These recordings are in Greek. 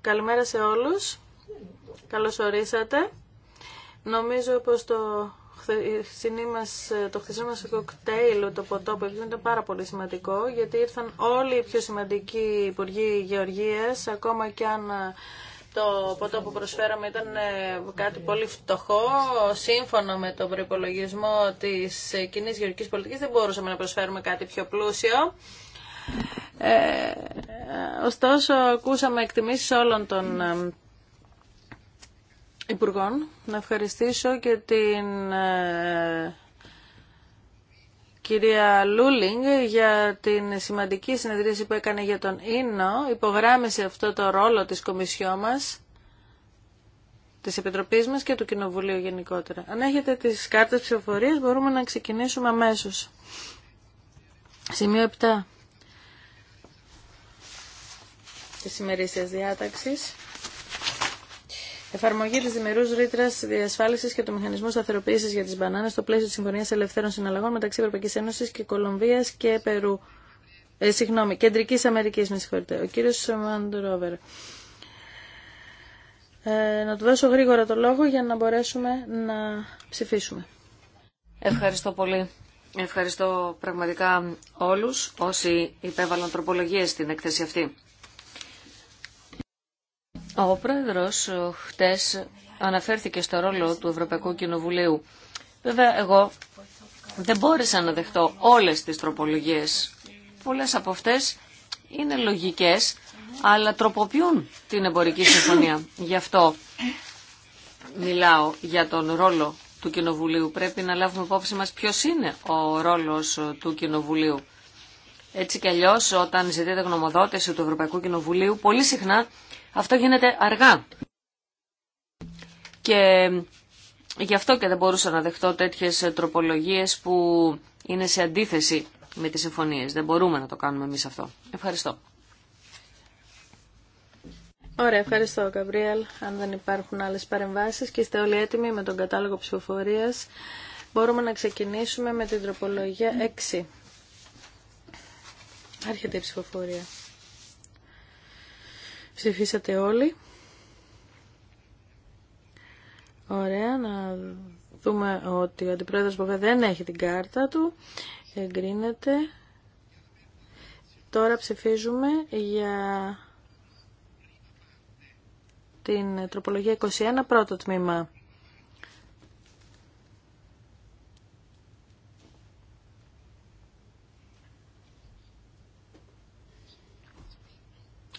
Καλημέρα σε όλους. Καλώς ορίσατε. Νομίζω πως το μας, το χθεσινό μας κοκτέιλ, το ποτό που ήταν πάρα πολύ σημαντικό, γιατί ήρθαν όλοι οι πιο σημαντικοί υπουργοί γεωργίας, ακόμα και αν ε, το ποτό που προσφέραμε ήταν ε, κάτι πολύ φτωχό. Σύμφωνα με τον προπολογισμό της ε, κοινή γεωργικής πολιτικής δεν μπορούσαμε να προσφέρουμε κάτι πιο πλούσιο. Ε, ωστόσο, ακούσαμε εκτιμήσεις όλων των ε, Υπουργών. Να ευχαριστήσω και την ε, κυρία Λούλινγκ για την σημαντική συνεδρίαση που έκανε για τον Ίνο. Υπογράμμισε αυτό το ρόλο της Κομισιό μας, της Επιτροπής μας και του Κοινοβουλίου γενικότερα. Αν έχετε τις κάρτες ψηφοφορίας μπορούμε να ξεκινήσουμε αμέσως. Σημείο 7. της ημερήσιας διάταξης. Εφαρμογή τη διμερού ρήτρα διασφάλιση και του μηχανισμού σταθεροποίηση για τι μπανάνε στο πλαίσιο τη Συμφωνία Ελευθέρων Συναλλαγών μεταξύ Ευρωπαϊκή Ένωση και Κολομβία και Περού. Ε, συγγνώμη, Κεντρική Αμερική, με συγχωρείτε. Ο κύριο Μαντρόβερ. Ε, να του δώσω γρήγορα το λόγο για να μπορέσουμε να ψηφίσουμε. Ευχαριστώ πολύ. Ευχαριστώ πραγματικά όλους όσοι υπέβαλαν τροπολογίες στην έκθεση αυτή. Ο Πρόεδρος ε, χτες αναφέρθηκε στο ρόλο του Ευρωπαϊκού Κοινοβουλίου. Βέβαια, εγώ δεν μπόρεσα να δεχτώ όλες τις τροπολογίες. Πολλές από αυτές είναι λογικές, αλλά τροποποιούν την εμπορική συμφωνία. Γι' αυτό μιλάω για τον ρόλο του Κοινοβουλίου. Πρέπει να λάβουμε υπόψη μας ποιος είναι ο ρόλος ε, του Κοινοβουλίου. Έτσι κι αλλιώς όταν ζητείτε γνωμοδότηση του Ευρωπαϊκού Κοινοβουλίου, πολύ συχνά αυτό γίνεται αργά. Και γι' αυτό και δεν μπορούσα να δεχτώ τέτοιες τροπολογίες που είναι σε αντίθεση με τις συμφωνίες. Δεν μπορούμε να το κάνουμε εμείς αυτό. Ευχαριστώ. Ωραία, ευχαριστώ Καμπρίελ. Αν δεν υπάρχουν άλλες παρεμβάσεις και είστε όλοι έτοιμοι με τον κατάλογο ψηφοφορίας, μπορούμε να ξεκινήσουμε με την τροπολογία 6. Άρχεται η ψηφοφορία. Ψηφίσατε όλοι. Ωραία, να δούμε ότι ο αντιπρόεδρος Μποβέ δεν έχει την κάρτα του. Εγκρίνεται. Τώρα ψηφίζουμε για την τροπολογία 21, πρώτο τμήμα.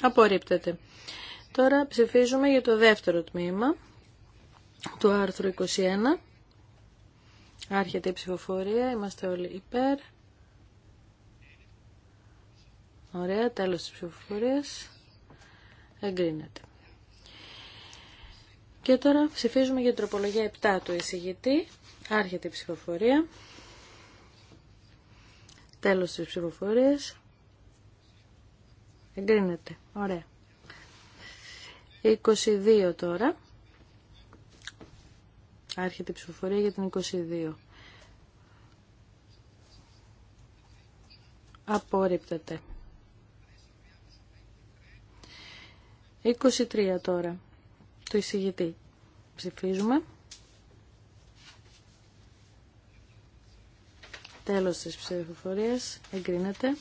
Απορρίπτεται. Τώρα ψηφίζουμε για το δεύτερο τμήμα του άρθρου 21. Άρχεται η ψηφοφορία, είμαστε όλοι υπέρ. Ωραία, τέλος της ψηφοφορίας. Εγκρίνεται. Και τώρα ψηφίζουμε για τροπολογία 7 του εισηγητή. Άρχεται η ψηφοφορία. Τέλος της ψηφοφορίας. Εγκρίνεται. Ωραία. 22 τώρα. Άρχεται η ψηφοφορία για την 22. Απορρίπτεται. 23 τώρα. Το εισηγητή. Ψηφίζουμε. Τέλος της ψηφοφορίας. Εγκρίνεται.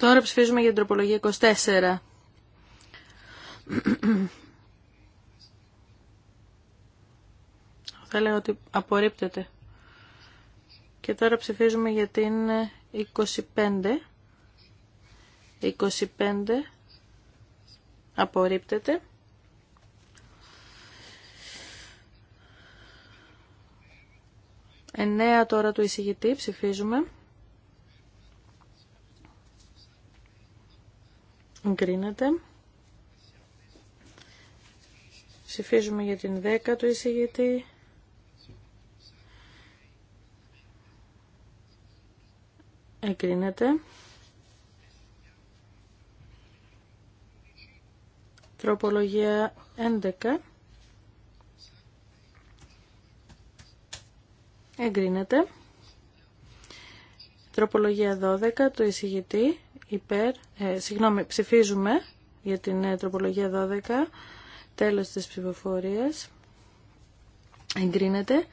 Τώρα ψηφίζουμε για την τροπολογία 24. Θα λέω ότι απορρίπτεται. Και τώρα ψηφίζουμε για την 25. 25 απορρίπτεται. Εννέα τώρα του εισηγητή ψηφίζουμε. Εγκρίνεται. Ψηφίζουμε για την 10 του εισηγητή. Εγκρίνεται. Τροπολογία 11. Εγκρίνεται. Τροπολογία 12 του εισηγητή υπέρ, ε, συγγνώμη, ψηφίζουμε για την ε, τροπολογία 12, τέλος της ψηφοφορίας, εγκρίνεται.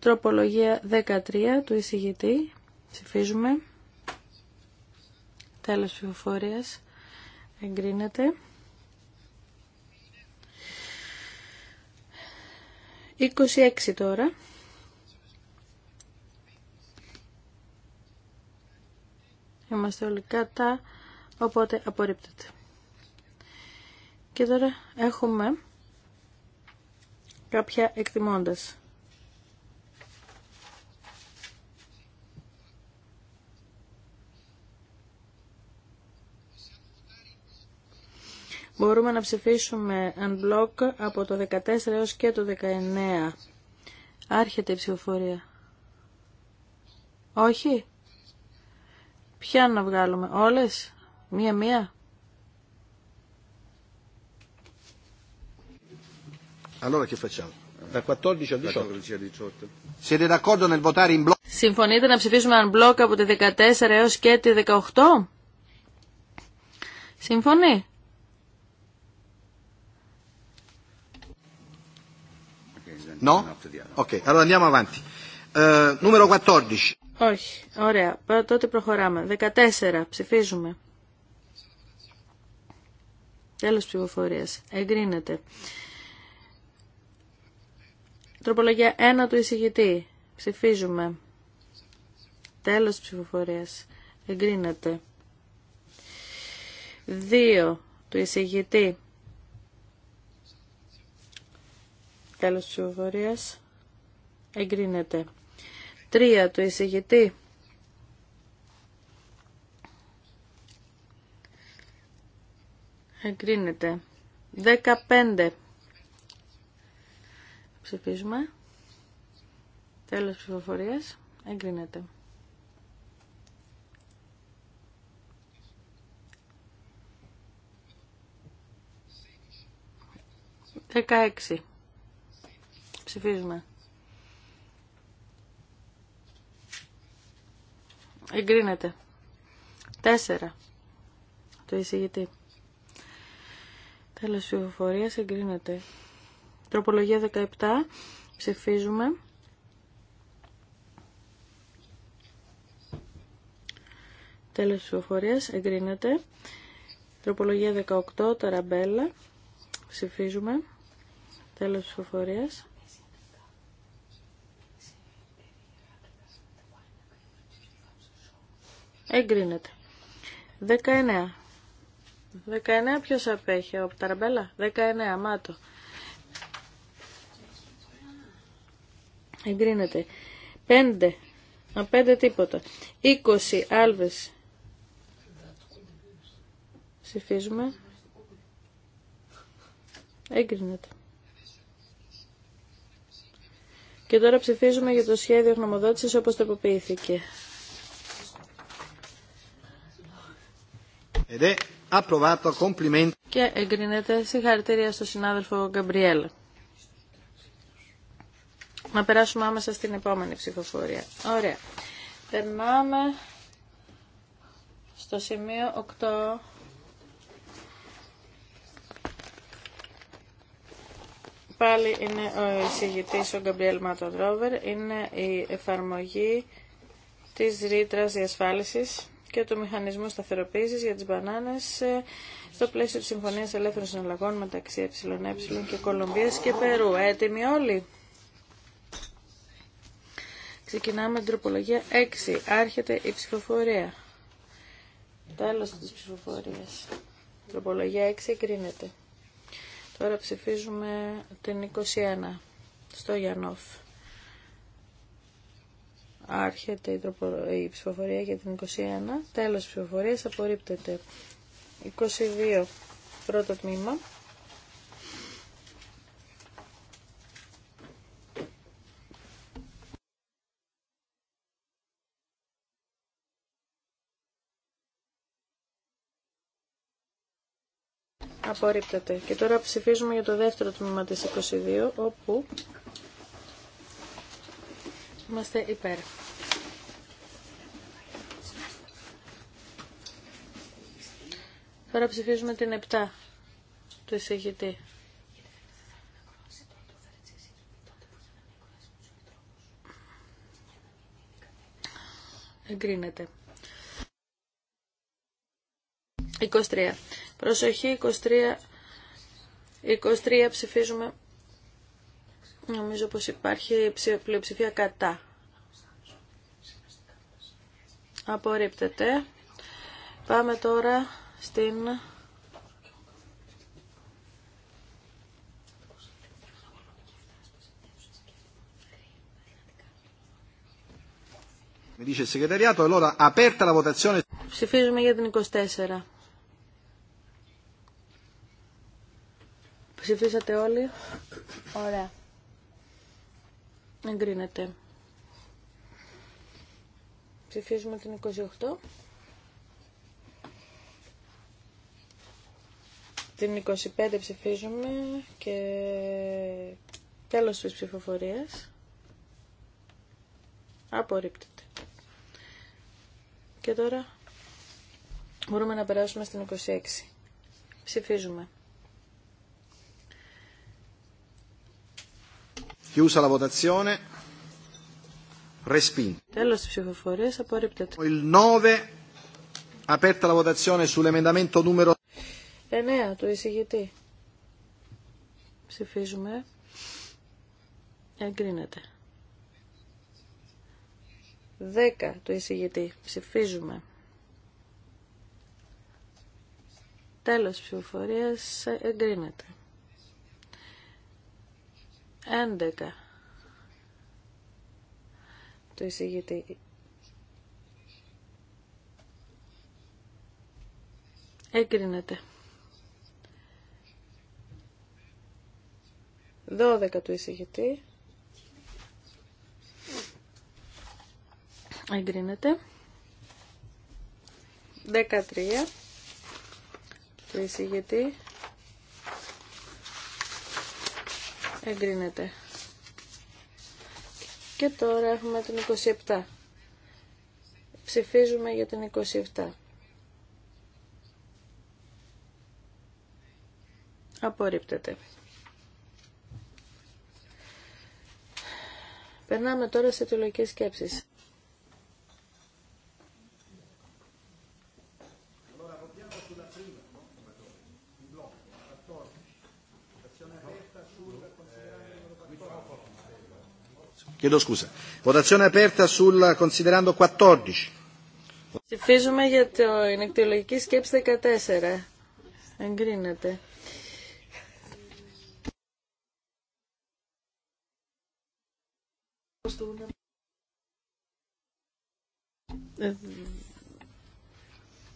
Τροπολογία 13 του εισηγητή, ψηφίζουμε, τέλος ψηφοφορίας, εγκρίνεται. 26 τώρα. Είμαστε όλοι κατά, οπότε απορρίπτεται. Και τώρα έχουμε κάποια εκτιμώντας. Μπορούμε να ψηφίσουμε unblock από το 14 έως και το 19. Άρχεται η ψηφοφορία. Όχι. Ποια να βγάλουμε, όλες, μία-μία. Allora che facciamo? Da 14 a 18. Siete d'accordo nel votare in blocco? Συμφωνείτε να ψηφίσουμε un blocco από τη 14 έως και τη 18? Συμφωνεί. No? Ok, allora andiamo avanti. Uh, numero 14. Όχι. Ωραία. Τότε προχωράμε. 14. Ψηφίζουμε. Τέλος ψηφοφορίας. Εγκρίνεται. Τροπολογία 1 του εισηγητή. Ψηφίζουμε. Τέλος ψηφοφορίας. Εγκρίνεται. 2 του εισηγητή. Τέλος ψηφοφορίας. Εγκρίνεται. Τρία του εισηγητή. Εγκρίνεται. πέντε Ψηφίζουμε. Τέλος ψηφοφορίας. Εγκρίνεται. Δεκαέξι. Ψηφίζουμε. Εγκρίνεται. 4. Το εισηγητή. Τέλος ψηφοφορίας εγκρίνεται. Τροπολογία 17. Ψηφίζουμε. Τέλος ψηφοφορίας εγκρίνεται. Τροπολογία 18. Ταραμπέλα. Ψηφίζουμε. Τέλος ψηφοφορίας Εγκρίνεται. 19. 19 ποιος απέχει, ο Ταραμπέλα. 19, Μάτω. Εγκρίνεται. 5. Μα 5 τίποτα. 20 άλβες. Ψηφίζουμε. Εγκρίνεται. Και τώρα ψηφίζουμε για το σχέδιο γνωμοδότησης όπως τοποποιήθηκε. Και εγκρίνεται συγχαρητήρια στον συνάδελφο Γκαμπριέλ. Να περάσουμε άμεσα στην επόμενη ψηφοφορία. Ωραία. Περνάμε στο σημείο 8. Πάλι είναι ο εισηγητής ο Γκαμπριέλ Ματοδρόβερ. Είναι η εφαρμογή της ρήτρας διασφάλισης και το μηχανισμό σταθεροποίησης για τις μπανάνες ε, στο πλαίσιο της Συμφωνίας Ελεύθερων Συναλλαγών μεταξύ ΕΕ και Κολομβίας και Περού. Έτοιμοι όλοι. Ξεκινάμε την τροπολογία 6. Άρχεται η ψηφοφορία. Τέλος της ψηφοφορίας. Τροπολογία 6 εγκρίνεται. Τώρα ψηφίζουμε την 21 στο Γιανόφ. Άρχεται η, τροπο... η ψηφοφορία για την 21. Τέλος ψηφοφορίας απορρίπτεται. 22. Πρώτο τμήμα. Απορρίπτεται. Και τώρα ψηφίζουμε για το δεύτερο τμήμα της 22, όπου Είμαστε υπέρ. Τώρα ψηφίζουμε την 7 του εισηγητή. Εγκρίνεται. 23. Προσοχή 23. 23 ψηφίζουμε Νομίζω πως υπάρχει πλειοψηφία κατά. Απορρίπτεται. Πάμε τώρα στην... Ψηφίζουμε για την 24. Ψηφίσατε όλοι. Ωραία. Εγκρίνεται. Ψηφίζουμε την 28. Την 25 ψηφίζουμε και τέλος της ψηφοφορίας. Απορρίπτεται. Και τώρα μπορούμε να περάσουμε στην 26. Ψηφίζουμε. Chiusa la votazione. Respinto. Τέλος της ψηφοφορίας απορρίπτεται. 9. Aperta la votazione 9 του εισηγητή. Ψηφίζουμε. Εγκρίνεται. 10 του εισηγητή. Ψηφίζουμε. Τέλος ψηφοφορία. εγκρίνεται. 11 του εισηγητή. Έγκρινεται. 12 του εισηγητή. Εγκρίνεται. 13 του εισηγητή. εγκρίνεται. Και τώρα έχουμε την 27. Ψηφίζουμε για την 27. Απορρίπτεται. Περνάμε τώρα σε τηλογικές σκέψεις. Chiedo Ψηφίζουμε για την εκτιολογική σκέψη 14. Εγκρίνεται. Ε,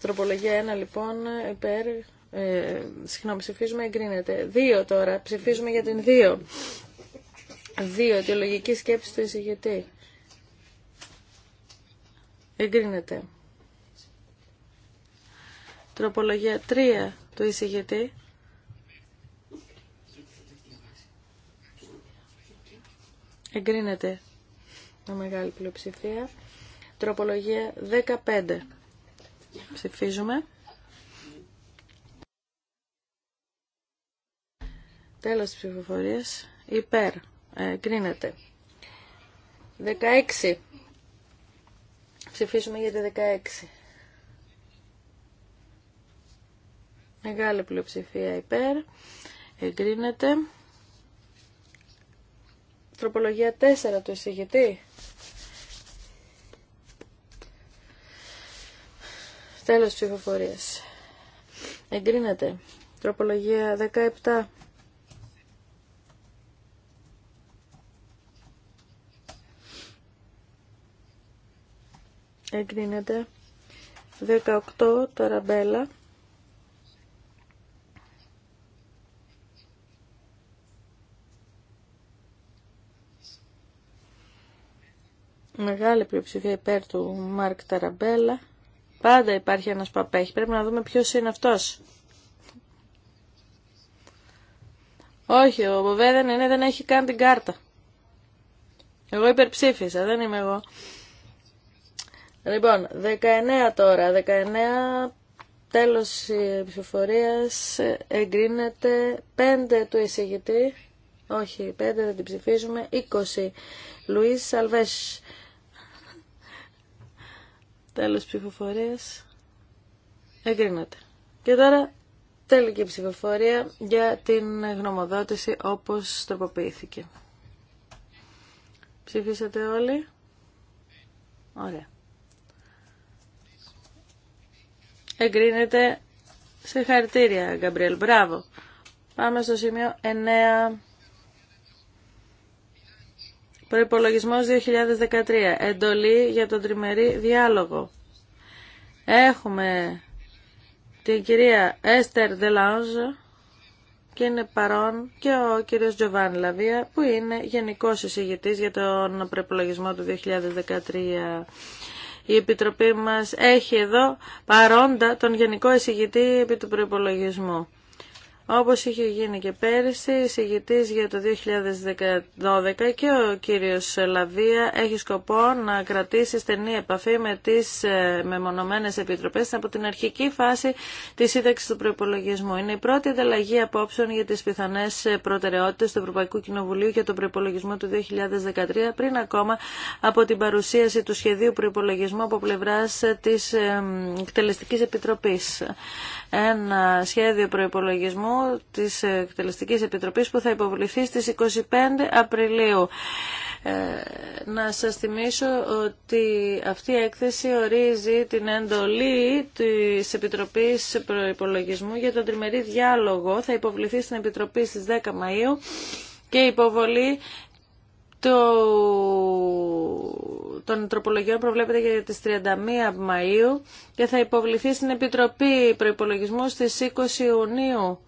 τροπολογία 1 λοιπόν υπέρ. Ε, ε, συγγνώμη, ψηφίζουμε εγκρίνεται. 2 τώρα. Ψηφίζουμε για την δύο. 2. Αιτιολογική σκέψη του εισηγητή. Εγκρίνεται. Τροπολογία 3 του εισηγητή. Εγκρίνεται με μεγάλη πλειοψηφία. Τροπολογία 15. Ψηφίζουμε. Τέλος της ψηφοφορίας. Υπέρ. Εγκρίνεται. 16. Ψηφίσουμε για τη 16. Μεγάλη πλειοψηφία υπέρ. Εγκρίνεται. Τροπολογία 4 του εισηγητή. Τέλος ψηφοφορίας. Εγκρίνεται. Τροπολογία 17 εγκρίνεται 18 ταραμπέλα μεγάλη πλειοψηφία υπέρ του Μάρκ Ταραμπέλα πάντα υπάρχει ένας που απέχει πρέπει να δούμε ποιος είναι αυτός όχι ο Μποβέ δεν δεν έχει καν την κάρτα εγώ υπερψήφισα δεν είμαι εγώ Λοιπόν, 19 τώρα. 19 τέλος ψηφοφορίας εγκρίνεται 5 του εισηγητή. Όχι, 5 δεν την ψηφίζουμε. 20. Λουίς Αλβέσ. Τέλος ψηφοφορίας. Εγκρίνεται. Και τώρα τελική ψηφοφορία για την γνωμοδότηση όπως τροποποιήθηκε. Ψηφίσατε όλοι. Ωραία. εγκρίνεται σε χαρακτήρια, Γκαμπριέλ. Μπράβο. Πάμε στο σημείο 9. Προϋπολογισμός 2013. Εντολή για τον τριμερή διάλογο. Έχουμε την κυρία Έστερ Δελάνζ και είναι παρόν και ο κύριος Τζοβάν Λαβία που είναι γενικός εισηγητής για τον προϋπολογισμό του 2013. Η Επιτροπή μας έχει εδώ παρόντα τον Γενικό Εισηγητή επί του προϋπολογισμού. Όπως είχε γίνει και πέρυσι, η για το 2012 και ο κύριος Λαβία έχει σκοπό να κρατήσει στενή επαφή με τις ε, μεμονωμένες επιτροπές από την αρχική φάση της σύνταξης του προπολογισμού. Είναι η πρώτη ανταλλαγή απόψεων για τις πιθανές ε, προτεραιότητες του Ευρωπαϊκού Κοινοβουλίου για τον προπολογισμό του 2013 πριν ακόμα από την παρουσίαση του σχεδίου προπολογισμού από πλευράς ε, της Εκτελεστικής Επιτροπής. Ένα σχέδιο προπολογισμού της Εκτελεστικής Επιτροπής που θα υποβληθεί στις 25 Απριλίου. Ε, να σας θυμίσω ότι αυτή η έκθεση ορίζει την εντολή της Επιτροπής Προϋπολογισμού για τον τριμερή διάλογο. Θα υποβληθεί στην Επιτροπή στις 10 Μαΐου και η υποβολή των τροπολογιών προβλέπεται για τις 31 Μαΐου και θα υποβληθεί στην Επιτροπή Προϋπολογισμού στις 20 Ιουνίου.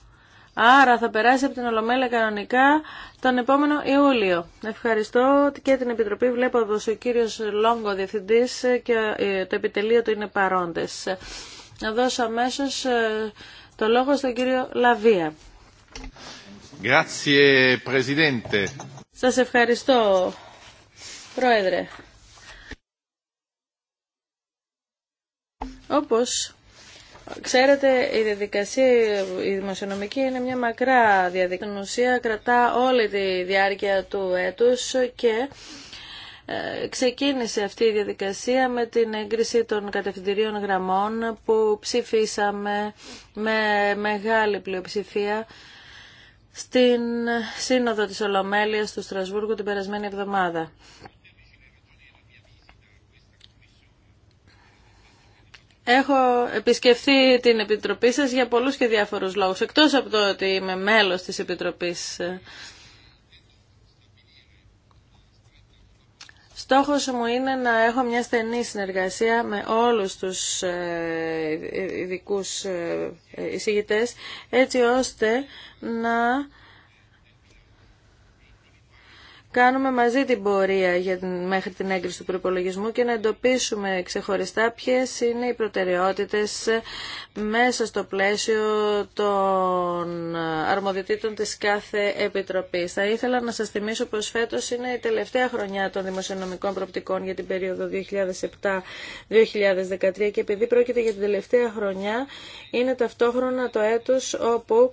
Άρα θα περάσει από την Ολομέλεια κανονικά τον επόμενο Ιούλιο. Ευχαριστώ και την Επιτροπή. Βλέπω εδώ ο κύριο Λόγκο, διευθυντής και ε, το επιτελείο του είναι παρόντες. Να δώσω αμέσω ε, το λόγο στον κύριο Λαβία. Grazie, Σας ευχαριστώ, Πρόεδρε. Όπως Ξέρετε, η διαδικασία η δημοσιονομική είναι μια μακρά διαδικασία. κρατά όλη τη διάρκεια του έτους και ε, ξεκίνησε αυτή η διαδικασία με την έγκριση των κατευθυντηρίων γραμμών που ψηφίσαμε με μεγάλη πλειοψηφία στην Σύνοδο της Ολομέλειας του Στρασβούργου την περασμένη εβδομάδα. Έχω επισκεφθεί την Επιτροπή σας για πολλούς και διάφορους λόγους, εκτός από το ότι είμαι μέλος της Επιτροπής. Στόχος μου είναι να έχω μια στενή συνεργασία με όλους τους ε, ειδικούς ε, ε, εισηγητές, έτσι ώστε να κάνουμε μαζί την πορεία για την, μέχρι την έγκριση του προπολογισμού και να εντοπίσουμε ξεχωριστά ποιες είναι οι προτεραιότητες μέσα στο πλαίσιο των αρμοδιοτήτων της κάθε επιτροπής. Θα ήθελα να σας θυμίσω πως φέτος είναι η τελευταία χρονιά των δημοσιονομικών προπτικών για την περίοδο 2007-2013 και επειδή πρόκειται για την τελευταία χρονιά είναι ταυτόχρονα το έτος όπου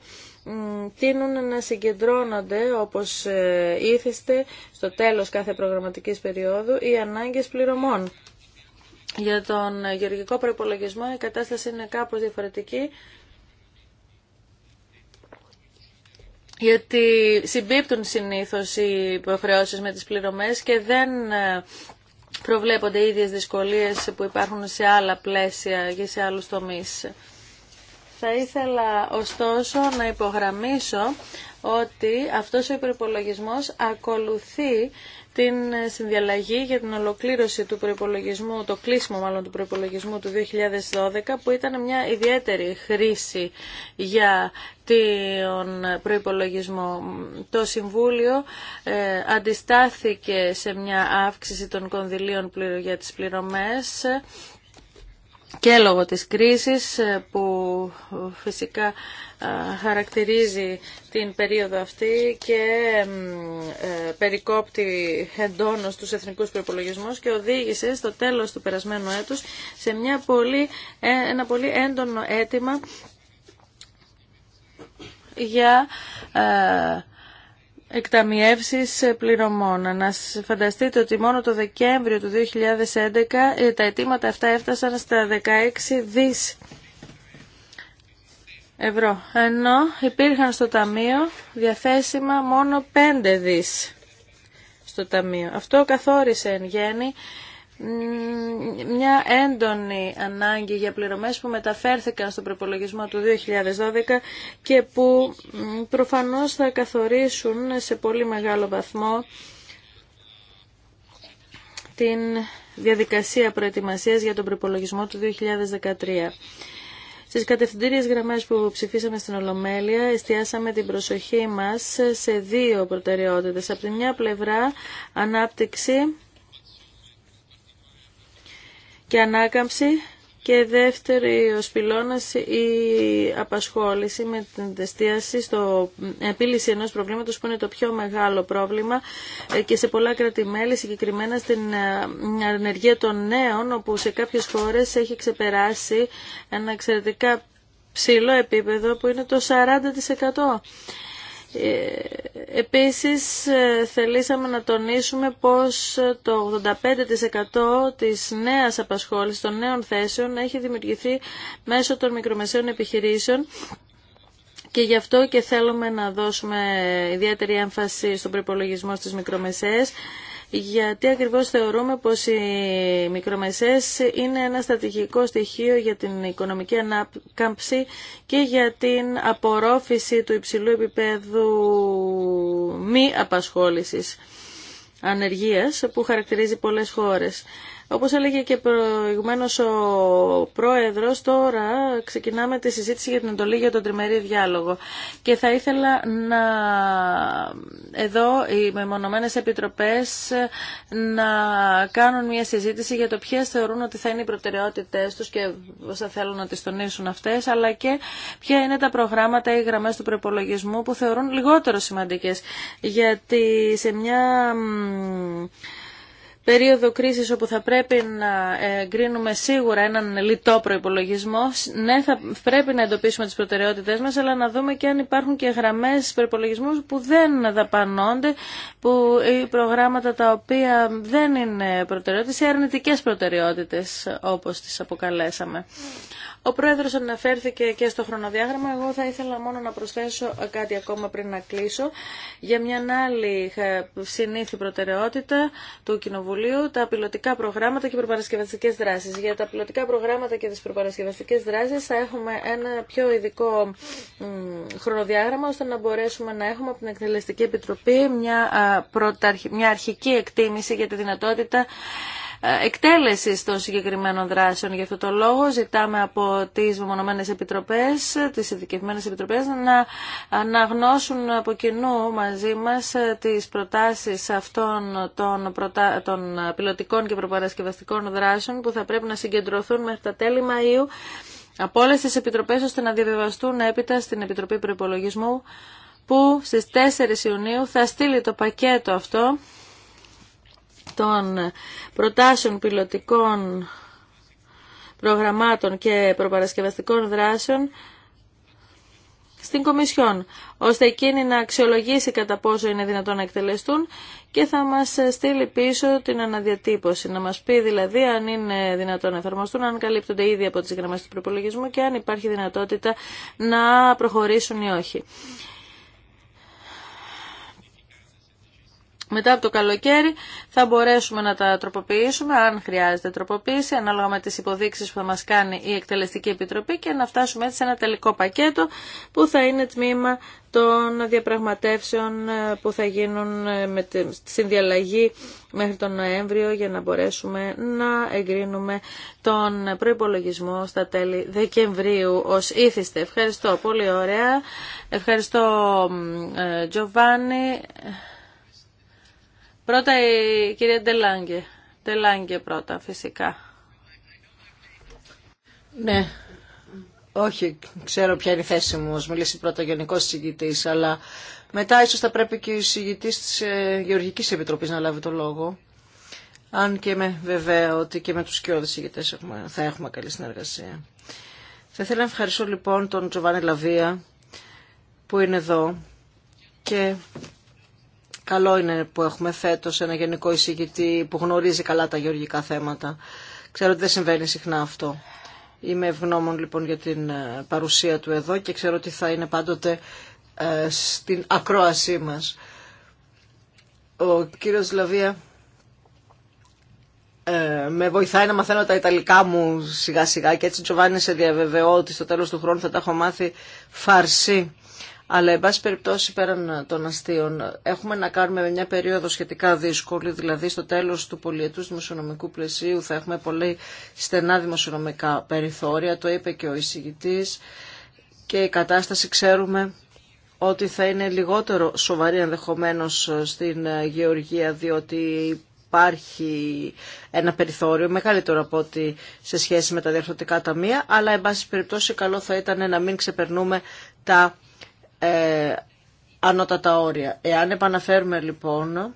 τείνουν να συγκεντρώνονται όπως ε, ήθιστε στο τέλος κάθε προγραμματικής περίοδου οι ανάγκες πληρωμών. Για τον γεωργικό προπολογισμό η κατάσταση είναι κάπως διαφορετική γιατί συμπίπτουν συνήθως οι υποχρεώσει με τις πληρωμές και δεν ε, προβλέπονται ίδιες δυσκολίες που υπάρχουν σε άλλα πλαίσια και σε άλλους τομείς. Θα ήθελα ωστόσο να υπογραμμίσω ότι αυτός ο υπερπολογισμός ακολουθεί την συνδιαλλαγή για την ολοκλήρωση του προπολογισμού, το κλείσιμο μάλλον του προπολογισμού του 2012 που ήταν μια ιδιαίτερη χρήση για τον προϋπολογισμό. Το Συμβούλιο ε, αντιστάθηκε σε μια αύξηση των κονδυλίων για τις πληρωμές και λόγω της κρίσης ε, που φυσικά χαρακτηρίζει την περίοδο αυτή και ε, περικόπτει εντόνως τους εθνικούς προπολογισμού και οδήγησε στο τέλος του περασμένου έτους σε μια πολύ, ε, ένα πολύ έντονο αίτημα για εκταμιεύσεις πληρωμών. Να φανταστείτε ότι μόνο το Δεκέμβριο του 2011 ε, τα αιτήματα αυτά έφτασαν στα 16 δις ευρώ, ενώ υπήρχαν στο Ταμείο διαθέσιμα μόνο 5 δις στο Ταμείο. Αυτό καθόρισε εν γέννη μια έντονη ανάγκη για πληρωμές που μεταφέρθηκαν στο προπολογισμό του 2012 και που προφανώς θα καθορίσουν σε πολύ μεγάλο βαθμό την διαδικασία προετοιμασίας για τον προπολογισμό του 2013. Στις κατευθυντήριες γραμμές που ψηφίσαμε στην Ολομέλεια εστιάσαμε την προσοχή μας σε δύο προτεραιότητες. Από τη μια πλευρά ανάπτυξη και ανάκαμψη και δεύτερη ο σπηλώνας η απασχόληση με την εστίαση στο ε, επίλυση ενός προβλήματος που είναι το πιο μεγάλο πρόβλημα ε, και σε πολλά κράτη-μέλη συγκεκριμένα στην ε, ανεργία των νέων όπου σε κάποιες χώρες έχει ξεπεράσει ένα εξαιρετικά ψηλό επίπεδο που είναι το 40%. Ε, επίσης ε, θελήσαμε να τονίσουμε πως το 85% της νέας απασχόλησης των νέων θέσεων έχει δημιουργηθεί μέσω των μικρομεσαίων επιχειρήσεων και γι' αυτό και θέλουμε να δώσουμε ιδιαίτερη έμφαση στον προπολογισμό στις μικρομεσαίες γιατί ακριβώς θεωρούμε πως οι μικρομεσαίες είναι ένα στρατηγικό στοιχείο για την οικονομική ανάκαμψη και για την απορρόφηση του υψηλού επίπεδου μη απασχόλησης ανεργίας που χαρακτηρίζει πολλές χώρες. Όπως έλεγε και προηγουμένως ο Πρόεδρος, τώρα ξεκινάμε τη συζήτηση για την εντολή για τον τριμερή διάλογο. Και θα ήθελα να εδώ οι μεμονωμένες επιτροπές να κάνουν μια συζήτηση για το ποιες θεωρούν ότι θα είναι οι προτεραιότητες τους και όσα θα θέλουν να τις τονίσουν αυτές, αλλά και ποια είναι τα προγράμματα ή γραμμές του προπολογισμού που θεωρούν λιγότερο σημαντικές. Γιατί σε μια περίοδο κρίσης όπου θα πρέπει να εγκρίνουμε σίγουρα έναν λιτό προϋπολογισμό. Ναι, θα πρέπει να εντοπίσουμε τις προτεραιότητές μας, αλλά να δούμε και αν υπάρχουν και γραμμές προϋπολογισμού που δεν δαπανώνται, που οι προγράμματα τα οποία δεν είναι προτεραιότητες ή αρνητικές προτεραιότητες όπως τις αποκαλέσαμε. Ο Πρόεδρος αναφέρθηκε και στο χρονοδιάγραμμα. Εγώ θα ήθελα μόνο να προσθέσω κάτι ακόμα πριν να κλείσω. Για μια άλλη ε, συνήθη προτεραιότητα του Κοινοβουλίου, τα πιλωτικά προγράμματα και προπαρασκευαστικές δράσει. Για τα πιλωτικά προγράμματα και τι προπαρασκευαστικέ δράσει θα έχουμε ένα πιο ειδικό χρονοδιάγραμμα ώστε να μπορέσουμε να έχουμε από την Εκτελεστική Επιτροπή μια, μια αρχική εκτίμηση για τη δυνατότητα ε, εκτέλεσης των συγκεκριμένων δράσεων. Γι' αυτό το λόγο ζητάμε από τις μεμονωμένες επιτροπές, τις ειδικευμένες επιτροπές, να αναγνώσουν από κοινού μαζί μας ε, τις προτάσεις αυτών των, προτα... των πιλωτικών και προπαρασκευαστικών δράσεων που θα πρέπει να συγκεντρωθούν μέχρι τα τέλη Μαΐου από όλε τι επιτροπέ ώστε να διαβεβαστούν έπειτα στην Επιτροπή Προπολογισμού που στις 4 Ιουνίου θα στείλει το πακέτο αυτό των προτάσεων πιλωτικών προγραμμάτων και προπαρασκευαστικών δράσεων στην Κομισιόν, ώστε εκείνη να αξιολογήσει κατά πόσο είναι δυνατόν να εκτελεστούν και θα μας στείλει πίσω την αναδιατύπωση. Να μας πει δηλαδή αν είναι δυνατόν να εφαρμοστούν, αν καλύπτονται ήδη από τις γραμμές του προπολογισμού και αν υπάρχει δυνατότητα να προχωρήσουν ή όχι. Μετά από το καλοκαίρι θα μπορέσουμε να τα τροποποιήσουμε, αν χρειάζεται τροποποίηση, ανάλογα με τις υποδείξεις που θα μας κάνει η Εκτελεστική Επιτροπή και να φτάσουμε έτσι σε ένα τελικό πακέτο που θα είναι τμήμα των διαπραγματεύσεων ε, που θα γίνουν ε, με τη συνδιαλλαγή μέχρι τον Νοέμβριο για να μπορέσουμε να εγκρίνουμε τον προϋπολογισμό στα τέλη Δεκεμβρίου ως ήθιστε. Ευχαριστώ πολύ ωραία. Ευχαριστώ ε, Τζοβάνι. Πρώτα η κυρία Ντελάνγκε. Ντελάνγκε πρώτα, φυσικά. Ναι. Όχι, ξέρω ποια είναι η θέση μου, μιλήσει πρώτα ο Γενικός αλλά μετά ίσως θα πρέπει και ο συγκητής της ε, Γεωργικής Επιτροπής να λάβει το λόγο. Αν και με βέβαια ότι και με τους κοιόδες συγκητές έχουμε, θα έχουμε καλή συνεργασία. Θα ήθελα να ευχαριστώ λοιπόν τον Τζοβάνι Λαβία που είναι εδώ και Καλό είναι που έχουμε φέτος ένα γενικό εισηγητή που γνωρίζει καλά τα γεωργικά θέματα. Ξέρω ότι δεν συμβαίνει συχνά αυτό. Είμαι ευγνώμων λοιπόν για την ε, παρουσία του εδώ και ξέρω ότι θα είναι πάντοτε ε, στην ακρόασή μας. Ο κύριος Λαβία ε, με βοηθάει να μαθαίνω τα Ιταλικά μου σιγά σιγά και έτσι Τζοβάνι σε διαβεβαιώ ότι στο τέλος του χρόνου θα τα έχω μάθει φαρσί. Αλλά, εν πάση περιπτώσει, πέραν των αστείων, έχουμε να κάνουμε μια περίοδο σχετικά δύσκολη, δηλαδή στο τέλο του πολιετού δημοσιονομικού πλαισίου θα έχουμε πολύ στενά δημοσιονομικά περιθώρια, το είπε και ο εισηγητή. Και η κατάσταση ξέρουμε ότι θα είναι λιγότερο σοβαρή ενδεχομένω στην γεωργία, διότι υπάρχει ένα περιθώριο μεγαλύτερο από ότι σε σχέση με τα διαρθρωτικά ταμεία, αλλά εν πάση περιπτώσει καλό θα ήταν να μην ξεπερνούμε τα ε, ανώτατα όρια. Εάν επαναφέρουμε λοιπόν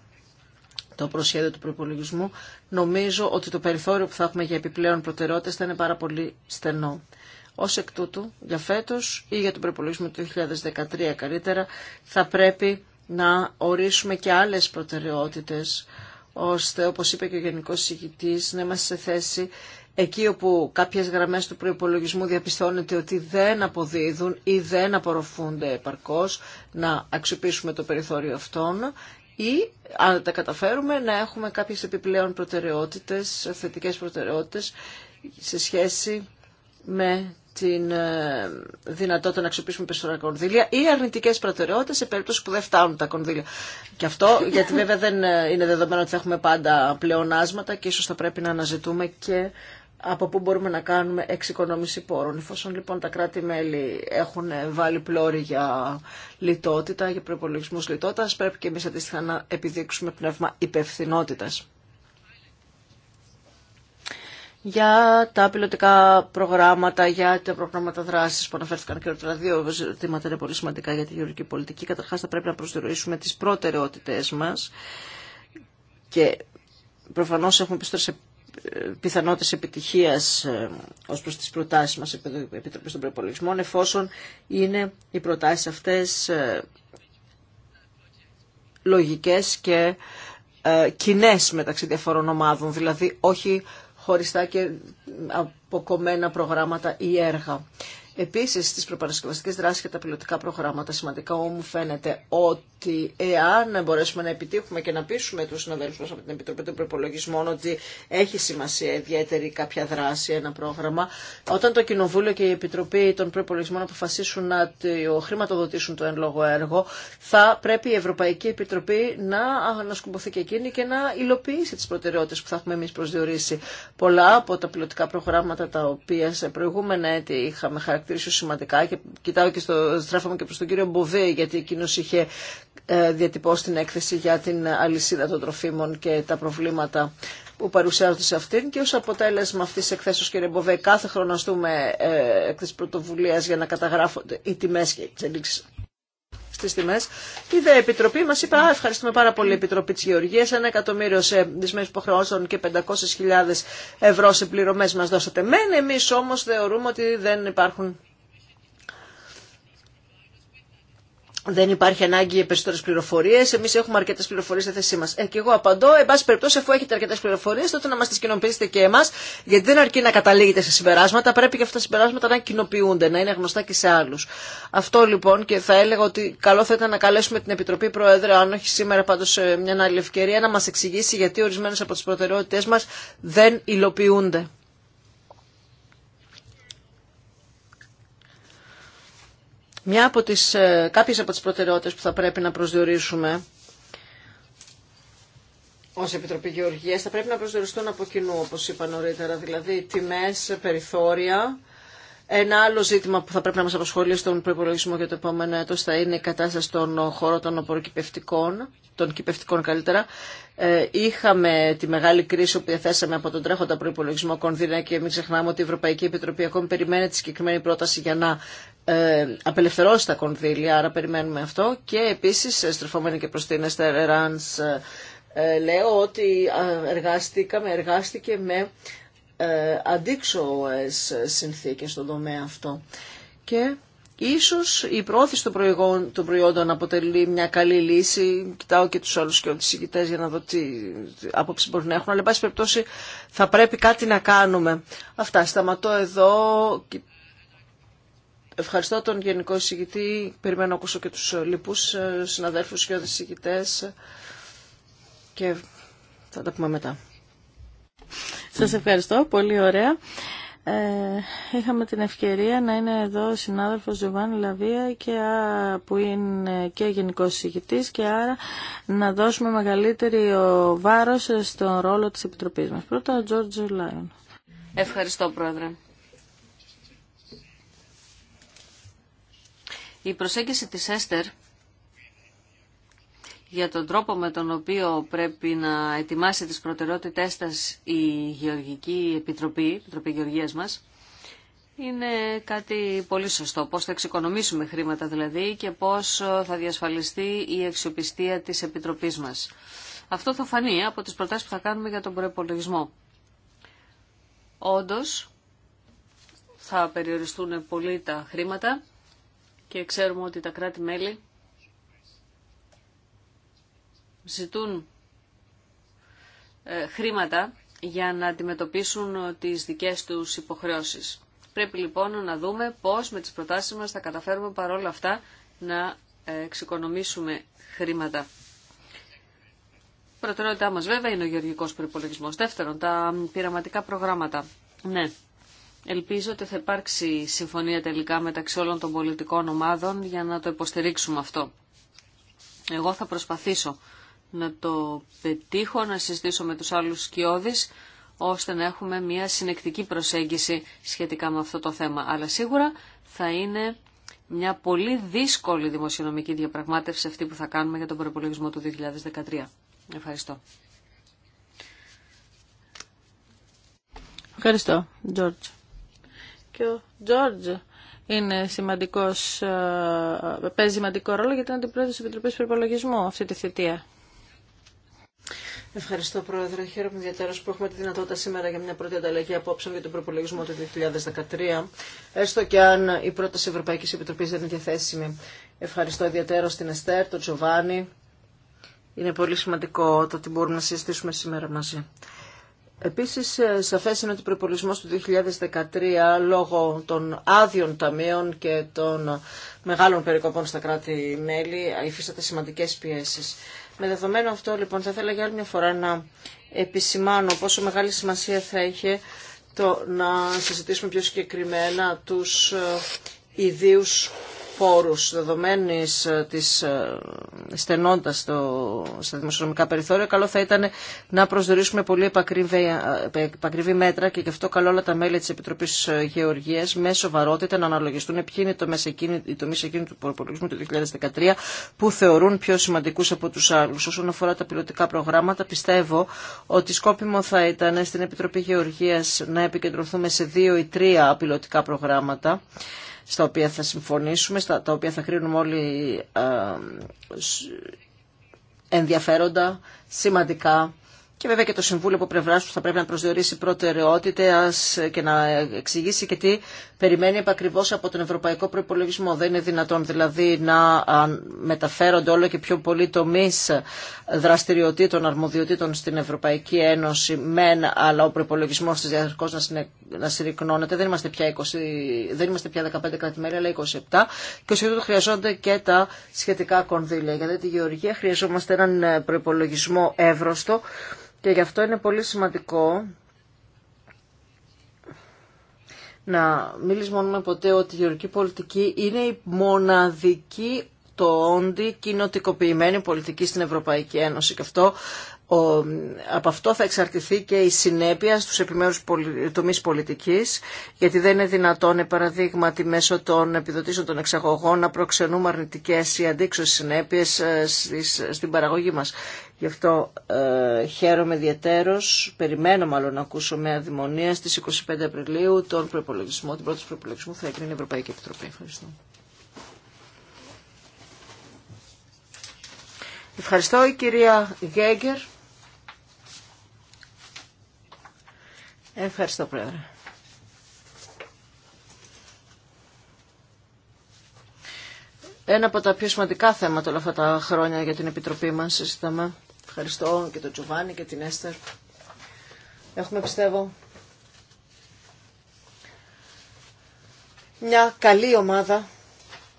το προσχέδιο του προπολογισμού, νομίζω ότι το περιθώριο που θα έχουμε για επιπλέον προτεραιότητες θα είναι πάρα πολύ στενό. Ω εκ τούτου, για φέτο ή για τον προπολογισμό του 2013 καλύτερα, θα πρέπει να ορίσουμε και άλλε προτεραιότητε, ώστε, όπω είπε και ο Γενικό Συγητή, να είμαστε σε θέση εκεί όπου κάποιες γραμμές του προϋπολογισμού διαπιστώνεται ότι δεν αποδίδουν ή δεν απορροφούνται επαρκώς, να αξιοποιήσουμε το περιθώριο αυτών ή αν τα καταφέρουμε να έχουμε κάποιες επιπλέον προτεραιότητες, θετικές προτεραιότητες σε σχέση με την ε, δυνατότητα να αξιοποιήσουμε περισσότερα κονδύλια ή αρνητικέ προτεραιότητε σε περίπτωση που δεν φτάνουν τα κονδύλια. Και αυτό γιατί βέβαια δεν ε, είναι δεδομένο ότι θα έχουμε πάντα πλεονάσματα και ίσω θα πρέπει να αναζητούμε και από πού μπορούμε να κάνουμε εξοικονόμηση πόρων. Εφόσον λοιπόν τα κράτη-μέλη έχουν βάλει πλώρη για λιτότητα, για προπολογισμού λιτότητα, πρέπει και εμεί αντίστοιχα να επιδείξουμε πνεύμα υπευθυνότητα. Για τα πιλωτικά προγράμματα, για τα προγράμματα δράση που αναφέρθηκαν και τα δύο ζητήματα είναι πολύ σημαντικά για τη γεωργική πολιτική. Καταρχά, θα πρέπει να προσδιορίσουμε τι προτεραιότητέ μα και προφανώ έχουμε σε πιθανότητες επιτυχίας ε, ως προς τις προτάσεις μας Επιτροπής των Προπολογισμών εφόσον είναι οι προτάσεις αυτές ε, λογικές και ε, κοινέ μεταξύ διαφορών ομάδων, δηλαδή όχι χωριστά και αποκομμένα προγράμματα ή έργα. Επίση, στι προπαρασκευαστικέ δράσει και τα πιλωτικά προγράμματα, σημαντικά μου φαίνεται ότι εάν μπορέσουμε να επιτύχουμε και να πείσουμε του συναδέλφου μα από την Επιτροπή των Προπολογισμών ότι έχει σημασία ιδιαίτερη κάποια δράση, ένα πρόγραμμα, όταν το Κοινοβούλιο και η Επιτροπή των Προπολογισμών αποφασίσουν να το χρηματοδοτήσουν το εν λόγω έργο, θα πρέπει η Ευρωπαϊκή Επιτροπή να ανασκουμποθεί και εκείνη και να υλοποιήσει τι προτεραιότητε που θα έχουμε εμεί προσδιορίσει. Πολλά από τα πιλωτικά προγράμματα τα οποία σε προηγούμενα έτη είχαμε χαρακτηρίσει χαρακτηρίσω σημαντικά και κοιτάω και στο, και προς τον κύριο Μποβέ γιατί εκείνος είχε ε, διατυπώσει την έκθεση για την αλυσίδα των τροφίμων και τα προβλήματα που παρουσιάζονται σε αυτήν και ως αποτέλεσμα αυτής της εκθέσεως κύριε Μποβέ κάθε χρόνο δούμε ε, εκθέσεις πρωτοβουλίας για να καταγράφονται οι τιμές και οι εξελίξεις στις τιμές. Η ΔΕ Επιτροπή μας είπε, α, ευχαριστούμε πάρα πολύ Επιτροπή της Γεωργίας, ένα εκατομμύριο σε δυσμένες υποχρεώσεων και 500.000 ευρώ σε πληρωμές μας δώσατε μεν, εμείς όμως θεωρούμε ότι δεν υπάρχουν δεν υπάρχει ανάγκη για περισσότερε πληροφορίε. Εμεί έχουμε αρκετέ πληροφορίε στη θέση μα. Ε, και εγώ απαντώ, εν πάση περιπτώσει, αφού έχετε αρκετέ πληροφορίε, τότε να μα τι κοινοποιήσετε και εμά, γιατί δεν αρκεί να καταλήγετε σε συμπεράσματα, πρέπει και αυτά τα συμπεράσματα να κοινοποιούνται, να είναι γνωστά και σε άλλου. Αυτό λοιπόν και θα έλεγα ότι καλό θα ήταν να καλέσουμε την Επιτροπή Προέδρε, αν όχι σήμερα πάντω σε μια άλλη ευκαιρία, να μα εξηγήσει γιατί ορισμένε από τι προτεραιότητέ μα δεν υλοποιούνται. Μια από τις, ε, κάποιες από τις προτεραιότητες που θα πρέπει να προσδιορίσουμε ως Επιτροπή Γεωργίας θα πρέπει να προσδιοριστούν από κοινού, όπως είπα νωρίτερα, δηλαδή τιμές, περιθώρια, ένα άλλο ζήτημα που θα πρέπει να μας απασχολεί στον προπολογισμό για το επόμενο έτος θα είναι η κατάσταση των χώρων των απορροκυπευτικών, των κυπευτικών καλύτερα. Ε, είχαμε τη μεγάλη κρίση που διαθέσαμε από τον τρέχοντα προπολογισμό Κονδύνα και μην ξεχνάμε ότι η Ευρωπαϊκή Επιτροπή ακόμη περιμένει τη συγκεκριμένη πρόταση για να ε, απελευθερώσει τα κονδύλια, άρα περιμένουμε αυτό και επίσης στρεφόμενοι και προς την Esther Rans, ε, ε, λέω ότι εργάστηκαμε, εργάστηκε με ε, αντίξωες συνθήκες στον τομέα αυτό και Ίσως η πρόθεση των, προϊόντων αποτελεί μια καλή λύση. Κοιτάω και τους άλλους και τους για να δω τι άποψη μπορεί να έχουν. Αλλά, εν πάση περιπτώσει, θα πρέπει κάτι να κάνουμε. Αυτά. Σταματώ εδώ. Ευχαριστώ τον Γενικό Εισηγητή. Περιμένω να ακούσω και τους λοιπούς ε, συναδέλφους και οδησηγητές και θα τα πούμε μετά. Σας ευχαριστώ. Πολύ ωραία. Ε, είχαμε την ευκαιρία να είναι εδώ ο συνάδελφος Ζωβάνη Λαβία και, που είναι και γενικός συγητής και άρα να δώσουμε μεγαλύτερη βάρος στον ρόλο της Επιτροπής μας. Πρώτα ο Τζόρτζο Λάιον. Ευχαριστώ Πρόεδρε. Η προσέγγιση της Έστερ για τον τρόπο με τον οποίο πρέπει να ετοιμάσει τις προτεραιότητές της η Γεωργική Επιτροπή, η Επιτροπή Γεωργίας μας, είναι κάτι πολύ σωστό. Πώς θα εξοικονομήσουμε χρήματα δηλαδή και πώς θα διασφαλιστεί η αξιοπιστία της Επιτροπής μας. Αυτό θα φανεί από τις προτάσεις που θα κάνουμε για τον προπολογισμό. Όντως, θα περιοριστούν πολύ τα χρήματα και ξέρουμε ότι τα κράτη-μέλη ζητούν ε, χρήματα για να αντιμετωπίσουν τις δικές τους υποχρεώσεις. Πρέπει λοιπόν να δούμε πώς με τις προτάσεις μας θα καταφέρουμε παρόλα αυτά να ε, εξοικονομήσουμε χρήματα. Προτεραιότητά μας βέβαια είναι ο γεωργικός προπολογισμό. Δεύτερον, τα πειραματικά προγράμματα. Ναι, Ελπίζω ότι θα υπάρξει συμφωνία τελικά μεταξύ όλων των πολιτικών ομάδων για να το υποστηρίξουμε αυτό. Εγώ θα προσπαθήσω να το πετύχω, να συζητήσω με τους άλλους σκιώδεις, ώστε να έχουμε μια συνεκτική προσέγγιση σχετικά με αυτό το θέμα. Αλλά σίγουρα θα είναι μια πολύ δύσκολη δημοσιονομική διαπραγμάτευση αυτή που θα κάνουμε για τον προπολογισμό του 2013. Ευχαριστώ. Ευχαριστώ, George και ο Τζόρτζ είναι σημαντικός, ε, παίζει σημαντικό ρόλο γιατί είναι αντιπρόεδρος της Επιτροπής Προπολογισμού αυτή τη θητεία. Ευχαριστώ, Πρόεδρε. Χαίρομαι ιδιαίτερα που έχουμε τη δυνατότητα σήμερα για μια πρώτη ανταλλαγή απόψεων για τον προπολογισμό του 2013, έστω και αν η πρόταση Ευρωπαϊκή Επιτροπή δεν είναι διαθέσιμη. Ευχαριστώ ιδιαίτερα στην Εστέρ, τον Τζοβάνι. Είναι πολύ σημαντικό το ότι μπορούμε να συζητήσουμε σήμερα μαζί. Επίσης, ε, σαφές είναι ότι ο προπολισμό του 2013 λόγω των άδειων ταμείων και των μεγάλων περικοπών στα κράτη-μέλη υφίσταται σημαντικές πιέσεις. Με δεδομένο αυτό, λοιπόν, θα ήθελα για άλλη μια φορά να επισημάνω πόσο μεγάλη σημασία θα είχε το να συζητήσουμε πιο συγκεκριμένα τους ε, ιδίους πόρους δεδομένης ε, της ε, στενότητας στο, στα δημοσιονομικά περιθώρια, καλό θα ήταν να προσδορίσουμε πολύ επακριβή ε, μέτρα και γι' αυτό καλό όλα τα μέλη της Επιτροπής Γεωργίας με σοβαρότητα να αναλογιστούν ποιοι είναι οι τομείς εκείνη του προπολογισμού του 2013 που θεωρούν πιο σημαντικούς από τους άλλους. Όσον αφορά τα πιλωτικά προγράμματα, πιστεύω ότι σκόπιμο θα ήταν στην Επιτροπή Γεωργίας να επικεντρωθούμε σε δύο ή τρία πιλωτικά προγράμματα στα οποία θα συμφωνήσουμε, στα τα οποία θα κρίνουμε όλοι ε, ενδιαφέροντα, σημαντικά. Και βέβαια και το Συμβούλιο από πλευρά του θα πρέπει να προσδιορίσει προτεραιότητε και να εξηγήσει και τι περιμένει επακριβώ από τον Ευρωπαϊκό Προπολογισμό. Δεν είναι δυνατόν δηλαδή να μεταφέρονται όλο και πιο πολλοί τομεί δραστηριοτήτων, αρμοδιοτήτων στην Ευρωπαϊκή Ένωση, μεν, αλλά ο προπολογισμό τη διαρκώ να να συρρυκνώνεται. Δεν είμαστε πια, 20, δεν είμαστε πια 15 κρατημέρια, αλλά 27. Και ως το χρειαζόνται και τα σχετικά κονδύλια. Γιατί τη γεωργία χρειαζόμαστε έναν ε, προπολογισμό εύρωστο και γι' αυτό είναι πολύ σημαντικό να μην μόνο ποτέ ότι η γεωργική πολιτική είναι η μοναδική το όντι κοινοτικοποιημένη πολιτική στην Ευρωπαϊκή Ένωση. Και αυτό από αυτό θα εξαρτηθεί και η συνέπεια στους επιμέρους τομείς πολιτικής, γιατί δεν είναι δυνατόν, παραδείγματι, μέσω των επιδοτήσεων των εξαγωγών να προξενούμε αρνητικές ή αντίξωσες συνέπειες ε, στην παραγωγή μας. Γι' αυτό ε, χαίρομαι ιδιαίτερος, περιμένω μάλλον να ακούσω με αδημονία στις 25 Απριλίου τον προπολογισμό, την πρώτη προπολογισμού θα έκρινε η Ευρωπαϊκή Επιτροπή. Ευχαριστώ. Ευχαριστώ η κυρία Γέγκερ. Ευχαριστώ, Πρόεδρε. Ένα από τα πιο σημαντικά θέματα όλα αυτά τα χρόνια για την Επιτροπή μας συζητάμε. Ευχαριστώ και τον Τζοβάνι και την Έστερ. Έχουμε, πιστεύω, μια καλή ομάδα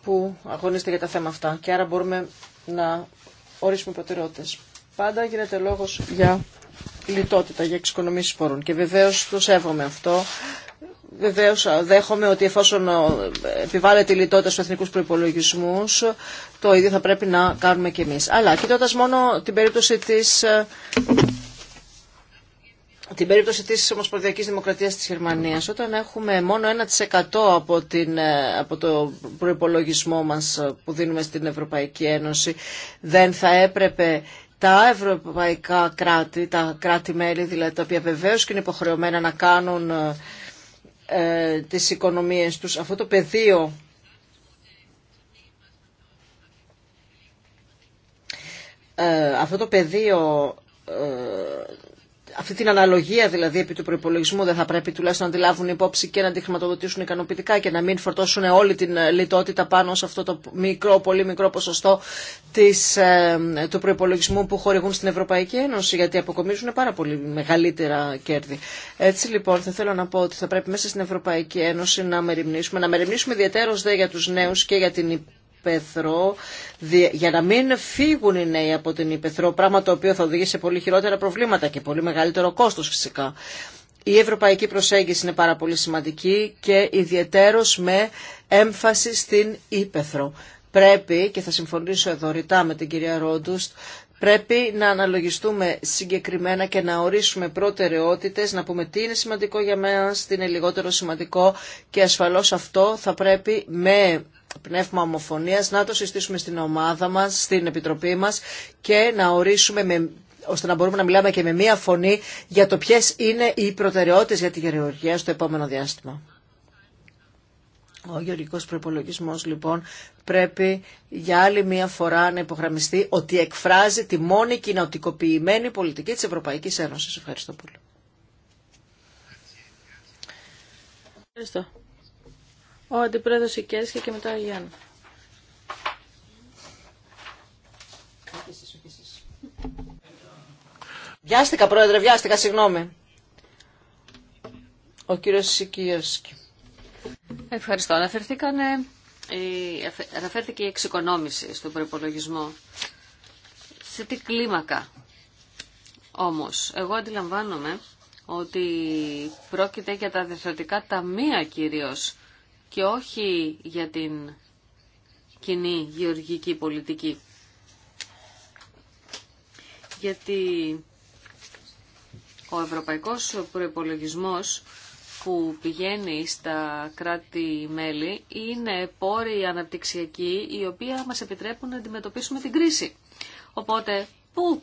που αγωνίζεται για τα θέματα αυτά και άρα μπορούμε να ορίσουμε προτεραιότητες. Πάντα γίνεται λόγος για λιτότητα για εξοικονομήσει πόρων. Και βεβαίω το σέβομαι αυτό. Βεβαίω δέχομαι ότι εφόσον επιβάλλεται η λιτότητα στου εθνικού προπολογισμού, το ίδιο θα πρέπει να κάνουμε κι εμεί. Αλλά κοιτώντα μόνο την περίπτωση τη την περίπτωση της Ομοσπονδιακής Δημοκρατίας της Γερμανίας, όταν έχουμε μόνο 1% από, την, ε, από το προϋπολογισμό μας που δίνουμε στην Ευρωπαϊκή Ένωση, δεν θα έπρεπε τα ευρωπαϊκά κράτη, τα κράτη-μέλη δηλαδή, τα οποία βεβαίως και είναι υποχρεωμένα να κάνουν ε, ε τις οικονομίες τους, αυτό το πεδίο ε, αυτό το πεδίο ε, αυτή την αναλογία δηλαδή επί του προπολογισμού δεν θα πρέπει τουλάχιστον να τη λάβουν υπόψη και να τη χρηματοδοτήσουν ικανοποιητικά και να μην φορτώσουν όλη την ε, λιτότητα πάνω σε αυτό το μικρό, πολύ μικρό ποσοστό της, ε, του προπολογισμού που χορηγούν στην Ευρωπαϊκή Ένωση γιατί αποκομίζουν πάρα πολύ μεγαλύτερα κέρδη. Έτσι λοιπόν θα θέλω να πω ότι θα πρέπει μέσα στην Ευρωπαϊκή Ένωση να μεριμνήσουμε, να μεριμνήσουμε ιδιαίτερω δε για τους νέους και για την για να μην φύγουν οι νέοι από την Υπεθρό, πράγμα το οποίο θα οδηγήσει σε πολύ χειρότερα προβλήματα και πολύ μεγαλύτερο κόστος φυσικά. Η ευρωπαϊκή προσέγγιση είναι πάρα πολύ σημαντική και ιδιαιτέρως με έμφαση στην Ήπεθρο. Πρέπει, και θα συμφωνήσω εδώ ρητά με την κυρία Ρόντουστ, Πρέπει να αναλογιστούμε συγκεκριμένα και να ορίσουμε προτεραιότητες, να πούμε τι είναι σημαντικό για μένα, τι είναι λιγότερο σημαντικό και ασφαλώς αυτό θα πρέπει με το πνεύμα ομοφωνίας να το συστήσουμε στην ομάδα μας, στην επιτροπή μας και να ορίσουμε ώστε να μπορούμε να μιλάμε και με μία φωνή για το ποιε είναι οι προτεραιότητες για τη γεωργία στο επόμενο διάστημα. Ο γεωργικός προπολογισμό λοιπόν πρέπει για άλλη μία φορά να υπογραμμιστεί ότι εκφράζει τη μόνη κοινοτικοποιημένη πολιτική της Ευρωπαϊκής Ένωσης. Ευχαριστώ πολύ. Ευχαριστώ. Ο αντιπρόεδρος Ικέρης και μετά ο Γιάννη. Βιάστηκα, πρόεδρε, βιάστηκα, συγγνώμη. Ο κύριος Σικίωσκη. Ευχαριστώ. Αναφερθήκανε, αναφέρθηκε η εξοικονόμηση στον προπολογισμό. Σε τι κλίμακα όμως. Εγώ αντιλαμβάνομαι ότι πρόκειται για τα διευθυντικά ταμεία κυρίως και όχι για την κοινή γεωργική πολιτική. Γιατί ο ευρωπαϊκός προϋπολογισμός που πηγαίνει στα κράτη-μέλη είναι πόροι αναπτυξιακοί οι οποίοι μας επιτρέπουν να αντιμετωπίσουμε την κρίση. Οπότε, πού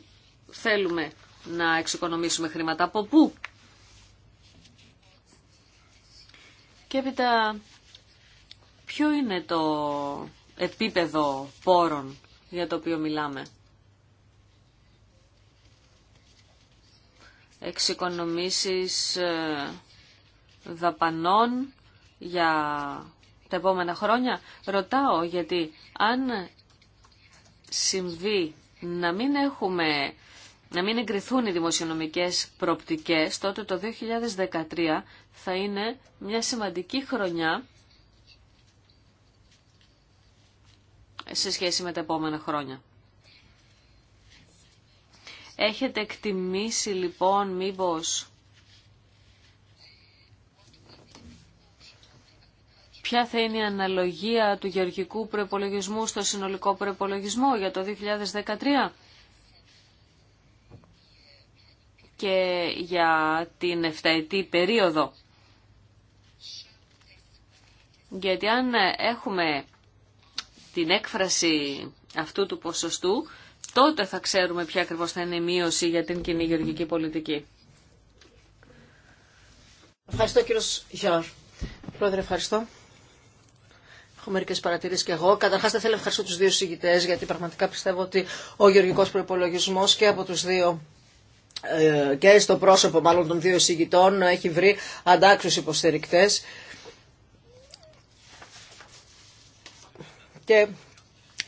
θέλουμε να εξοικονομήσουμε χρήματα, από πού. Και έπειτα Ποιο είναι το επίπεδο πόρων για το οποίο μιλάμε. Εξοικονομήσεις ε, δαπανών για τα επόμενα χρόνια. Ρωτάω γιατί αν συμβεί να μην έχουμε να μην εγκριθούν οι δημοσιονομικές προπτικές, τότε το 2013 θα είναι μια σημαντική χρονιά σε σχέση με τα επόμενα χρόνια. Έχετε εκτιμήσει λοιπόν μήπως ποια θα είναι η αναλογία του γεωργικού προπολογισμού στο συνολικό προπολογισμό για το 2013 και για την εφταετή περίοδο. Γιατί αν έχουμε την έκφραση αυτού του ποσοστού, τότε θα ξέρουμε ποια ακριβώς θα είναι η μείωση για την κοινή γεωργική πολιτική. Ευχαριστώ κύριο Γιώργ. Πρόεδρε, ευχαριστώ. Έχω μερικέ παρατηρήσει και εγώ. Καταρχά, θα ήθελα να ευχαριστώ του δύο συγκητέ, γιατί πραγματικά πιστεύω ότι ο γεωργικό προπολογισμό και από του δύο ε, και στο πρόσωπο μάλλον των δύο συγκητών έχει βρει αντάξιους υποστηρικτές Και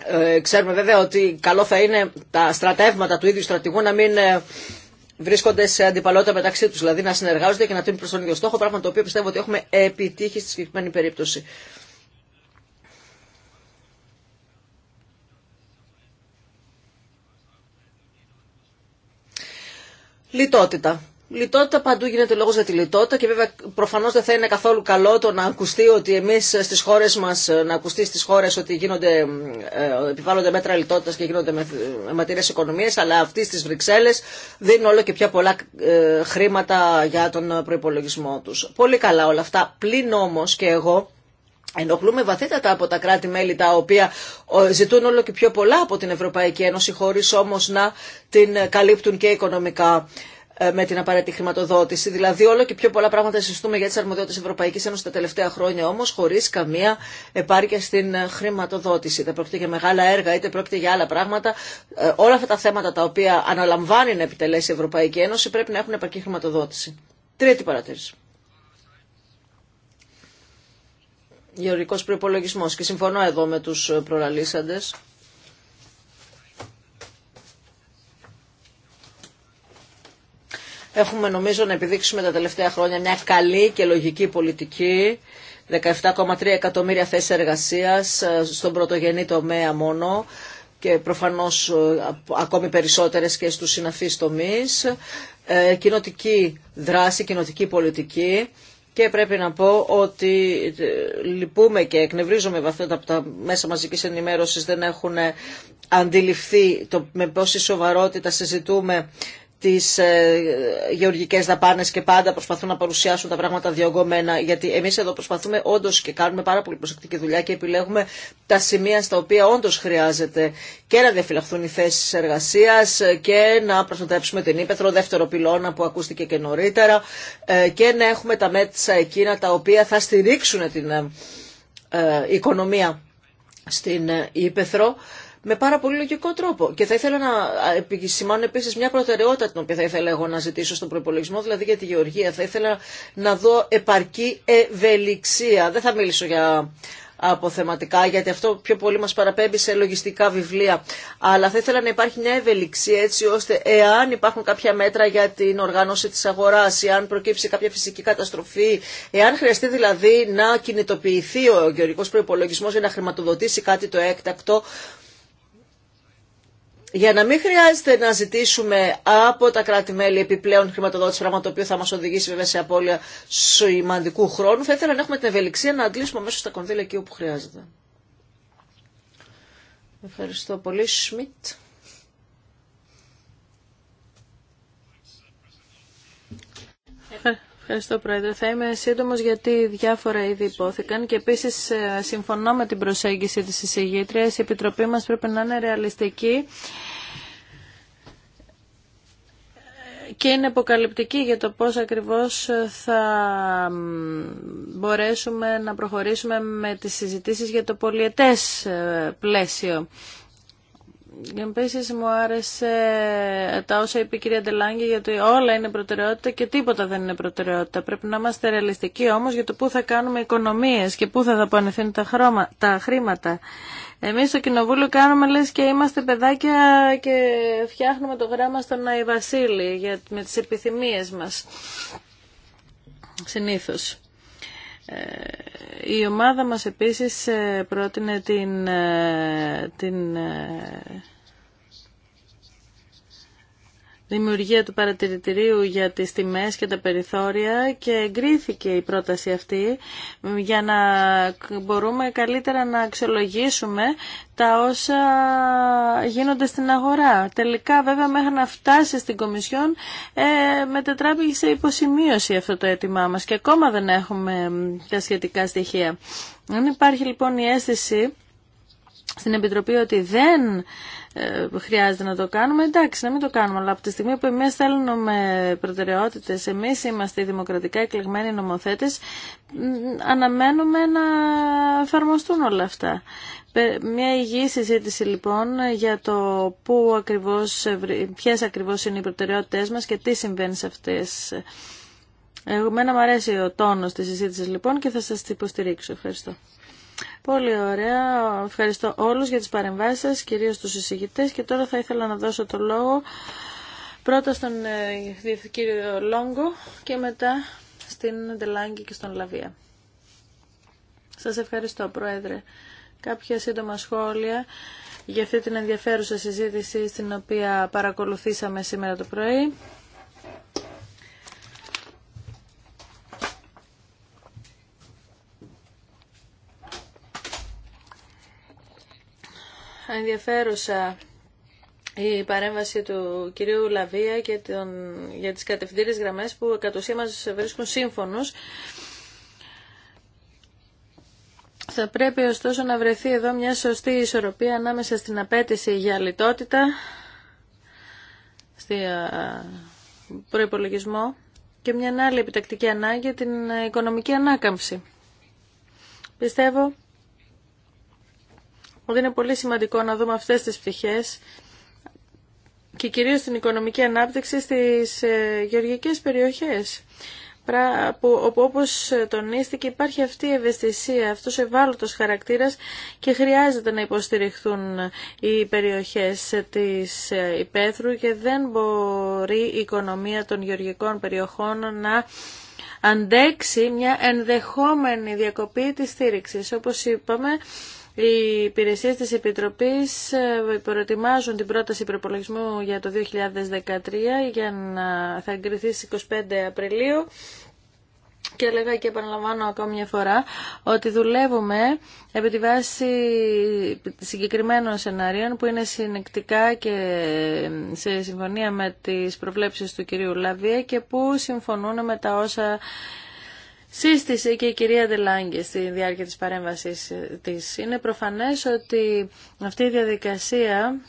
ε, ξέρουμε βέβαια ότι καλό θα είναι τα στρατεύματα του ίδιου στρατηγού να μην ε, βρίσκονται σε αντιπαλότητα μεταξύ του, δηλαδή να συνεργάζονται και να τίνουν προ τον ίδιο στόχο, πράγμα το οποίο πιστεύω ότι έχουμε επιτύχει στη συγκεκριμένη περίπτωση. Λιτότητα. Λιτότητα παντού γίνεται λόγο για τη λιτότητα και βέβαια προφανώ δεν θα είναι καθόλου καλό το να ακουστεί ότι εμεί στι χώρε μα, να ακουστεί στι χώρε ότι γίνονται, ε, επιβάλλονται μέτρα λιτότητα και γίνονται αιματηρέ ε, οικονομίε, αλλά αυτοί στι Βρυξέλλε δίνουν όλο και πιο πολλά ε, χρήματα για τον προπολογισμό του. Πολύ καλά όλα αυτά. Πλην όμω και εγώ Ενοχλούμε βαθύτατα από τα κράτη-μέλη τα οποία ζητούν όλο και πιο πολλά από την Ευρωπαϊκή Ένωση χωρίς όμως να την καλύπτουν και οικονομικά. Ε, με την απαραίτητη χρηματοδότηση. Δηλαδή, όλο και πιο πολλά πράγματα συστούμε για τι αρμοδιότητε Ευρωπαϊκή Ένωση τα τελευταία χρόνια, όμω χωρί καμία επάρκεια στην ε, χρηματοδότηση. Είτε πρόκειται για μεγάλα έργα, είτε πρόκειται για άλλα πράγματα. Ε, όλα αυτά τα θέματα τα οποία αναλαμβάνει να επιτελέσει η Ευρωπαϊκή Ένωση πρέπει να έχουν επαρκή χρηματοδότηση. Τρίτη παρατήρηση. Γεωργικό προπολογισμό, και συμφωνώ εδώ με του προλαλήσαντε. Έχουμε νομίζω να επιδείξουμε τα τελευταία χρόνια μια καλή και λογική πολιτική. 17,3 εκατομμύρια θέσεις εργασίας ε, στον πρωτογενή τομέα μόνο και προφανώς ε, ακόμη περισσότερες και στους συναφείς τομείς. Ε, κοινοτική δράση, κοινοτική πολιτική. Και πρέπει να πω ότι λυπούμε και εκνευρίζομαι βαθύτατα από τα μέσα μαζικής ενημέρωσης δεν έχουν αντιληφθεί το, με πόση σοβαρότητα συζητούμε τις ε, γεωργικές δαπάνες και πάντα προσπαθούν να παρουσιάσουν τα πράγματα διωγγωμένα γιατί εμείς εδώ προσπαθούμε όντως και κάνουμε πάρα πολύ προσεκτική δουλειά και επιλέγουμε τα σημεία στα οποία όντως χρειάζεται και να διαφυλαχθούν οι θέσεις εργασίας και να προστατέψουμε την ύπεθρο δεύτερο πυλώνα που ακούστηκε και νωρίτερα ε, και να έχουμε τα μέτσα εκείνα τα οποία θα στηρίξουν την ε, οικονομία στην ύπεθρο με πάρα πολύ λογικό τρόπο. Και θα ήθελα να επισημάνω επίση μια προτεραιότητα την οποία θα ήθελα εγώ να ζητήσω στον προπολογισμό, δηλαδή για τη γεωργία. Θα ήθελα να δω επαρκή ευελιξία. Δεν θα μίλησω για αποθεματικά, γιατί αυτό πιο πολύ μας παραπέμπει σε λογιστικά βιβλία. Αλλά θα ήθελα να υπάρχει μια ευελιξία έτσι ώστε εάν υπάρχουν κάποια μέτρα για την οργάνωση της αγοράς, εάν προκύψει κάποια φυσική καταστροφή, εάν χρειαστεί δηλαδή να κινητοποιηθεί ο γεωργικός προπολογισμό για να χρηματοδοτήσει κάτι το έκτακτο, για να μην χρειάζεται να ζητήσουμε από τα κράτη-μέλη επιπλέον χρηματοδότηση, πράγμα το οποίο θα μα οδηγήσει βέβαια σε απώλεια σημαντικού χρόνου, θα ήθελα να έχουμε την ευελιξία να αντλήσουμε μέσω στα κονδύλια εκεί όπου χρειάζεται. Ευχαριστώ πολύ, Σμιτ. Ε, Ευχαριστώ, Πρόεδρε. Θα είμαι σύντομο γιατί διάφορα ήδη υπόθηκαν και επίση ε, συμφωνώ με την προσέγγιση τη εισηγήτρια. Η Επιτροπή μα πρέπει να είναι ρεαλιστική και είναι αποκαλυπτική για το πώς ακριβώς θα μπορέσουμε να προχωρήσουμε με τις συζητήσεις για το πολιετές ε, πλαίσιο. Επίση μου άρεσε τα όσα είπε η κυρία Ντελάνγκη γιατί όλα είναι προτεραιότητα και τίποτα δεν είναι προτεραιότητα. Πρέπει να είμαστε ρεαλιστικοί όμως για το πού θα κάνουμε οικονομίες και πού θα δαπανηθούν τα, τα χρήματα. Εμείς στο κοινοβούλιο κάνουμε λες και είμαστε παιδάκια και φτιάχνουμε το γράμμα στον Αϊ Βασίλη για, με τις επιθυμίες μας. Συνήθως. Ε, η ομάδα μας επίσης ε, πρότεινε την, ε, την δημιουργία του παρατηρητηρίου για τις τιμές και τα περιθώρια και εγκρίθηκε η πρόταση αυτή για να μπορούμε καλύτερα να αξιολογήσουμε τα όσα γίνονται στην αγορά. Τελικά βέβαια μέχρι να φτάσει στην Κομισιόν ε, μετατράπηκε σε υποσημείωση αυτό το αίτημά μας και ακόμα δεν έχουμε τα σχετικά στοιχεία. Αν υπάρχει λοιπόν η αίσθηση στην Επιτροπή ότι δεν ε, χρειάζεται να το κάνουμε, εντάξει, να μην το κάνουμε. Αλλά από τη στιγμή που εμεί θέλουμε προτεραιότητε, εμεί είμαστε οι δημοκρατικά εκλεγμένοι νομοθέτε, αναμένουμε να εφαρμοστούν όλα αυτά. Μια υγιή συζήτηση λοιπόν για το πού ακριβώς, ποιες ακριβώς είναι οι προτεραιότητες μας και τι συμβαίνει σε αυτές. Εγώ μένα μου αρέσει ο τόνος της συζήτησης λοιπόν και θα σας υποστηρίξω. Ευχαριστώ. Πολύ ωραία. Ευχαριστώ όλους για τις παρεμβάσεις σας, κυρίως τους εισηγητές. Και τώρα θα ήθελα να δώσω το λόγο πρώτα στον ε, κύριο Λόγκο και μετά στην Ντελάγκη και στον Λαβία. Σας ευχαριστώ, Πρόεδρε. Κάποια σύντομα σχόλια για αυτή την ενδιαφέρουσα συζήτηση στην οποία παρακολουθήσαμε σήμερα το πρωί. ενδιαφέρουσα η παρέμβαση του κυρίου Λαβία και τον, για τις κατευθυντήριες γραμμές που κατ' ουσία μας βρίσκουν σύμφωνους. Θα πρέπει ωστόσο να βρεθεί εδώ μια σωστή ισορροπία ανάμεσα στην απέτηση για λιτότητα, στη προϋπολογισμό και μια άλλη επιτακτική ανάγκη, την οικονομική ανάκαμψη. Πιστεύω ότι είναι πολύ σημαντικό να δούμε αυτές τις πτυχές και κυρίως την οικονομική ανάπτυξη στις ε, γεωργικές περιοχές που, όπου όπως τονίστηκε υπάρχει αυτή η ευαισθησία, αυτός ευάλωτος χαρακτήρας και χρειάζεται να υποστηριχθούν οι περιοχές της ε, υπαίθρου και δεν μπορεί η οικονομία των γεωργικών περιοχών να αντέξει μια ενδεχόμενη διακοπή της στήριξης. Όπως είπαμε, οι υπηρεσίε της Επιτροπής ε, προετοιμάζουν την πρόταση προπολογισμού για το 2013 για να θα εγκριθεί στι 25 Απριλίου και έλεγα και επαναλαμβάνω ακόμη μια φορά ότι δουλεύουμε επί τη βάση συγκεκριμένων σενάριων που είναι συνεκτικά και σε συμφωνία με τις προβλέψεις του κυρίου Λαβία και που συμφωνούν με τα όσα σύστησε και η κυρία Ντελάγκε στη διάρκεια της παρέμβασης της. Είναι προφανές ότι αυτή η διαδικασία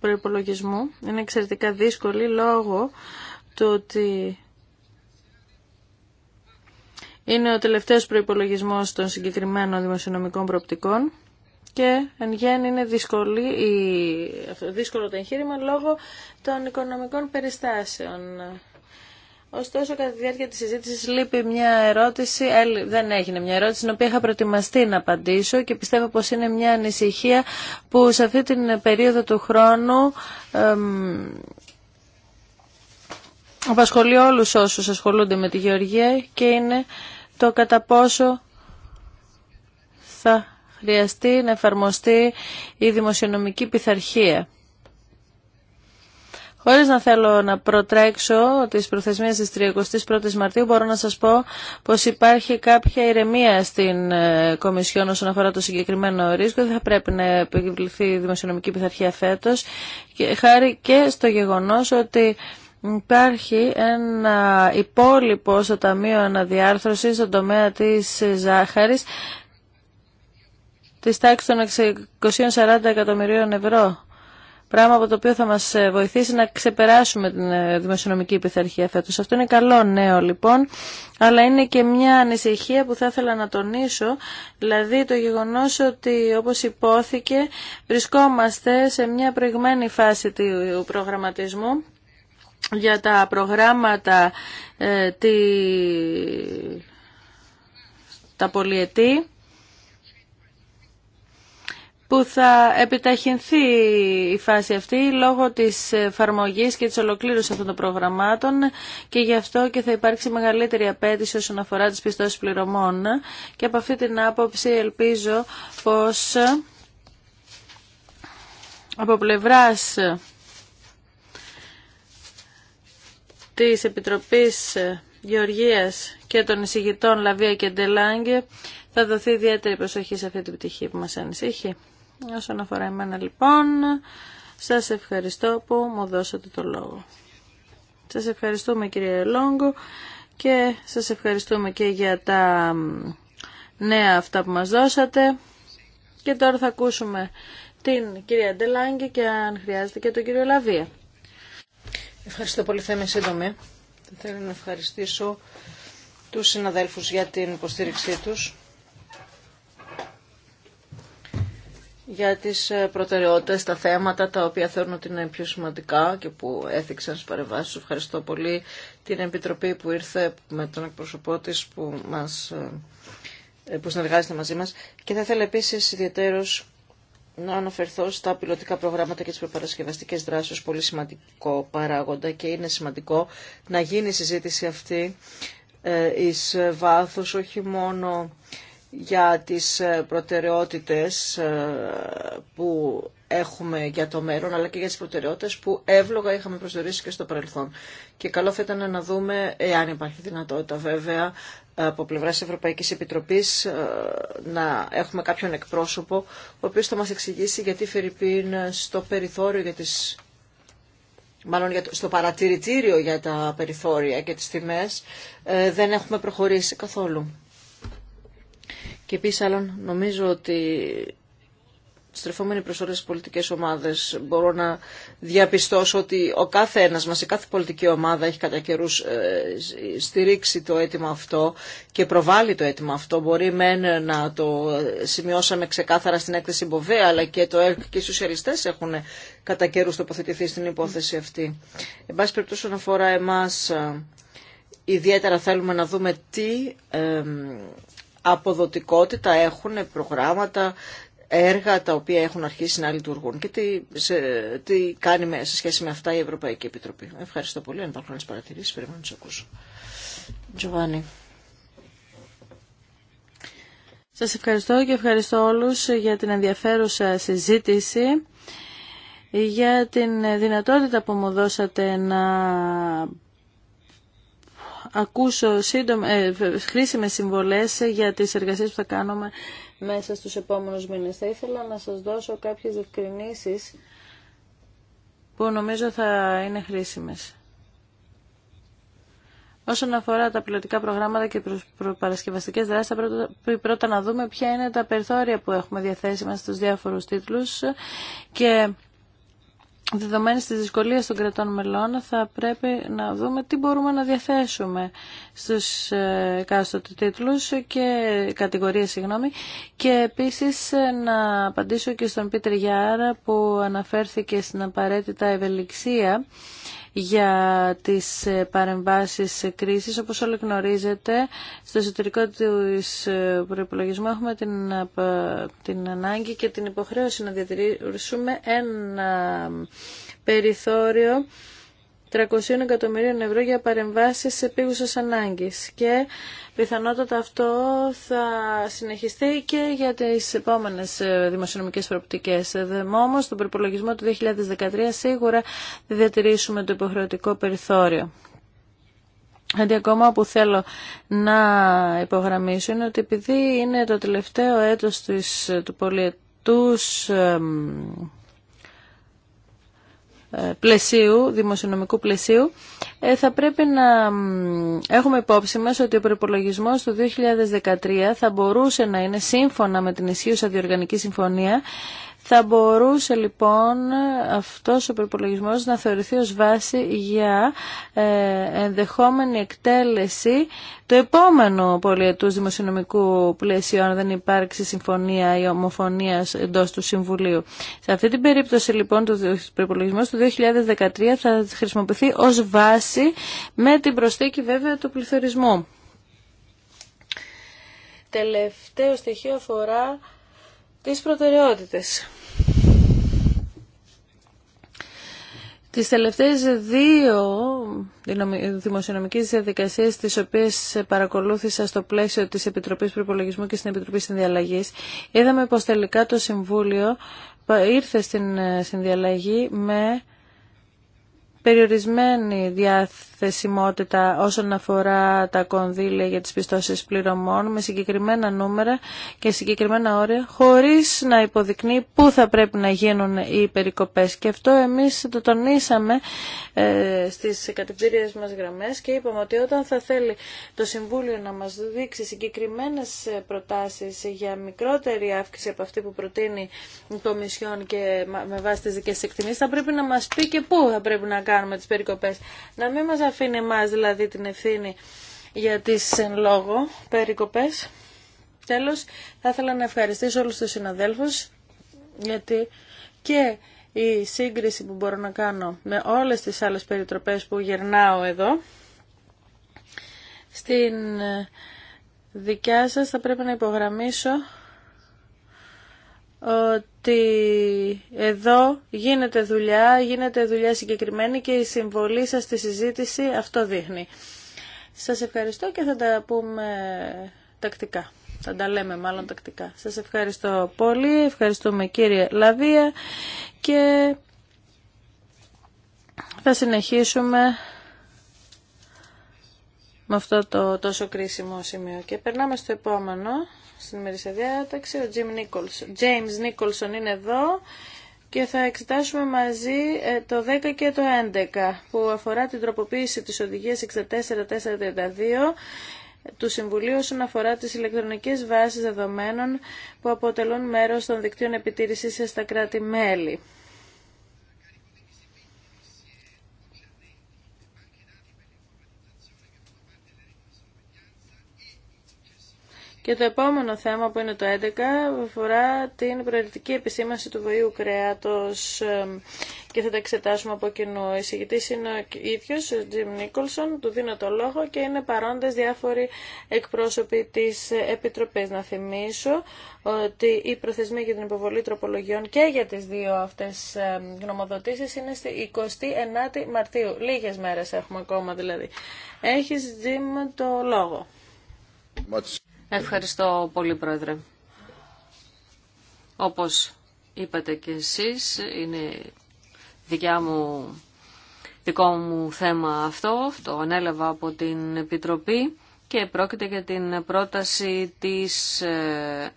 προϋπολογισμού είναι εξαιρετικά δύσκολη λόγω του ότι είναι ο τελευταίος προϋπολογισμός των συγκεκριμένων δημοσιονομικών προοπτικών και εν είναι δύσκολη, η, δύσκολο το εγχείρημα λόγω των οικονομικών περιστάσεων. Ωστόσο, κατά τη διάρκεια τη συζήτηση λείπει μια ερώτηση, ε, δεν έγινε μια ερώτηση, την οποία είχα προετοιμαστεί να απαντήσω και πιστεύω πως είναι μια ανησυχία που σε αυτή την περίοδο του χρόνου εμ, απασχολεί όλους όσου ασχολούνται με τη γεωργία και είναι το κατά πόσο θα χρειαστεί να εφαρμοστεί η δημοσιονομική πειθαρχία. Χωρίς να θέλω να προτρέξω τις προθεσμίες της 31ης Μαρτίου, μπορώ να σας πω πως υπάρχει κάποια ηρεμία στην ε, Κομισιόν όσον αφορά το συγκεκριμένο ρίσκο. Δεν θα πρέπει να επιβληθεί η δημοσιονομική πειθαρχία φέτος, και χάρη και στο γεγονός ότι Υπάρχει ένα υπόλοιπο στο Ταμείο Αναδιάρθρωσης στον τομέα της ζάχαρης της τάξης των 640 εκατομμυρίων ευρώ. Πράγμα από το οποίο θα μας ε, βοηθήσει να ξεπεράσουμε την ε, δημοσιονομική πειθαρχία φέτος. Αυτό είναι καλό νέο λοιπόν, αλλά είναι και μια ανησυχία που θα ήθελα να τονίσω, δηλαδή το γεγονός ότι όπως υπόθηκε βρισκόμαστε σε μια προηγμένη φάση του προγραμματισμού για τα προγράμματα ε, τη... τα πολιετή που θα επιταχυνθεί η φάση αυτή λόγω της εφαρμογή και της ολοκλήρωσης αυτών των προγραμμάτων και γι' αυτό και θα υπάρξει μεγαλύτερη απέτηση όσον αφορά τις πιστώσεις πληρωμών και από αυτή την άποψη ελπίζω πως από πλευράς της Επιτροπής Γεωργίας και των εισηγητών Λαβία και Ντελάγκε θα δοθεί ιδιαίτερη προσοχή σε αυτή την πτυχή που μας ανησυχεί. Όσον αφορά εμένα λοιπόν, σας ευχαριστώ που μου δώσατε το λόγο. Σας ευχαριστούμε κύριε Λόγκο και σας ευχαριστούμε και για τα νέα αυτά που μας δώσατε. Και τώρα θα ακούσουμε την κυρία Ντελάγκη και αν χρειάζεται και τον κύριο Λαβία. Ευχαριστώ πολύ, θα σύντομη. θέλω να ευχαριστήσω τους συναδέλφους για την υποστήριξή τους. για τις ε, προτεραιότητες, τα θέματα τα οποία θεωρούν ότι είναι πιο σημαντικά και που έθιξαν στις παρεμβάσεις. Ευχαριστώ πολύ την Επιτροπή που ήρθε με τον εκπροσωπό της που, μας, ε, ε, που συνεργάζεται μαζί μας. Και θα ήθελα επίσης ιδιαίτερος να αναφερθώ στα πιλωτικά προγράμματα και τις προπαρασκευαστικές δράσεις πολύ σημαντικό παράγοντα και είναι σημαντικό να γίνει η συζήτηση αυτή εις βάθος όχι μόνο για τις ε, προτεραιότητες ε, που έχουμε για το μέλλον, αλλά και για τις προτεραιότητες που εύλογα είχαμε προσδιορίσει και στο παρελθόν. Και καλό θα ήταν να δούμε, εάν υπάρχει δυνατότητα βέβαια, από πλευρά τη Ευρωπαϊκή Επιτροπή ε, να έχουμε κάποιον εκπρόσωπο, ο οποίο θα μα εξηγήσει γιατί Φερρυπίν στο περιθώριο για τις μάλλον στο παρατηρητήριο για τα περιθώρια και τις τιμές, δεν έχουμε προχωρήσει καθόλου. Και επίση άλλον, νομίζω ότι στρεφόμενοι προς όλες τις πολιτικές ομάδες μπορώ να διαπιστώσω ότι ο κάθε ένας μας, η κάθε πολιτική ομάδα έχει κατά καιρού ε, στηρίξει το αίτημα αυτό και προβάλλει το αίτημα αυτό. Μπορεί μεν να το σημειώσαμε ξεκάθαρα στην έκθεση Μποβέ, αλλά και το ΕΡΚ και οι σοσιαλιστές έχουν κατά καιρού τοποθετηθεί στην υπόθεση αυτή. Εν πάση περιπτώσει αφορά εμάς, ε, ιδιαίτερα θέλουμε να δούμε τι ε, αποδοτικότητα έχουν προγράμματα, έργα τα οποία έχουν αρχίσει να λειτουργούν και τι, τι κάνει με, σε σχέση με αυτά η Ευρωπαϊκή Επιτροπή. Ευχαριστώ πολύ. Αν υπάρχουν άλλες παρατηρήσεις, περιμένω να τις ακούσω. Τζοβάνι. Σας ευχαριστώ και ευχαριστώ όλους για την ενδιαφέρουσα συζήτηση για την δυνατότητα που μου δώσατε να ακούσω σύντομα, ε, χρήσιμες συμβολές για τις εργασίες που θα κάνουμε μέσα στους επόμενους μήνες. Θα ήθελα να σας δώσω κάποιες διευκρινήσεις που νομίζω θα είναι χρήσιμες. Όσον αφορά τα πιλωτικά προγράμματα και τις προπαρασκευαστικές δράσεις, θα πρέπει πρώτα να δούμε ποια είναι τα περιθώρια που έχουμε διαθέσιμα στους διάφορους τίτλους και δεδομένη της δυσκολία των κρατών μελών θα πρέπει να δούμε τι μπορούμε να διαθέσουμε στους ε, εκάστοτε τίτλους και κατηγορίες συγγνώμη και επίσης ε, να απαντήσω και στον Πίτερ Γιάρα που αναφέρθηκε στην απαραίτητα ευελιξία για τις ε, παρεμβάσεις κρίσης. Όπως όλοι γνωρίζετε, στο εσωτερικό του ε, προπολογισμού έχουμε την, την ανάγκη και την υποχρέωση να διατηρήσουμε ένα περιθώριο 300 εκατομμυρίων ευρώ για παρεμβάσεις επίγουσας ανάγκες και πιθανότατα αυτό θα συνεχιστεί και για τις επόμενες ε, δημοσιονομικές προοπτικές. Δεμό όμως, τον προπολογισμό του 2013 σίγουρα θα διατηρήσουμε το υποχρεωτικό περιθώριο. Αντί ακόμα που θέλω να υπογραμμίσω είναι ότι επειδή είναι το τελευταίο έτος της, του πολιετούς πλαισίου, δημοσιονομικού πλαισίου, ε, θα πρέπει να έχουμε υπόψη μας ότι ο προπολογισμό του 2013 θα μπορούσε να είναι σύμφωνα με την ισχύουσα διοργανική συμφωνία θα μπορούσε λοιπόν αυτός ο προπολογισμό να θεωρηθεί ως βάση για ε, ενδεχόμενη εκτέλεση του επόμενου πολιετούς δημοσιονομικού πλαίσιο αν δεν υπάρξει συμφωνία ή ομοφωνία εντός του Συμβουλίου. Σε αυτή την περίπτωση λοιπόν το προπολογισμού του 2013 θα χρησιμοποιηθεί ως βάση με την προσθήκη βέβαια του πληθωρισμού. Τελευταίο στοιχείο αφορά τις προτεραιότητες. Τις τελευταίες δύο δημοσιονομικές διαδικασίες τις οποίες παρακολούθησα στο πλαίσιο της Επιτροπής Προπολογισμού και στην Επιτροπή Συνδιαλλαγής είδαμε πως τελικά το Συμβούλιο ήρθε στην ε, συνδιαλλαγή με περιορισμένη διαθεσιμότητα όσον αφορά τα κονδύλια για τις πιστώσεις πληρωμών με συγκεκριμένα νούμερα και συγκεκριμένα όρια χωρίς να υποδεικνύει πού θα πρέπει να γίνουν οι περικοπές και αυτό εμείς το τονίσαμε ε, στις μα μας γραμμές και είπαμε ότι όταν θα θέλει το Συμβούλιο να μας δείξει συγκεκριμένες προτάσεις για μικρότερη αύξηση από αυτή που προτείνει η Κομισιόν και με βάση τις δικές εκτιμήσεις θα πρέπει να μας πει και πού θα πρέπει να κάνουμε κάνουμε τις περικοπές. Να μην μας αφήνει εμά δηλαδή την ευθύνη για τις εν λόγω περικοπές. Τέλος, θα ήθελα να ευχαριστήσω όλους τους συναδέλφους γιατί και η σύγκριση που μπορώ να κάνω με όλες τις άλλες περιτροπές που γερνάω εδώ στην ε, δικιά σας θα πρέπει να υπογραμμίσω ότι εδώ γίνεται δουλειά, γίνεται δουλειά συγκεκριμένη και η συμβολή σας στη συζήτηση αυτό δείχνει. Σας ευχαριστώ και θα τα πούμε τακτικά. Θα τα λέμε μάλλον τακτικά. Σας ευχαριστώ πολύ, ευχαριστούμε κύριε Λαβία και θα συνεχίσουμε με αυτό το τόσο κρίσιμο σημείο. Και περνάμε στο επόμενο στην ημερήσια διάταξη. Ο Nicholson. James Nicholson είναι εδώ και θα εξετάσουμε μαζί ε, το 10 και το 11 που αφορά την τροποποίηση της οδηγίας 64432 του Συμβουλίου όσον αφορά τις ηλεκτρονικές βάσεις δεδομένων που αποτελούν μέρος των δικτύων επιτήρησης στα κράτη-μέλη. Και το επόμενο θέμα που είναι το 11 αφορά την προαιρετική επισήμανση του βοήου κρέατος και θα τα εξετάσουμε από κοινού. Ο εισηγητής είναι ο ίδιος, ο Τζιμ Νίκολσον, του δίνω το λόγο και είναι παρόντες διάφοροι εκπρόσωποι της Επιτροπής. Να θυμίσω ότι η προθεσμία για την υποβολή τροπολογιών και για τις δύο αυτές γνωμοδοτήσεις είναι στη 29η Μαρτίου. Λίγες μέρες έχουμε ακόμα δηλαδή. Έχεις Τζιμ το λόγο. Ευχαριστώ πολύ, Πρόεδρε. Όπως είπατε και εσείς, είναι δικιά μου, δικό μου θέμα αυτό. Το ανέλαβα από την Επιτροπή και πρόκειται για την πρόταση της ε,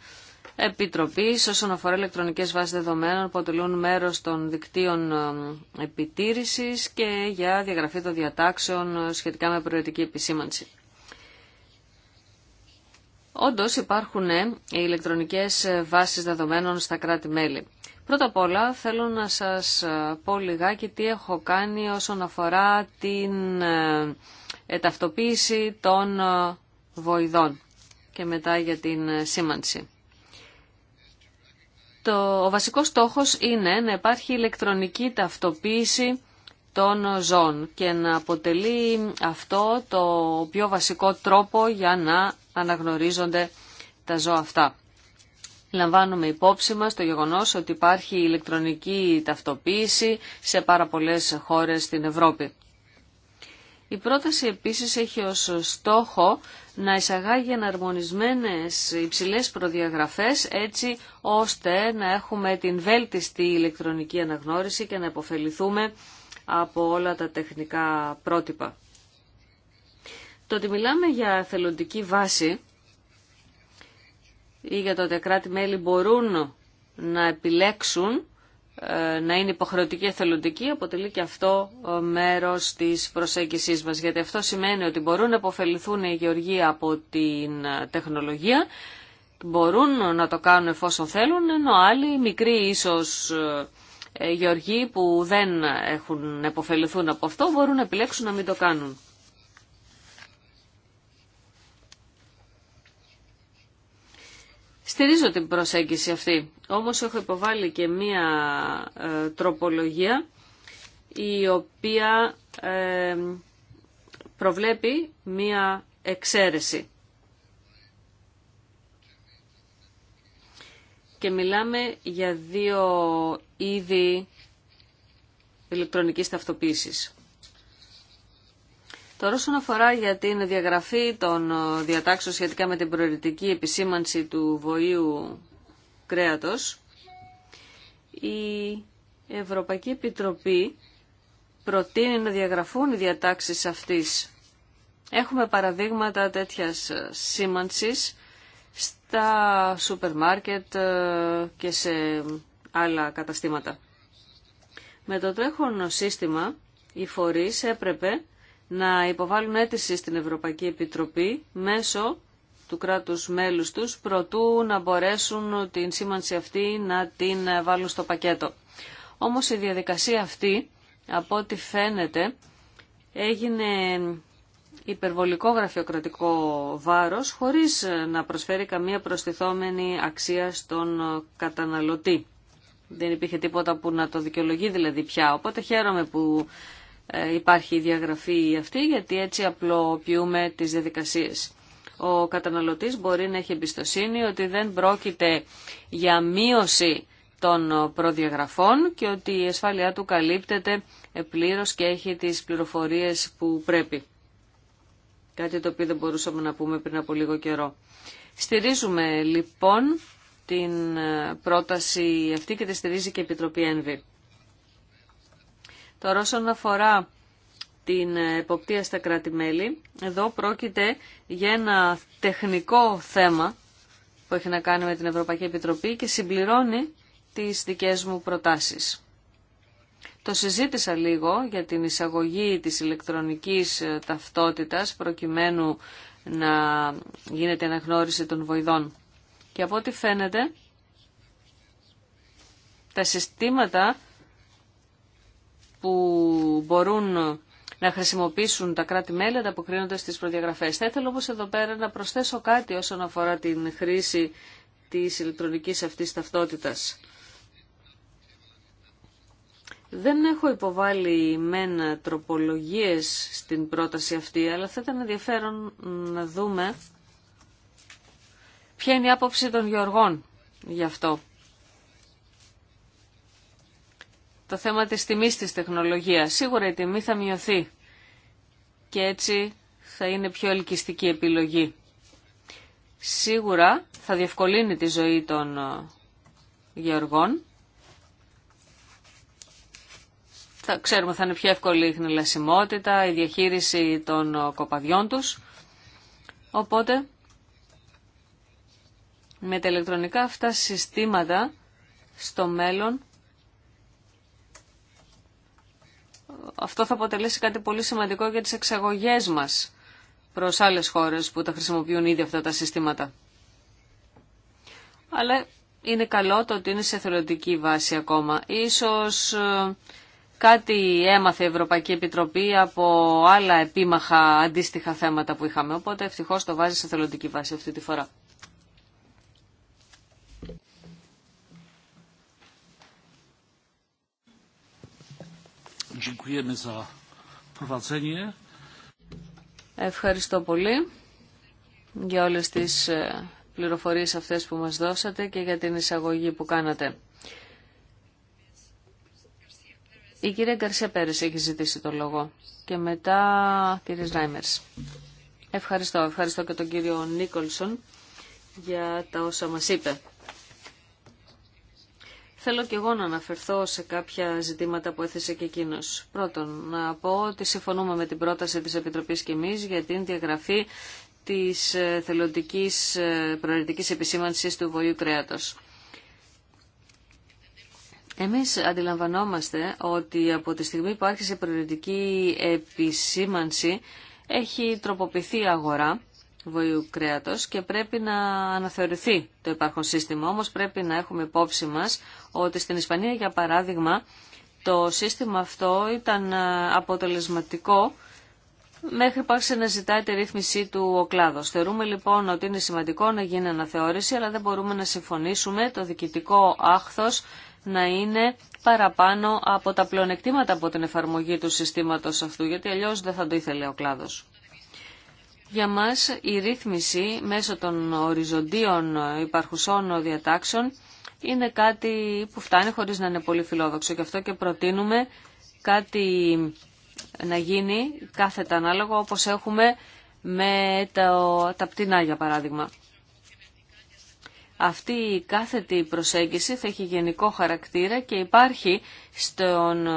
Επιτροπής όσον αφορά ηλεκτρονικές βάσεις δεδομένων που αποτελούν μέρος των δικτύων ε, επιτήρησης και για διαγραφή των διατάξεων ε, σχετικά με προαιρετική επισήμανση. Όντω υπάρχουν ε, ηλεκτρονικές ε, βάσεις δεδομένων στα κράτη-μέλη. Πρώτα απ' όλα θέλω να σας ε, πω λιγάκι τι έχω κάνει όσον αφορά την ταυτοποίηση των βοηδών και μετά για την σήμανση. Το, ο βασικός στόχος είναι να υπάρχει ηλεκτρονική ταυτοποίηση των ζώων και να αποτελεί αυτό το πιο βασικό τρόπο για να αναγνωρίζονται τα ζώα αυτά. Λαμβάνουμε υπόψη μας το γεγονός ότι υπάρχει ηλεκτρονική ταυτοποίηση σε πάρα πολλές χώρες στην Ευρώπη. Η πρόταση επίσης έχει ως στόχο να εισαγάγει εναρμονισμένες υψηλές προδιαγραφές έτσι ώστε να έχουμε την βέλτιστη ηλεκτρονική αναγνώριση και να υποφεληθούμε από όλα τα τεχνικά πρότυπα. Το ότι μιλάμε για θελοντική βάση ή για το ότι κράτη-μέλη μπορούν να επιλέξουν ε, να είναι υποχρεωτική εθελοντική αποτελεί και αυτό ε, μέρος της προσέγγισής μας γιατί αυτό σημαίνει ότι μπορούν να υποφεληθούν οι γεωργοί από την ε, τεχνολογία μπορούν να το κάνουν εφόσον θέλουν ενώ άλλοι μικροί ίσως γεωργοί που δεν έχουν να από αυτό μπορούν να επιλέξουν να μην το κάνουν. Στηρίζω την προσέγγιση αυτή, όμως έχω υποβάλει και μία ε, τροπολογία η οποία ε, προβλέπει μία εξαίρεση. Και μιλάμε για δύο είδη ηλεκτρονικής ταυτοποίησης. Τώρα όσον αφορά για την διαγραφή των ε, διατάξεων σχετικά με την προαιρετική επισήμανση του βοήου κρέατος, η Ευρωπαϊκή Επιτροπή προτείνει να διαγραφούν οι διατάξεις αυτής. Έχουμε παραδείγματα τέτοιας ε, σήμανσης στα σούπερ μάρκετ ε, και σε άλλα καταστήματα. Με το τρέχον σύστημα οι φορείς έπρεπε να υποβάλουν αίτηση στην Ευρωπαϊκή Επιτροπή μέσω του κράτους μέλους τους προτού να μπορέσουν την σήμανση αυτή να την βάλουν στο πακέτο. Όμως η διαδικασία αυτή, από ό,τι φαίνεται, έγινε υπερβολικό γραφειοκρατικό βάρος χωρίς να προσφέρει καμία προστιθόμενη αξία στον καταναλωτή. Δεν υπήρχε τίποτα που να το δικαιολογεί δηλαδή πια. Οπότε χαίρομαι που ε, υπάρχει η διαγραφή αυτή γιατί έτσι απλοποιούμε τις διαδικασίες. Ο καταναλωτής μπορεί να έχει εμπιστοσύνη ότι δεν πρόκειται για μείωση των προδιαγραφών και ότι η ασφάλειά του καλύπτεται πλήρως και έχει τις πληροφορίες που πρέπει. Κάτι το οποίο δεν μπορούσαμε να πούμε πριν από λίγο καιρό. Στηρίζουμε λοιπόν την ε, πρόταση αυτή και τη στηρίζει και η Επιτροπή ΕΝΒΗ. Τώρα όσον αφορά την εποπτεία στα κράτη-μέλη, εδώ πρόκειται για ένα τεχνικό θέμα που έχει να κάνει με την Ευρωπαϊκή Επιτροπή και συμπληρώνει τις δικές μου προτάσεις. Το συζήτησα λίγο για την εισαγωγή της ηλεκτρονικής ε, ταυτότητας προκειμένου να γίνεται αναγνώριση των βοηδών. Και από ό,τι φαίνεται, τα συστήματα που μπορούν να χρησιμοποιήσουν τα κράτη-μέλη ανταποκρίνοντας τις προδιαγραφές. Θα ήθελα όμως εδώ πέρα να προσθέσω κάτι όσον αφορά την χρήση της ηλεκτρονικής αυτής ταυτότητας. Δεν έχω υποβάλει μένα τροπολογίες στην πρόταση αυτή, αλλά θα ήταν ενδιαφέρον να δούμε ποια είναι η άποψη των γεωργών γι' αυτό. το θέμα της τιμής της τεχνολογίας. Σίγουρα η τιμή θα μειωθεί και έτσι θα είναι πιο ελκυστική επιλογή. Σίγουρα θα διευκολύνει τη ζωή των ε, γεωργών. Θα ξέρουμε θα είναι πιο εύκολη η χνηλασιμότητα, η διαχείριση των ε, κοπαδιών τους. Οπότε με τα ηλεκτρονικά αυτά συστήματα στο μέλλον αυτό θα αποτελέσει κάτι πολύ σημαντικό για τις εξαγωγές μας προς άλλες χώρες που τα χρησιμοποιούν ήδη αυτά τα συστήματα. Αλλά είναι καλό το ότι είναι σε θεωρητική βάση ακόμα. Ίσως ε, κάτι έμαθε η Ευρωπαϊκή Επιτροπή από άλλα επίμαχα αντίστοιχα θέματα που είχαμε. Οπότε ευτυχώς το βάζει σε θελοντική βάση αυτή τη φορά. Ευχαριστώ πολύ για όλες τις ε, πληροφορίες αυτές που μας δώσατε και για την εισαγωγή που κάνατε. Η κυρία Γκαρσία Πέρες έχει ζητήσει το λόγο και μετά κύριε Ράιμερς. Ευχαριστώ. Ευχαριστώ και τον κύριο Νίκολσον για τα όσα μας είπε. Θέλω και εγώ να αναφερθώ σε κάποια ζητήματα που έθεσε και εκείνο. Πρώτον, να πω ότι συμφωνούμε με την πρόταση της Επιτροπής και εμείς για την διαγραφή της ε, θελοντικής ε, προαιρετικής επισήμανσης του βοηού κρέατος. Εμείς αντιλαμβανόμαστε ότι από τη στιγμή που άρχισε προαιρετική επισήμανση έχει τροποποιηθεί η αγορά βοηού και πρέπει να αναθεωρηθεί το υπάρχον σύστημα. Όμω πρέπει να έχουμε υπόψη μα ότι στην Ισπανία, για παράδειγμα, το σύστημα αυτό ήταν ε, αποτελεσματικό μέχρι που άρχισε να ζητάει τη ρύθμιση του ο κλάδο. Θεωρούμε λοιπόν ότι είναι σημαντικό να γίνει αναθεώρηση, αλλά δεν μπορούμε να συμφωνήσουμε το διοικητικό άχθο να είναι παραπάνω από τα πλεονεκτήματα από την εφαρμογή του συστήματος αυτού, γιατί αλλιώς δεν θα το ήθελε ο κλάδος. Για μας η ρύθμιση μέσω των οριζοντίων υπαρχουσών διατάξεων είναι κάτι που φτάνει χωρίς να είναι πολύ φιλόδοξο και αυτό και προτείνουμε κάτι να γίνει κάθετα ανάλογο όπως έχουμε με τα, τα πτηνά για παράδειγμα. Αυτή η κάθετη προσέγγιση θα έχει γενικό χαρακτήρα και υπάρχει στον, ε,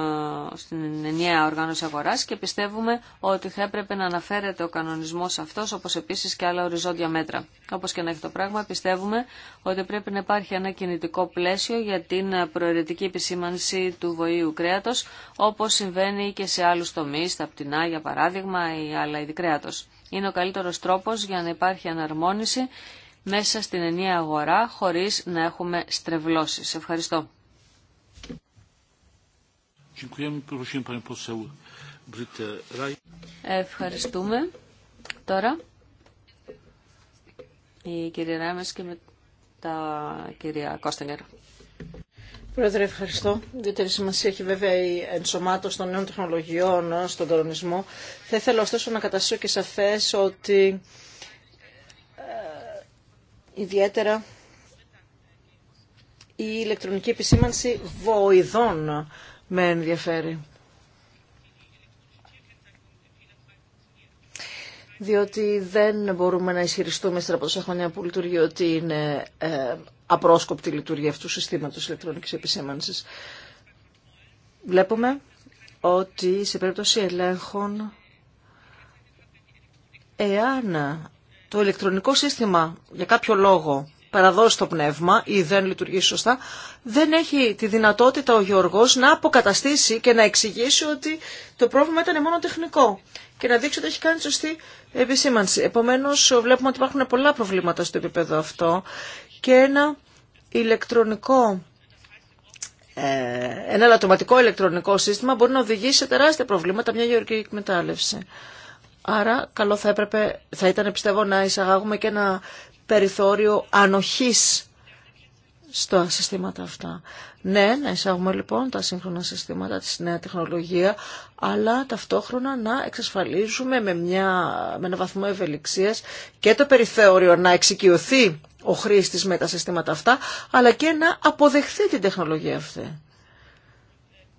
στην ενιαία οργάνωση αγοράς και πιστεύουμε ότι θα έπρεπε να αναφέρεται ο κανονισμός αυτός όπως επίσης και άλλα οριζόντια μέτρα. Όπως και να έχει το πράγμα πιστεύουμε ότι πρέπει να υπάρχει ένα κινητικό πλαίσιο για την προαιρετική επισήμανση του βοήου κρέατος όπως συμβαίνει και σε άλλους τομείς, τα πτηνά για παράδειγμα ή άλλα είδη κρέατος. Είναι ο καλύτερος τρόπος για να υπάρχει αναρμόνιση μέσα στην ενιαία αγορά χωρίς να έχουμε στρεβλώσεις. Ευχαριστώ. Ευχαριστούμε. Τώρα η κυρία Ράμες και με τα κυρία Κώσταγκερ. Πρόεδρε, ευχαριστώ. η σημασία έχει βέβαια η ενσωμάτωση των νέων τεχνολογιών στον κανονισμό. Θα ήθελα ωστόσο να καταστήσω και σαφές ότι ιδιαίτερα η ηλεκτρονική επισήμανση βοηδών με ενδιαφέρει. διότι δεν μπορούμε να ισχυριστούμε ύστερα από τόσα χρόνια που λειτουργεί ότι είναι ε, απρόσκοπτη η λειτουργία αυτού του συστήματος ηλεκτρονικής επισήμανσης. Βλέπουμε ότι σε περίπτωση ελέγχων, εάν το ηλεκτρονικό σύστημα για κάποιο λόγο παραδώσει το πνεύμα ή δεν λειτουργεί σωστά, δεν έχει τη δυνατότητα ο Γιώργος να αποκαταστήσει και να εξηγήσει ότι το πρόβλημα ήταν μόνο τεχνικό και να δείξει ότι έχει κάνει σωστή επισήμανση. Επομένως βλέπουμε ότι υπάρχουν πολλά προβλήματα στο επίπεδο αυτό και ένα ηλεκτρονικό ε, ένα ηλεκτρονικό σύστημα μπορεί να οδηγήσει σε τεράστια προβλήματα μια γεωργική εκμετάλλευση. Άρα καλό θα, έπρεπε, θα ήταν πιστεύω να εισαγάγουμε και ένα περιθώριο ανοχής στα συστήματα αυτά. Ναι, να εισάγουμε λοιπόν τα σύγχρονα συστήματα, τη νέα τεχνολογία, αλλά ταυτόχρονα να εξασφαλίζουμε με, μια, με ένα βαθμό ευελιξίας και το περιθώριο να εξοικειωθεί ο χρήστης με τα συστήματα αυτά, αλλά και να αποδεχθεί την τεχνολογία αυτή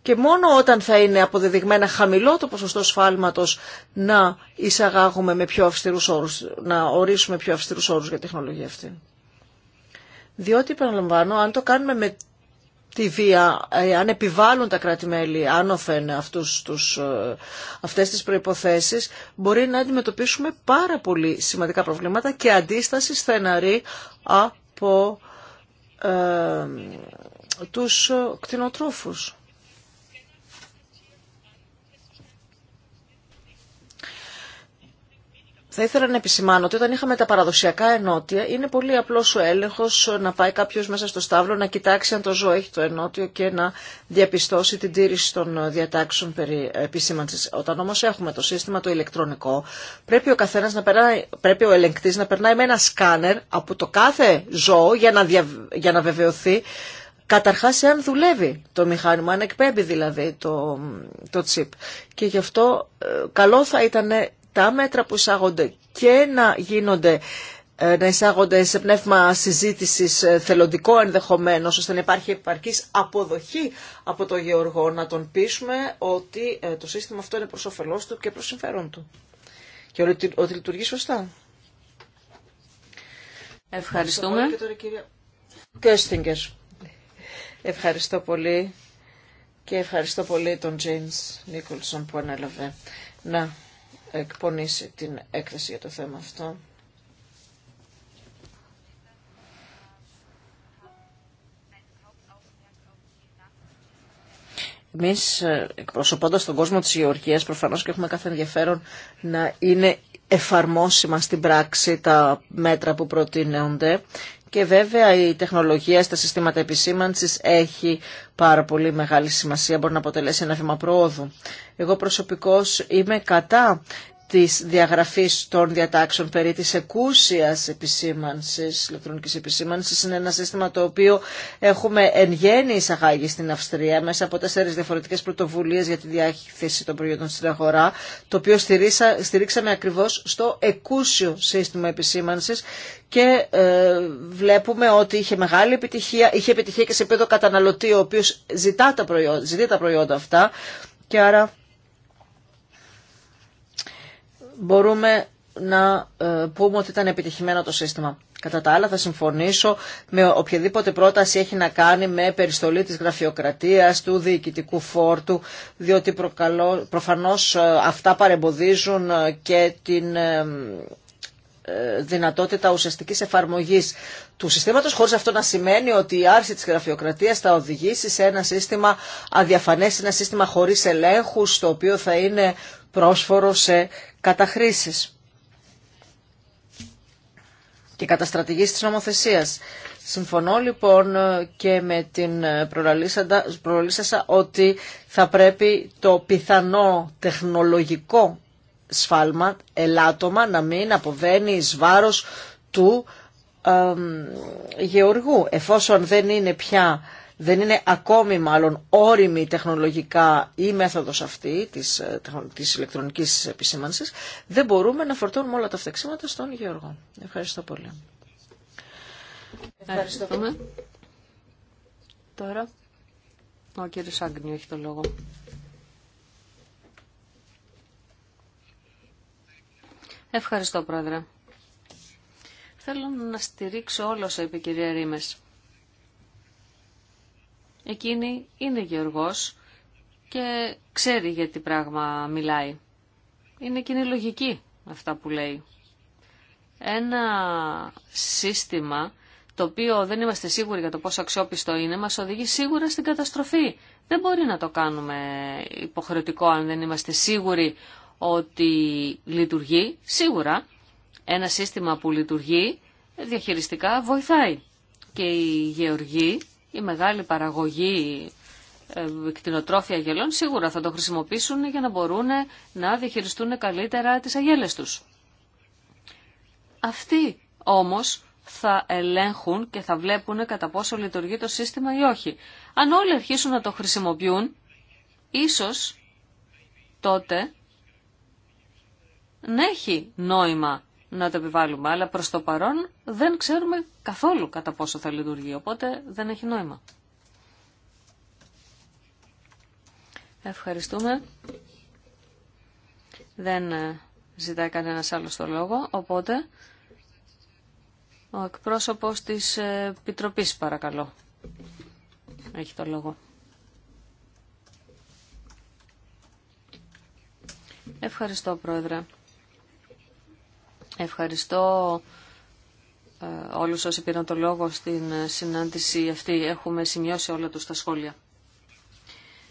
και μόνο όταν θα είναι αποδεδειγμένα χαμηλό το ποσοστό σφάλματος να εισαγάγουμε με πιο αυστηρούς όρους, να ορίσουμε πιο αυστηρούς όρους για τη τεχνολογία αυτή. Διότι, επαναλαμβάνω, αν το κάνουμε με τη βία, ε, αν επιβάλλουν τα κράτη-μέλη άνωθεν αυτούς τους, ε, αυτές τις προϋποθέσεις, μπορεί να αντιμετωπίσουμε πάρα πολύ σημαντικά προβλήματα και αντίσταση στεναρή από ε, τους ε, κτηνοτρόφους. θα ήθελα να επισημάνω ότι όταν είχαμε τα παραδοσιακά ενότια, είναι πολύ απλό ο έλεγχο να πάει κάποιο μέσα στο στάβλο να κοιτάξει αν το ζώο έχει το ενότιο και να διαπιστώσει την τήρηση των διατάξεων περί επισήμανση. Όταν όμω έχουμε το σύστημα το ηλεκτρονικό, πρέπει ο, καθένας να περνάει, πρέπει ο ελεγκτής να περνάει με ένα σκάνερ από το κάθε ζώο για να, δια, για να βεβαιωθεί καταρχά εάν δουλεύει το μηχάνημα, αν εκπέμπει δηλαδή το, το τσιπ. Και γι' αυτό ε, καλό θα ήταν τα μέτρα που εισάγονται και να γίνονται ε, να εισάγονται σε πνεύμα συζήτησης ε, θελοντικό ενδεχομένως, ώστε να υπάρχει επαρκής αποδοχή από τον Γεωργό, να τον πείσουμε ότι ε, το σύστημα αυτό είναι προς όφελός του και προς συμφέρον του. Και ότι, λειτουργεί σωστά. Ευχαριστούμε. Κέστιγκερ. Ευχαριστώ πολύ και ευχαριστώ πολύ τον Τζέιμς Νίκολσον που ανέλαβε να εκπονήσει την έκθεση για το θέμα αυτό. Εμεί, ε, εκπροσωπώντα τον κόσμο τη Γεωργία, προφανώ και έχουμε κάθε ενδιαφέρον να είναι εφαρμόσιμα στην πράξη τα μέτρα που προτείνονται και βέβαια η τεχνολογία στα συστήματα επισήμανσης έχει πάρα πολύ μεγάλη σημασία, μπορεί να αποτελέσει ένα βήμα προόδου. Εγώ προσωπικώς είμαι κατά της διαγραφής των διατάξεων περί της εκούσιας επισήμανσης, ηλεκτρονικής επισήμανσης. Είναι ένα σύστημα το οποίο έχουμε εν γέννη εισαγάγει στην Αυστρία μέσα από τέσσερις διαφορετικές πρωτοβουλίες για τη διάχυση των προϊόντων στην αγορά, το οποίο στηρίξαμε ακριβώς στο εκούσιο σύστημα επισήμανσης και ε, βλέπουμε ότι είχε μεγάλη επιτυχία, είχε επιτυχία και σε επίπεδο καταναλωτή ο οποίος ζητά τα προϊόντα, ζητεί τα προϊόντα αυτά και άρα μπορούμε να ε, πούμε ότι ήταν επιτυχημένο το σύστημα. Κατά τα άλλα θα συμφωνήσω με οποιαδήποτε πρόταση έχει να κάνει με περιστολή της γραφειοκρατίας, του διοικητικού φόρτου, διότι προκαλώ, προφανώς ε, αυτά παρεμποδίζουν ε, και την ε, δυνατότητα ουσιαστικής εφαρμογής του συστήματος, χωρίς αυτό να σημαίνει ότι η άρση της γραφειοκρατίας θα οδηγήσει σε ένα σύστημα αδιαφανές, ένα σύστημα χωρίς ελέγχους, το οποίο θα είναι πρόσφορο σε καταχρήσεις και καταστρατηγήσεις της νομοθεσίας. Συμφωνώ λοιπόν και με την προλαλήσασα ότι θα πρέπει το πιθανό τεχνολογικό σφάλμα, ελάττωμα να μην αποβαίνει εις βάρος του ε, γεωργού. Εφόσον δεν είναι πια, δεν είναι ακόμη μάλλον όριμη τεχνολογικά η μέθοδος αυτή της, ε, της ηλεκτρονικής επισήμανσης, δεν μπορούμε να φορτώνουμε όλα τα φταξίματα στον γεωργό. Ευχαριστώ πολύ. Ευχαριστούμε. Τώρα, ο κύριος έχει το λόγο. Ευχαριστώ, Πρόεδρε. Θέλω να στηρίξω όλο είπε η κυρία Ρήμες. Εκείνη είναι γεωργός και ξέρει για τι πράγμα μιλάει. Είναι εκείνη λογική αυτά που λέει. Ένα σύστημα το οποίο δεν είμαστε σίγουροι για το πόσο αξιόπιστο είναι, μας οδηγεί σίγουρα στην καταστροφή. Δεν μπορεί να το κάνουμε υποχρεωτικό αν δεν είμαστε σίγουροι ότι λειτουργεί, σίγουρα ένα σύστημα που λειτουργεί διαχειριστικά βοηθάει. Και οι γεωργοί, η μεγάλη παραγωγή ε, κτηνοτρόφια γελών, σίγουρα θα το χρησιμοποιήσουν για να μπορούν να διαχειριστούν καλύτερα τις αγέλες τους. Αυτοί όμως θα ελέγχουν και θα βλέπουν κατά πόσο λειτουργεί το σύστημα ή όχι. Αν όλοι αρχίσουν να το χρησιμοποιούν, ίσως τότε να έχει νόημα να το επιβάλλουμε, αλλά προς το παρόν δεν ξέρουμε καθόλου κατά πόσο θα λειτουργεί, οπότε δεν έχει νόημα. Ευχαριστούμε. Δεν ε, ζητάει κανένας άλλος το λόγο, οπότε ο εκπρόσωπος της ε, Επιτροπής παρακαλώ. Έχει το λόγο. Ευχαριστώ, Πρόεδρε. Ευχαριστώ ε, όλους όσοι πήραν το λόγο στην ε, συνάντηση αυτή. Έχουμε σημειώσει όλα τους τα σχόλια.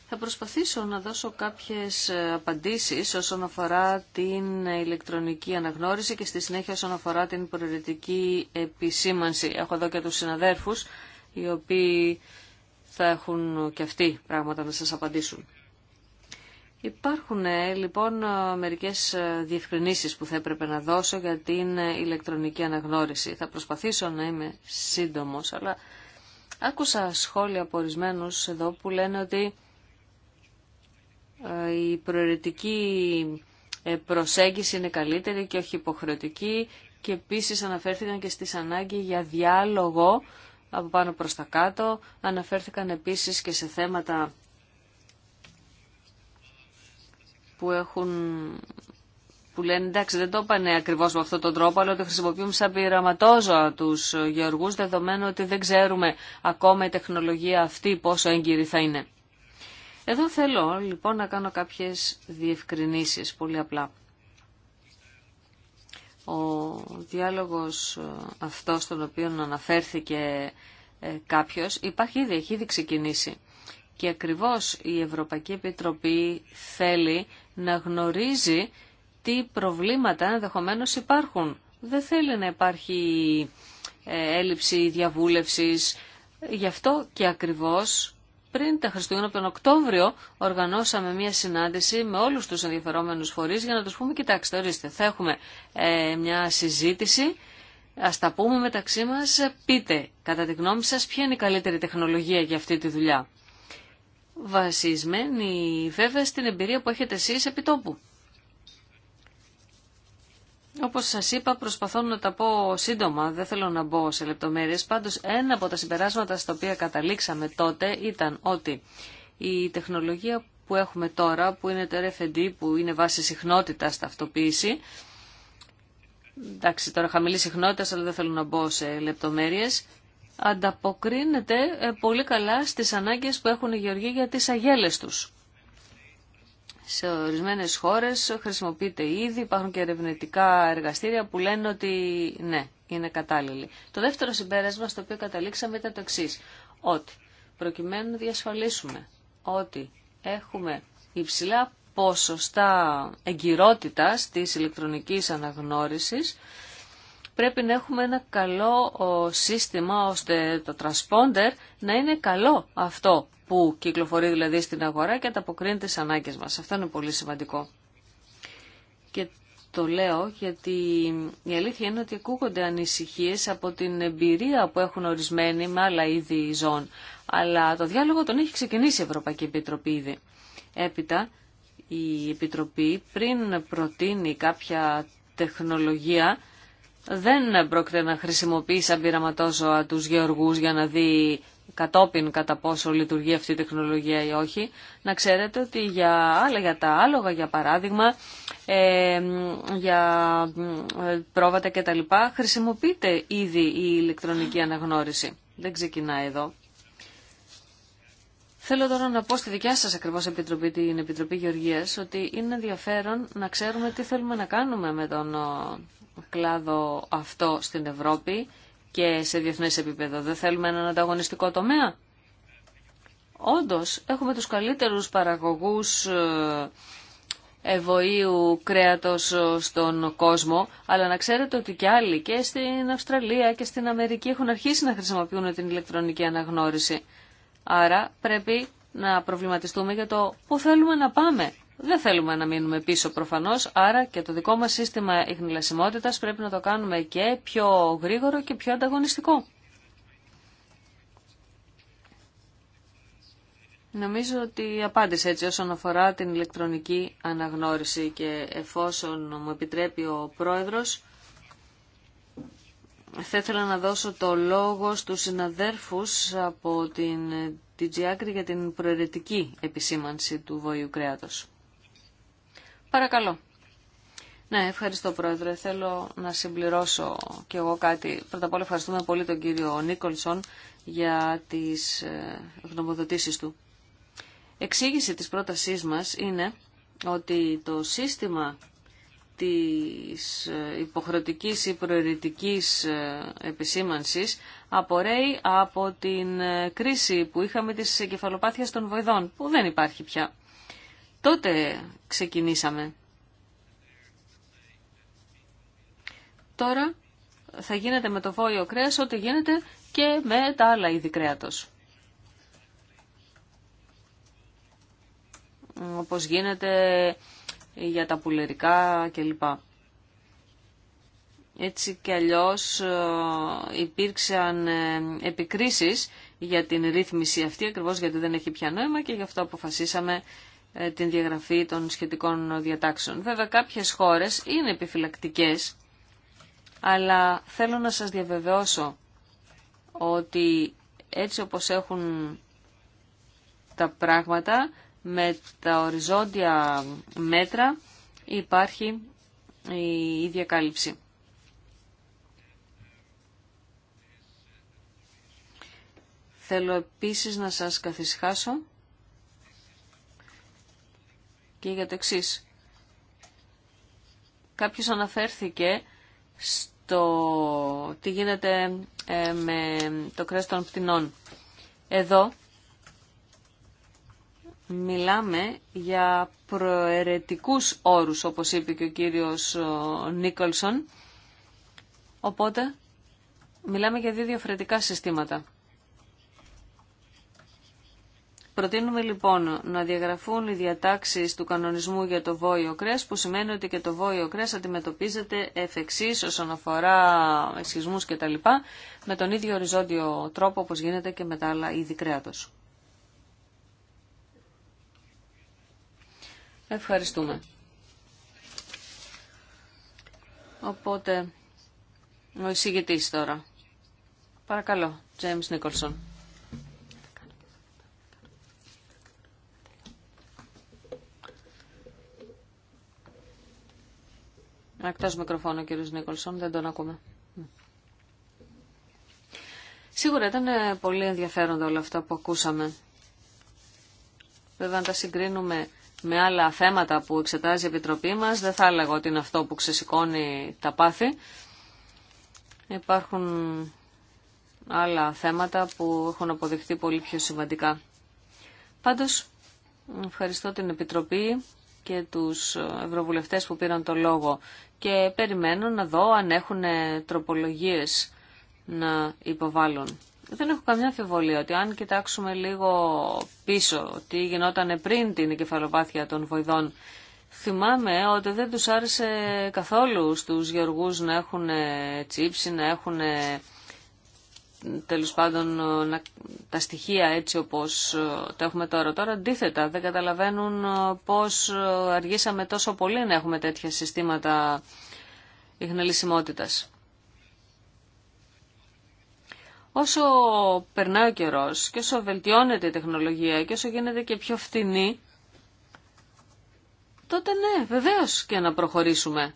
Θα προσπαθήσω να δώσω κάποιες ε, απαντήσεις όσον αφορά την ηλεκτρονική αναγνώριση και στη συνέχεια όσον αφορά την προαιρετική επισήμανση. Έχω εδώ και τους συναδέρφους οι οποίοι θα έχουν και αυτοί πράγματα να σας απαντήσουν. Υπάρχουν ε, λοιπόν ε, μερικές ε, διευκρινήσεις που θα έπρεπε να δώσω για την ηλεκτρονική αναγνώριση. Θα προσπαθήσω να είμαι σύντομος, αλλά άκουσα σχόλια από ορισμένου εδώ που λένε ότι η προαιρετική προσέγγιση είναι καλύτερη και όχι υποχρεωτική και επίσης αναφέρθηκαν και στις ανάγκη για διάλογο από πάνω προς τα κάτω. Αναφέρθηκαν επίσης και σε θέματα που έχουν που λένε εντάξει δεν το είπανε ακριβώς με αυτόν τον τρόπο αλλά το χρησιμοποιούμε σαν πειραματόζωα τους γεωργούς δεδομένου ότι δεν ξέρουμε ακόμα η τεχνολογία αυτή πόσο έγκυρη θα είναι. Εδώ θέλω λοιπόν να κάνω κάποιες διευκρινήσεις πολύ απλά. Ο διάλογος ε, αυτός τον οποίο αναφέρθηκε ε, κάποιος υπάρχει ήδη, έχει ήδη ξεκινήσει. Και ακριβώς η Ευρωπαϊκή Επιτροπή θέλει να γνωρίζει τι προβλήματα ενδεχομένω υπάρχουν. Δεν θέλει να υπάρχει ε, έλλειψη διαβούλευσης. Γι' αυτό και ακριβώς πριν τα Χριστούγεννα από τον Οκτώβριο οργανώσαμε μια συνάντηση με όλους τους ενδιαφερόμενους φορείς για να τους πούμε κοιτάξτε ορίστε θα έχουμε ε, μια συζήτηση ας τα πούμε μεταξύ μας πείτε κατά τη γνώμη σας ποια είναι η καλύτερη τεχνολογία για αυτή τη δουλειά βασισμένη βέβαια στην εμπειρία που έχετε εσείς επί τόπου. Όπως σας είπα προσπαθώ να τα πω σύντομα, δεν θέλω να μπω σε λεπτομέρειες. Πάντως ένα από τα συμπεράσματα στα οποία καταλήξαμε τότε ήταν ότι η τεχνολογία που έχουμε τώρα, που είναι το RFID, που είναι βάση συχνότητας ταυτοποίηση, εντάξει τώρα χαμηλή συχνότητα, αλλά δεν θέλω να μπω σε λεπτομέρειες, ανταποκρίνεται ε, πολύ καλά στις ανάγκες που έχουν οι γεωργοί για τις αγέλες τους. Σε ορισμένες χώρες χρησιμοποιείται ήδη, υπάρχουν και ερευνητικά εργαστήρια που λένε ότι ναι, είναι κατάλληλοι. Το δεύτερο συμπέρασμα στο οποίο καταλήξαμε ήταν το εξή. Ότι προκειμένου να διασφαλίσουμε ότι έχουμε υψηλά ποσοστά εγκυρότητα της ηλεκτρονικής αναγνώρισης, πρέπει να έχουμε ένα καλό σύστημα ώστε το transponder να είναι καλό αυτό που κυκλοφορεί δηλαδή στην αγορά και ανταποκρίνεται τις ανάγκες μας. Αυτό είναι πολύ σημαντικό. Και το λέω γιατί η αλήθεια είναι ότι ακούγονται ανησυχίες από την εμπειρία που έχουν ορισμένοι με άλλα είδη ζών. Αλλά το διάλογο τον έχει ξεκινήσει η Ευρωπαϊκή Επιτροπή ήδη. Έπειτα η Επιτροπή πριν προτείνει κάποια τεχνολογία δεν πρόκειται να χρησιμοποιεί σαν πειραματόζωα τους γεωργούς για να δει κατόπιν κατά πόσο λειτουργεί αυτή η τεχνολογία ή όχι. Να ξέρετε ότι για, άλλα, για τα άλογα, για παράδειγμα, ε, για ε, πρόβατα κτλ. χρησιμοποιείται ήδη η ηλεκτρονική αναγνώριση. Δεν ξεκινάει εδώ. Θέλω τώρα να πω στη δικιά σας ακριβώς επιτροπή, την Επιτροπή Γεωργίας, ότι είναι ενδιαφέρον να ξέρουμε τι θέλουμε να κάνουμε με τον κλάδο αυτό στην Ευρώπη και σε διεθνές επίπεδο. Δεν θέλουμε έναν ανταγωνιστικό τομέα. Όντως, έχουμε τους καλύτερους παραγωγούς ε, ευοίου κρέατος ε, στον κόσμο, αλλά να ξέρετε ότι και άλλοι και στην Αυστραλία και στην Αμερική έχουν αρχίσει να χρησιμοποιούν την ηλεκτρονική αναγνώριση. Άρα πρέπει να προβληματιστούμε για το πού θέλουμε να πάμε. Δεν θέλουμε να μείνουμε πίσω προφανώς, άρα και το δικό μας σύστημα ειχνηλασιμότητας πρέπει να το κάνουμε και πιο γρήγορο και πιο ανταγωνιστικό. Νομίζω ότι απάντησε έτσι όσον αφορά την ηλεκτρονική αναγνώριση και εφόσον μου επιτρέπει ο Πρόεδρος, θα ήθελα να δώσω το λόγο στους συναδέρφους από την DG για την προαιρετική επισήμανση του βόηου κρέατος. Παρακαλώ. Ναι, ευχαριστώ Πρόεδρε. Θέλω να συμπληρώσω και εγώ κάτι. Πρώτα απ' όλα ευχαριστούμε πολύ τον κύριο Νίκολσον για τις ε, γνωμοδοτήσεις του. Εξήγηση της πρότασής μας είναι ότι το σύστημα της ε, υποχρεωτικής ή προαιρετικής ε, επισήμανσης απορρέει από την κρίση που είχαμε της εγκεφαλοπάθειας των βοηδών, που δεν υπάρχει πια. Τότε ξεκινήσαμε. Τώρα θα γίνεται με το βόλιο κρέας ό,τι γίνεται και με τα άλλα είδη κρέατος. Όπως γίνεται για τα πουλερικά κλπ. Έτσι και αλλιώς ε, υπήρξαν ε, επικρίσεις για την ρύθμιση αυτή, ακριβώς γιατί δεν έχει πια νόημα και γι' αυτό αποφασίσαμε ε, την διαγραφή των σχετικών διατάξεων. Βέβαια κάποιες χώρες είναι επιφυλακτικές, αλλά θέλω να σας διαβεβαιώσω ότι έτσι όπως έχουν τα πράγματα με τα οριζόντια μέτρα υπάρχει η ίδια κάλυψη. Θέλω επίσης να σας καθισχάσω και για το εξή. Κάποιος αναφέρθηκε στο τι γίνεται ε, με το κρέας των πτηνών. Εδώ μιλάμε για προαιρετικούς όρους, όπως είπε και ο κύριος Νίκολσον. Οπότε μιλάμε για δύο διαφορετικά συστήματα. Προτείνουμε λοιπόν να διαγραφούν οι διατάξει του κανονισμού για το βόηο κρέα, που σημαίνει ότι και το βόηο κρέα αντιμετωπίζεται εφ' εξή όσον αφορά σχισμού κτλ. με τον ίδιο οριζόντιο τρόπο όπω γίνεται και με τα άλλα είδη κρέατο. Ευχαριστούμε. Οπότε, ο εισηγητής τώρα. Παρακαλώ, James Nicholson. Εκτό μικροφώνου ο κύριος Νίκολσον, δεν τον ακούμε. Σίγουρα ήταν ε, πολύ ενδιαφέροντα όλα αυτά που ακούσαμε. Βέβαια, αν τα συγκρίνουμε με άλλα θέματα που εξετάζει η Επιτροπή μας, δεν θα έλεγα ότι είναι αυτό που ξεσηκώνει τα πάθη. Υπάρχουν άλλα θέματα που έχουν αποδειχθεί πολύ πιο σημαντικά. Πάντως, ευχαριστώ την Επιτροπή και τους ευρωβουλευτές που πήραν το λόγο και περιμένω να δω αν έχουν τροπολογίες να υποβάλουν. Δεν έχω καμιά αφιβολία ότι αν κοιτάξουμε λίγο πίσω τι γινόταν πριν την κεφαλοπάθεια των βοηδών, θυμάμαι ότι δεν τους άρεσε καθόλου στους γεωργούς να έχουν τσίψη, να έχουν τέλος πάντων ε, τα στοιχεία έτσι όπως ε, τα έχουμε τώρα. Τώρα αντίθετα δεν καταλαβαίνουν ε, πώς αργήσαμε τόσο πολύ να έχουμε τέτοια συστήματα υγνελισιμότητας. Όσο περνάει ο καιρός και όσο βελτιώνεται η τεχνολογία και όσο γίνεται και πιο φτηνή, τότε ναι, βεβαίως και να προχωρήσουμε.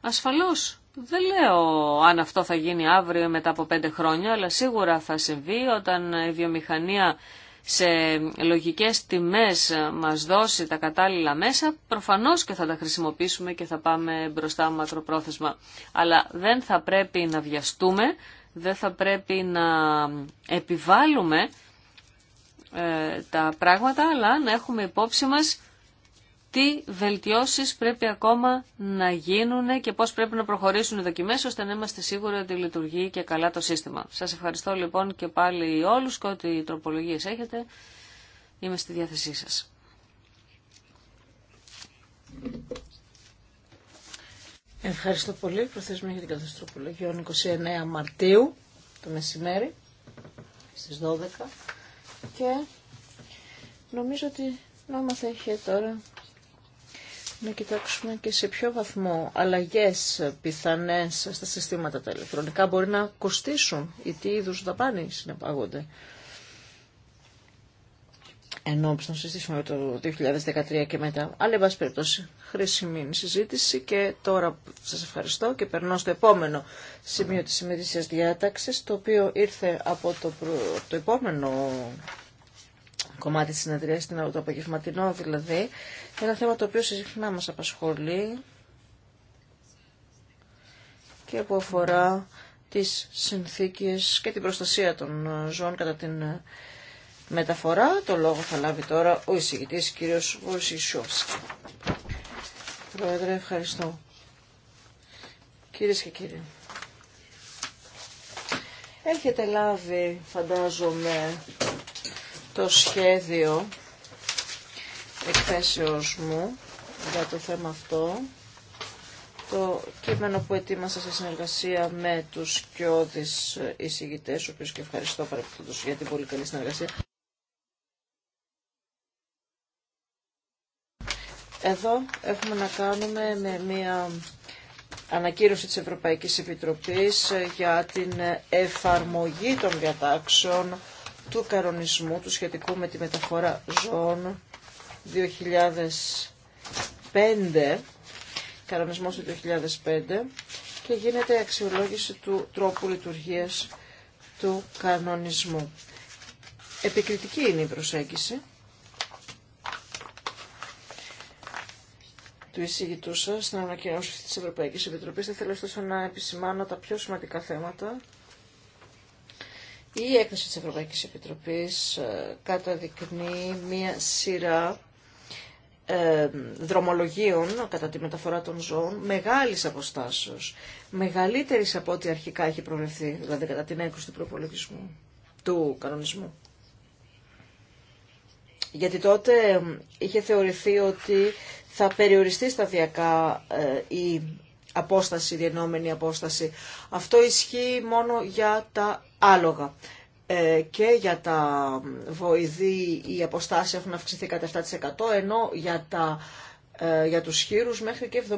Ασφαλώς δεν λέω αν αυτό θα γίνει αύριο ή μετά από πέντε χρόνια, αλλά σίγουρα θα συμβεί όταν βιομηχανία σε λογικές τιμές μας δώσει τα κατάλληλα μέσα, προφανώς και θα τα χρησιμοποιήσουμε και θα πάμε μπροστά μακροπρόθεσμα. Αλλά δεν θα πρέπει να βιαστούμε, δεν θα πρέπει να επιβάλλουμε ε, τα πράγματα, αλλά να έχουμε υπόψη μας τι βελτιώσεις πρέπει ακόμα να γίνουν και πώς πρέπει να προχωρήσουν οι δοκιμές ώστε να είμαστε σίγουροι ότι λειτουργεί και καλά το σύστημα. Σας ευχαριστώ λοιπόν και πάλι όλους και ό,τι τροπολογίες έχετε. Είμαι στη διάθεσή σας. Ευχαριστώ πολύ. Προθέσουμε για την καθοστροπολογία 29 Μαρτίου το μεσημέρι στις 12 και νομίζω ότι να θα έχει τώρα να κοιτάξουμε και σε ποιο βαθμό αλλαγές πιθανές στα συστήματα τα ηλεκτρονικά μπορεί να κοστίσουν ή τι είδους δαπάνη συνεπάγονται. Ενώ να συζητήσουμε το 2013 και μετά. Αλλά, εν πάση περιπτώσει, χρήσιμη είναι η συζήτηση και τώρα σας ευχαριστώ και περνώ στο επόμενο σημείο της ημερήσιας διάταξης, το οποίο ήρθε από το, το επόμενο κομμάτι τη συνεδρίας, το απογευματινό δηλαδή, ένα θέμα το οποίο συχνά μας απασχολεί και που αφορά τις συνθήκες και την προστασία των ζώων κατά την μεταφορά. Το λόγο θα λάβει τώρα ο εισηγητής κύριος Βορσισιόφσκι. Πρόεδρε, ευχαριστώ. Κυρίες και κύριοι, έχετε λάβει, φαντάζομαι, το σχέδιο εκθέσεως μου για το θέμα αυτό. Το κείμενο που ετοίμασα σε συνεργασία με τους κοιόδης εισηγητές, ο οποίος και ευχαριστώ για την πολύ καλή συνεργασία. Εδώ έχουμε να κάνουμε με μια ανακύρωση της Ευρωπαϊκής Επιτροπής για την εφαρμογή των διατάξεων του κανονισμού του σχετικού με τη μεταφορά ζώων 2005, κανονισμός του 2005 και γίνεται αξιολόγηση του τρόπου λειτουργίας του κανονισμού. Επικριτική είναι η προσέγγιση του εισηγητού σα στην ανακοίνωση τη Ευρωπαϊκή Επιτροπή. Θα ήθελα ωστόσο να επισημάνω τα πιο σημαντικά θέματα η έκθεση της Ευρωπαϊκής Επιτροπής ε, καταδεικνύει μία σειρά ε, δρομολογίων κατά τη μεταφορά των ζώων μεγάλης αποστάσεως, μεγαλύτερης από ό,τι αρχικά έχει προβλεφθεί, δηλαδή κατά την έκρηση του προπολογισμού, του κανονισμού. Γιατί τότε ε, είχε θεωρηθεί ότι θα περιοριστεί σταδιακά η απόσταση, η διενόμενη απόσταση. Αυτό ισχύει μόνο για τα άλογα. Ε, και για τα βοηθή οι αποστάσεις έχουν αυξηθεί κατά 7% ενώ για, τα, ε, για τους χείρους μέχρι και 70%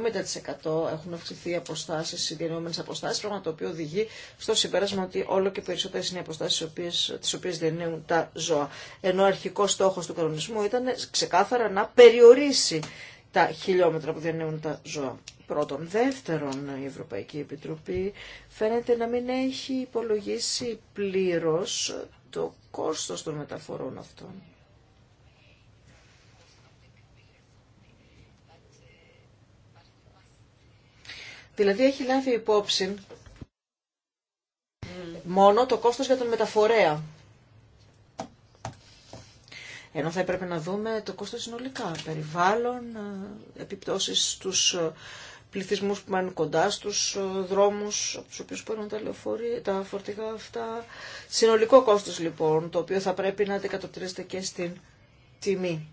έχουν αυξηθεί οι αποστάσεις, οι αποστάσεις, πράγμα το οποίο οδηγεί στο συμπέρασμα ότι όλο και περισσότερες είναι οι αποστάσεις τις οποίες, τις οποίες τα ζώα. Ενώ ο αρχικός στόχος του κανονισμού ήταν ξεκάθαρα να περιορίσει τα χιλιόμετρα που διανύουν τα ζώα. Πρώτον. Δεύτερον, η Ευρωπαϊκή Επιτροπή φαίνεται να μην έχει υπολογίσει πλήρως το κόστος των μεταφορών αυτών. Δηλαδή έχει λάβει υπόψη μόνο το κόστος για τον μεταφορέα. Ενώ θα έπρεπε να δούμε το κόστος συνολικά, περιβάλλον, ε, επιπτώσεις στους ε, πληθυσμούς που μένουν κοντά στους ε, δρόμους από τους οποίους παίρνουν τα, λεωφορεία, τα φορτηγά αυτά. Συνολικό κόστος λοιπόν, το οποίο θα πρέπει να αντικατοπτρίζεται και στην τιμή.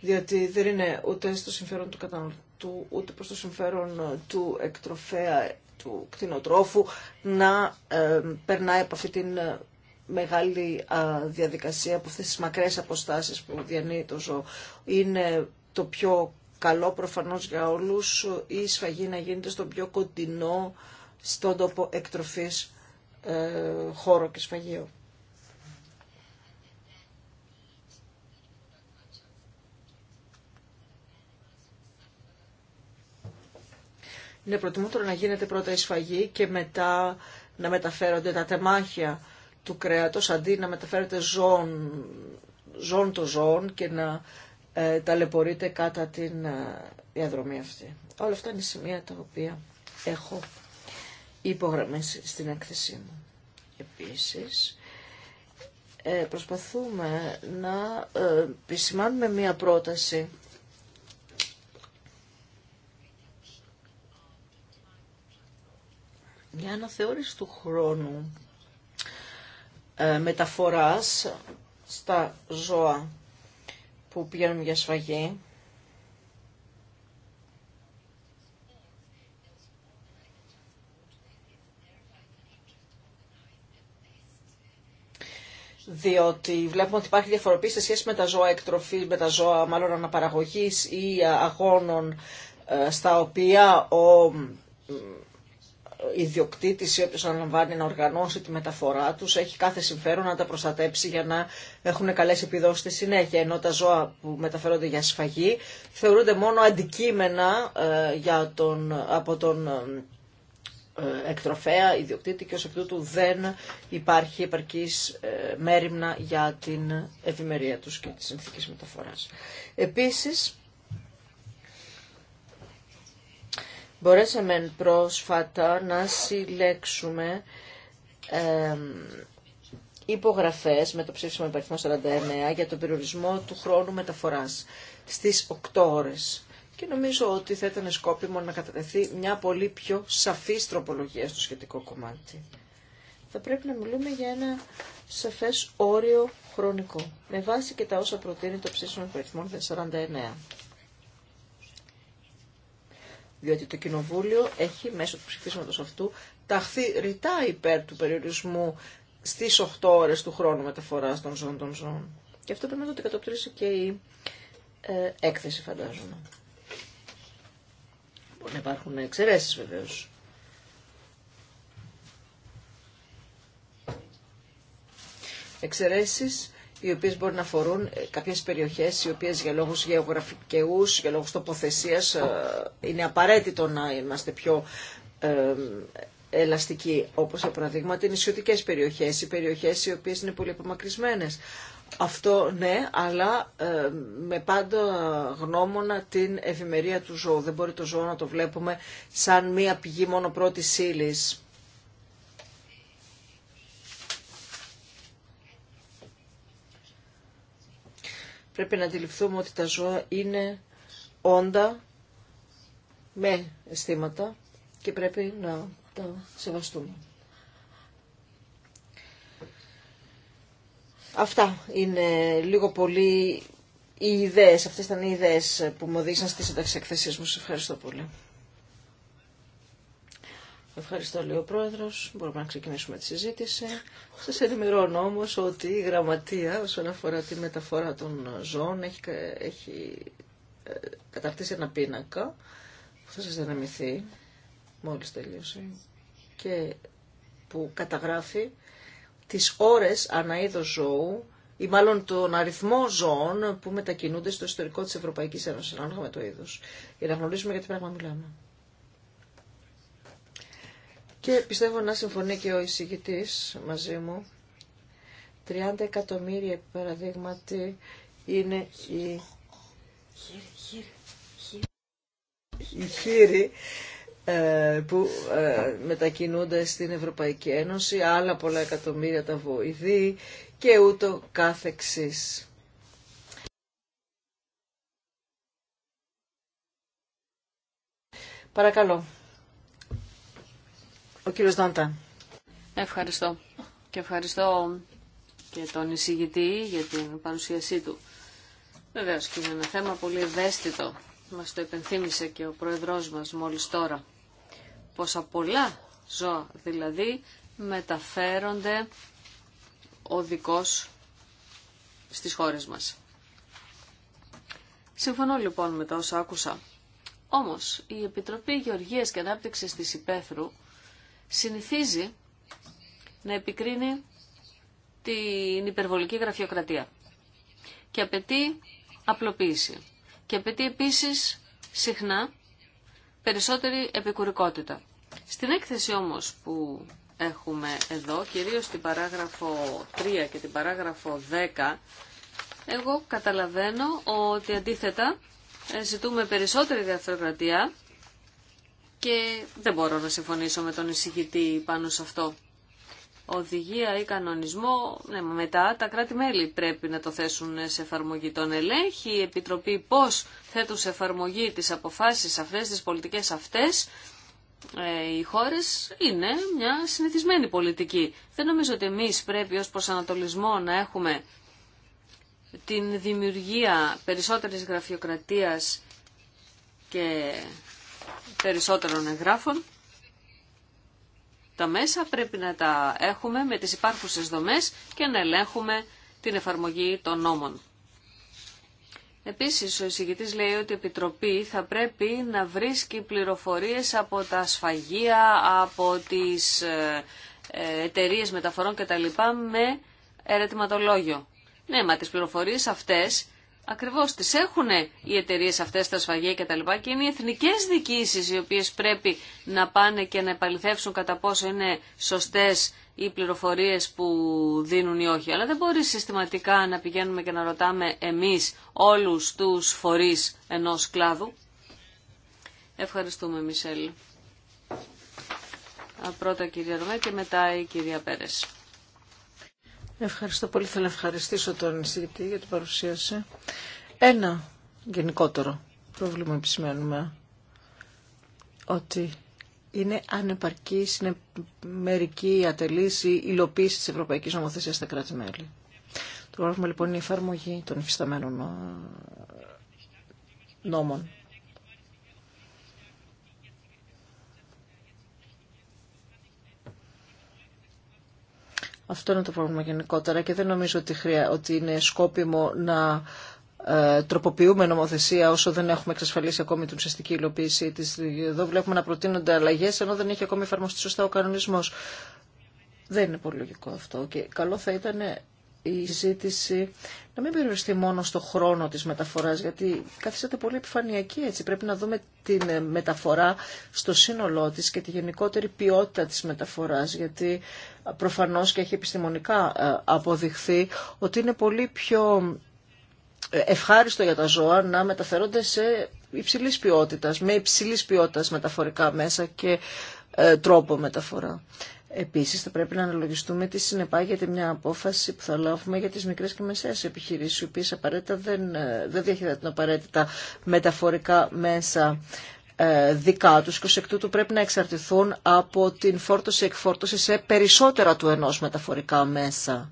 Διότι δεν είναι ούτε στο συμφέρον του καταναλωτού, ούτε προς το συμφέρον του εκτροφέα του κτηνοτρόφου να ε, περνάει από αυτή την ε, μεγάλη διαδικασία από αυτές τις μακρές αποστάσεις που διανύει το ζώο. Είναι το πιο καλό προφανώς για όλους η σφαγή να γίνεται στον πιο κοντινό στον τόπο εκτροφής ε, χώρο και σφαγείο. Είναι προτιμότερο να γίνεται πρώτα η σφαγή και μετά να μεταφέρονται τα τεμάχια του κρέατος αντί να μεταφέρεται ζών, ζών το ζών και να ε, ταλαιπωρείται κατά την ε, διαδρομή αυτή. Όλα αυτά είναι σημεία τα οποία έχω υπογραμμίσει στην έκθεσή μου. Επίσης, ε, προσπαθούμε να ε, επισημάνουμε μία πρόταση μια αναθεώρηση του χρόνου ε, μεταφοράς στα ζώα που πηγαίνουν για σφαγή. διότι βλέπουμε ότι υπάρχει διαφοροποίηση σε σχέση με τα ζώα εκτροφής, με τα ζώα μάλλον αναπαραγωγής ή ε, αγώνων ε, στα οποία ο ιδιοκτήτη, ή όποιος αναλαμβάνει να οργανώσει τη μεταφορά του έχει κάθε συμφέρον να τα προστατέψει για να έχουν καλές επιδόσεις στη συνέχεια. Ενώ τα ζώα που μεταφέρονται για σφαγή θεωρούνται μόνο αντικείμενα ε, για τον, από τον ε, ε, εκτροφέα, ιδιοκτήτη και ω εκ τούτου δεν υπάρχει επαρκής μέρημνα για την ευημερία του και τη συνθήκη μεταφορά. Επίσης, μπορέσαμε πρόσφατα να συλλέξουμε ε, υπογραφές με το ψήφισμα υπαριθμό 49 για τον περιορισμό του χρόνου μεταφοράς στις 8 ώρες. Και νομίζω ότι θα ήταν σκόπιμο να κατατεθεί μια πολύ πιο σαφή τροπολογία στο σχετικό κομμάτι. Θα πρέπει να μιλούμε για ένα σαφές όριο χρονικό, με βάση και τα όσα προτείνει το ψήφισμα υπαριθμών 49 διότι το Κοινοβούλιο έχει μέσω του ψηφίσματος αυτού ταχθεί ρητά υπέρ του περιορισμού στις 8 ώρες του χρόνου μεταφοράς των ζώων των ζώων. Και αυτό πρέπει να το αντικατοπτρίσει και η ε, έκθεση φαντάζομαι. Μπορεί να υπάρχουν εξαιρέσεις βεβαίως. Εξαιρέσεις οι οποίες μπορεί να αφορούν ε, κάποιες περιοχές οι οποίες για λόγους γεωγραφικούς, για λόγους τοποθεσίας ε, είναι απαραίτητο να είμαστε πιο ελαστικοί, όπως για παραδείγμα οι νησιωτικές περιοχές, οι περιοχές οι οποίες είναι πολύ απομακρυσμένες. Αυτό ναι, αλλά με πάντα γνώμονα την ευημερία του ζώου. Δεν μπορεί το ζώο να το βλέπουμε σαν μία πηγή μόνο πρώτη ύλη. Πρέπει να αντιληφθούμε ότι τα ζώα είναι όντα με αισθήματα και πρέπει να τα σεβαστούμε. Αυτά είναι λίγο πολύ οι ιδέες, αυτές ήταν οι ιδέες που μου οδήγησαν στη σύνταξη εκθεσίας μου. Σας ευχαριστώ πολύ. Ευχαριστώ, λέει ο πρόεδρο. Μπορούμε να ξεκινήσουμε τη συζήτηση. Σα ενημερώνω όμω ότι η γραμματεία, όσον αφορά τη μεταφορά των ζώων, έχει, έχει ε, καταρτήσει ένα πίνακα που θα σα δυναμηθεί μόλι τελείωσε και που καταγράφει τις ώρες ανά ζώου ή μάλλον τον αριθμό ζώων που μετακινούνται στο ιστορικό τη Ευρωπαϊκή Ένωση, ανάλογα με το είδο, για να γνωρίζουμε για τι πράγμα μιλάμε. Και πιστεύω να συμφωνεί και ο εισηγητής μαζί μου. 30 εκατομμύρια παραδείγματι είναι η οι χείροι ε, που ε, μετακινούνται στην Ευρωπαϊκή Ένωση, άλλα πολλά εκατομμύρια τα βοηθεί και ούτω καθεξής. Παρακαλώ. Ο κύριος Ευχαριστώ. Και ευχαριστώ και τον εισηγητή για την παρουσίασή του. Βεβαίως και είναι ένα θέμα πολύ ευαίσθητο. Μας το επενθύμισε και ο πρόεδρός μας μόλις τώρα. Πόσα πολλά ζώα δηλαδή μεταφέρονται οδικός στις χώρες μας. Συμφωνώ λοιπόν με τα όσα άκουσα. Όμως η Επιτροπή Γεωργίας και Ανάπτυξης της Υπέθρου συνηθίζει να επικρίνει την υπερβολική γραφειοκρατία και απαιτεί απλοποίηση και απαιτεί επίσης συχνά περισσότερη επικουρικότητα. Στην έκθεση όμως που έχουμε εδώ, κυρίως την παράγραφο 3 και την παράγραφο 10, εγώ καταλαβαίνω ότι αντίθετα ε, ζητούμε περισσότερη γραφειοκρατία και δεν μπορώ να συμφωνήσω με τον εισηγητή πάνω σε αυτό. Οδηγία ή κανονισμό, ναι, μετά τα κράτη-μέλη πρέπει να το θέσουν σε εφαρμογή. Τον ελέγχει η Επιτροπή πώς θέτουν σε εφαρμογή τις αποφάσεις αυτές, τις πολιτικές αυτές, ε, οι χώρες είναι μια συνηθισμένη πολιτική. Δεν νομίζω ότι εμείς πρέπει ως προσανατολισμό να έχουμε την δημιουργία περισσότερης γραφειοκρατίας και περισσότερων εγγράφων. Τα μέσα πρέπει να τα έχουμε με τις υπάρχουσες δομές και να ελέγχουμε την εφαρμογή των νόμων. Επίσης, ο εισηγητής λέει ότι η Επιτροπή θα πρέπει να βρίσκει πληροφορίες από τα σφαγεία, από τις ε, ε, εταιρείες μεταφορών κτλ. με ερετηματολόγιο. Ναι, μα τις πληροφορίες αυτές Ακριβώς τις έχουν οι εταιρείε αυτές τα σφαγεία και τα λοιπά και είναι οι εθνικές διοικήσει οι οποίες πρέπει να πάνε και να επαληθεύσουν κατά πόσο είναι σωστές οι πληροφορίες που δίνουν ή όχι. Αλλά δεν μπορεί συστηματικά να πηγαίνουμε και να ρωτάμε εμείς όλους τους φορείς ενός κλάδου. Ευχαριστούμε Μισελ. Πρώτα κυρία Ρωμέ και μετά η κυρία Πέρες. Ευχαριστώ πολύ. Θέλω να ευχαριστήσω τον εισηγητή για την παρουσίαση. Ένα γενικότερο πρόβλημα επισημαίνουμε ότι είναι ανεπαρκής, είναι μερική ατελής η υλοποίηση της Ευρωπαϊκής Νομοθεσίας στα κράτη-μέλη. Το πρόβλημα λοιπόν είναι η εφαρμογή των υφισταμένων ε, νόμων. Αυτό είναι το πρόβλημα γενικότερα και δεν νομίζω ότι, χρεια... ότι είναι σκόπιμο να ε, τροποποιούμε νομοθεσία όσο δεν έχουμε εξασφαλίσει ακόμη την ουσιαστική υλοποίησή τη. Εδώ βλέπουμε να προτείνονται αλλαγέ ενώ δεν έχει ακόμη εφαρμοστεί σωστά ο κανονισμό. Δεν είναι πολύ λογικό αυτό. Και καλό θα ήταν η ζήτηση να μην περιοριστεί μόνο στο χρόνο της μεταφοράς, γιατί καθίσατε πολύ επιφανειακή έτσι. Πρέπει να δούμε την ε, μεταφορά στο σύνολό της και τη γενικότερη ποιότητα της μεταφοράς, γιατί ε, προφανώς και έχει επιστημονικά ε, αποδειχθεί ότι είναι πολύ πιο ευχάριστο για τα ζώα να μεταφερόνται σε υψηλής ποιότητας, με υψηλής ποιότητας μεταφορικά μέσα και τρόπο μεταφορά. Επίσης θα πρέπει να αναλογιστούμε τι συνεπάγεται μια απόφαση που θα λάβουμε για τις μικρές και μεσαίες επιχειρήσεις, οι οποίε απαραίτητα δεν, ε, δεν διαχειρίζονται απαραίτητα μεταφορικά μέσα ε, δικά τους και ως εκ τούτου πρέπει να εξαρτηθούν από την φόρτωση-εκφόρτωση σε περισσότερα του ενός μεταφορικά μέσα.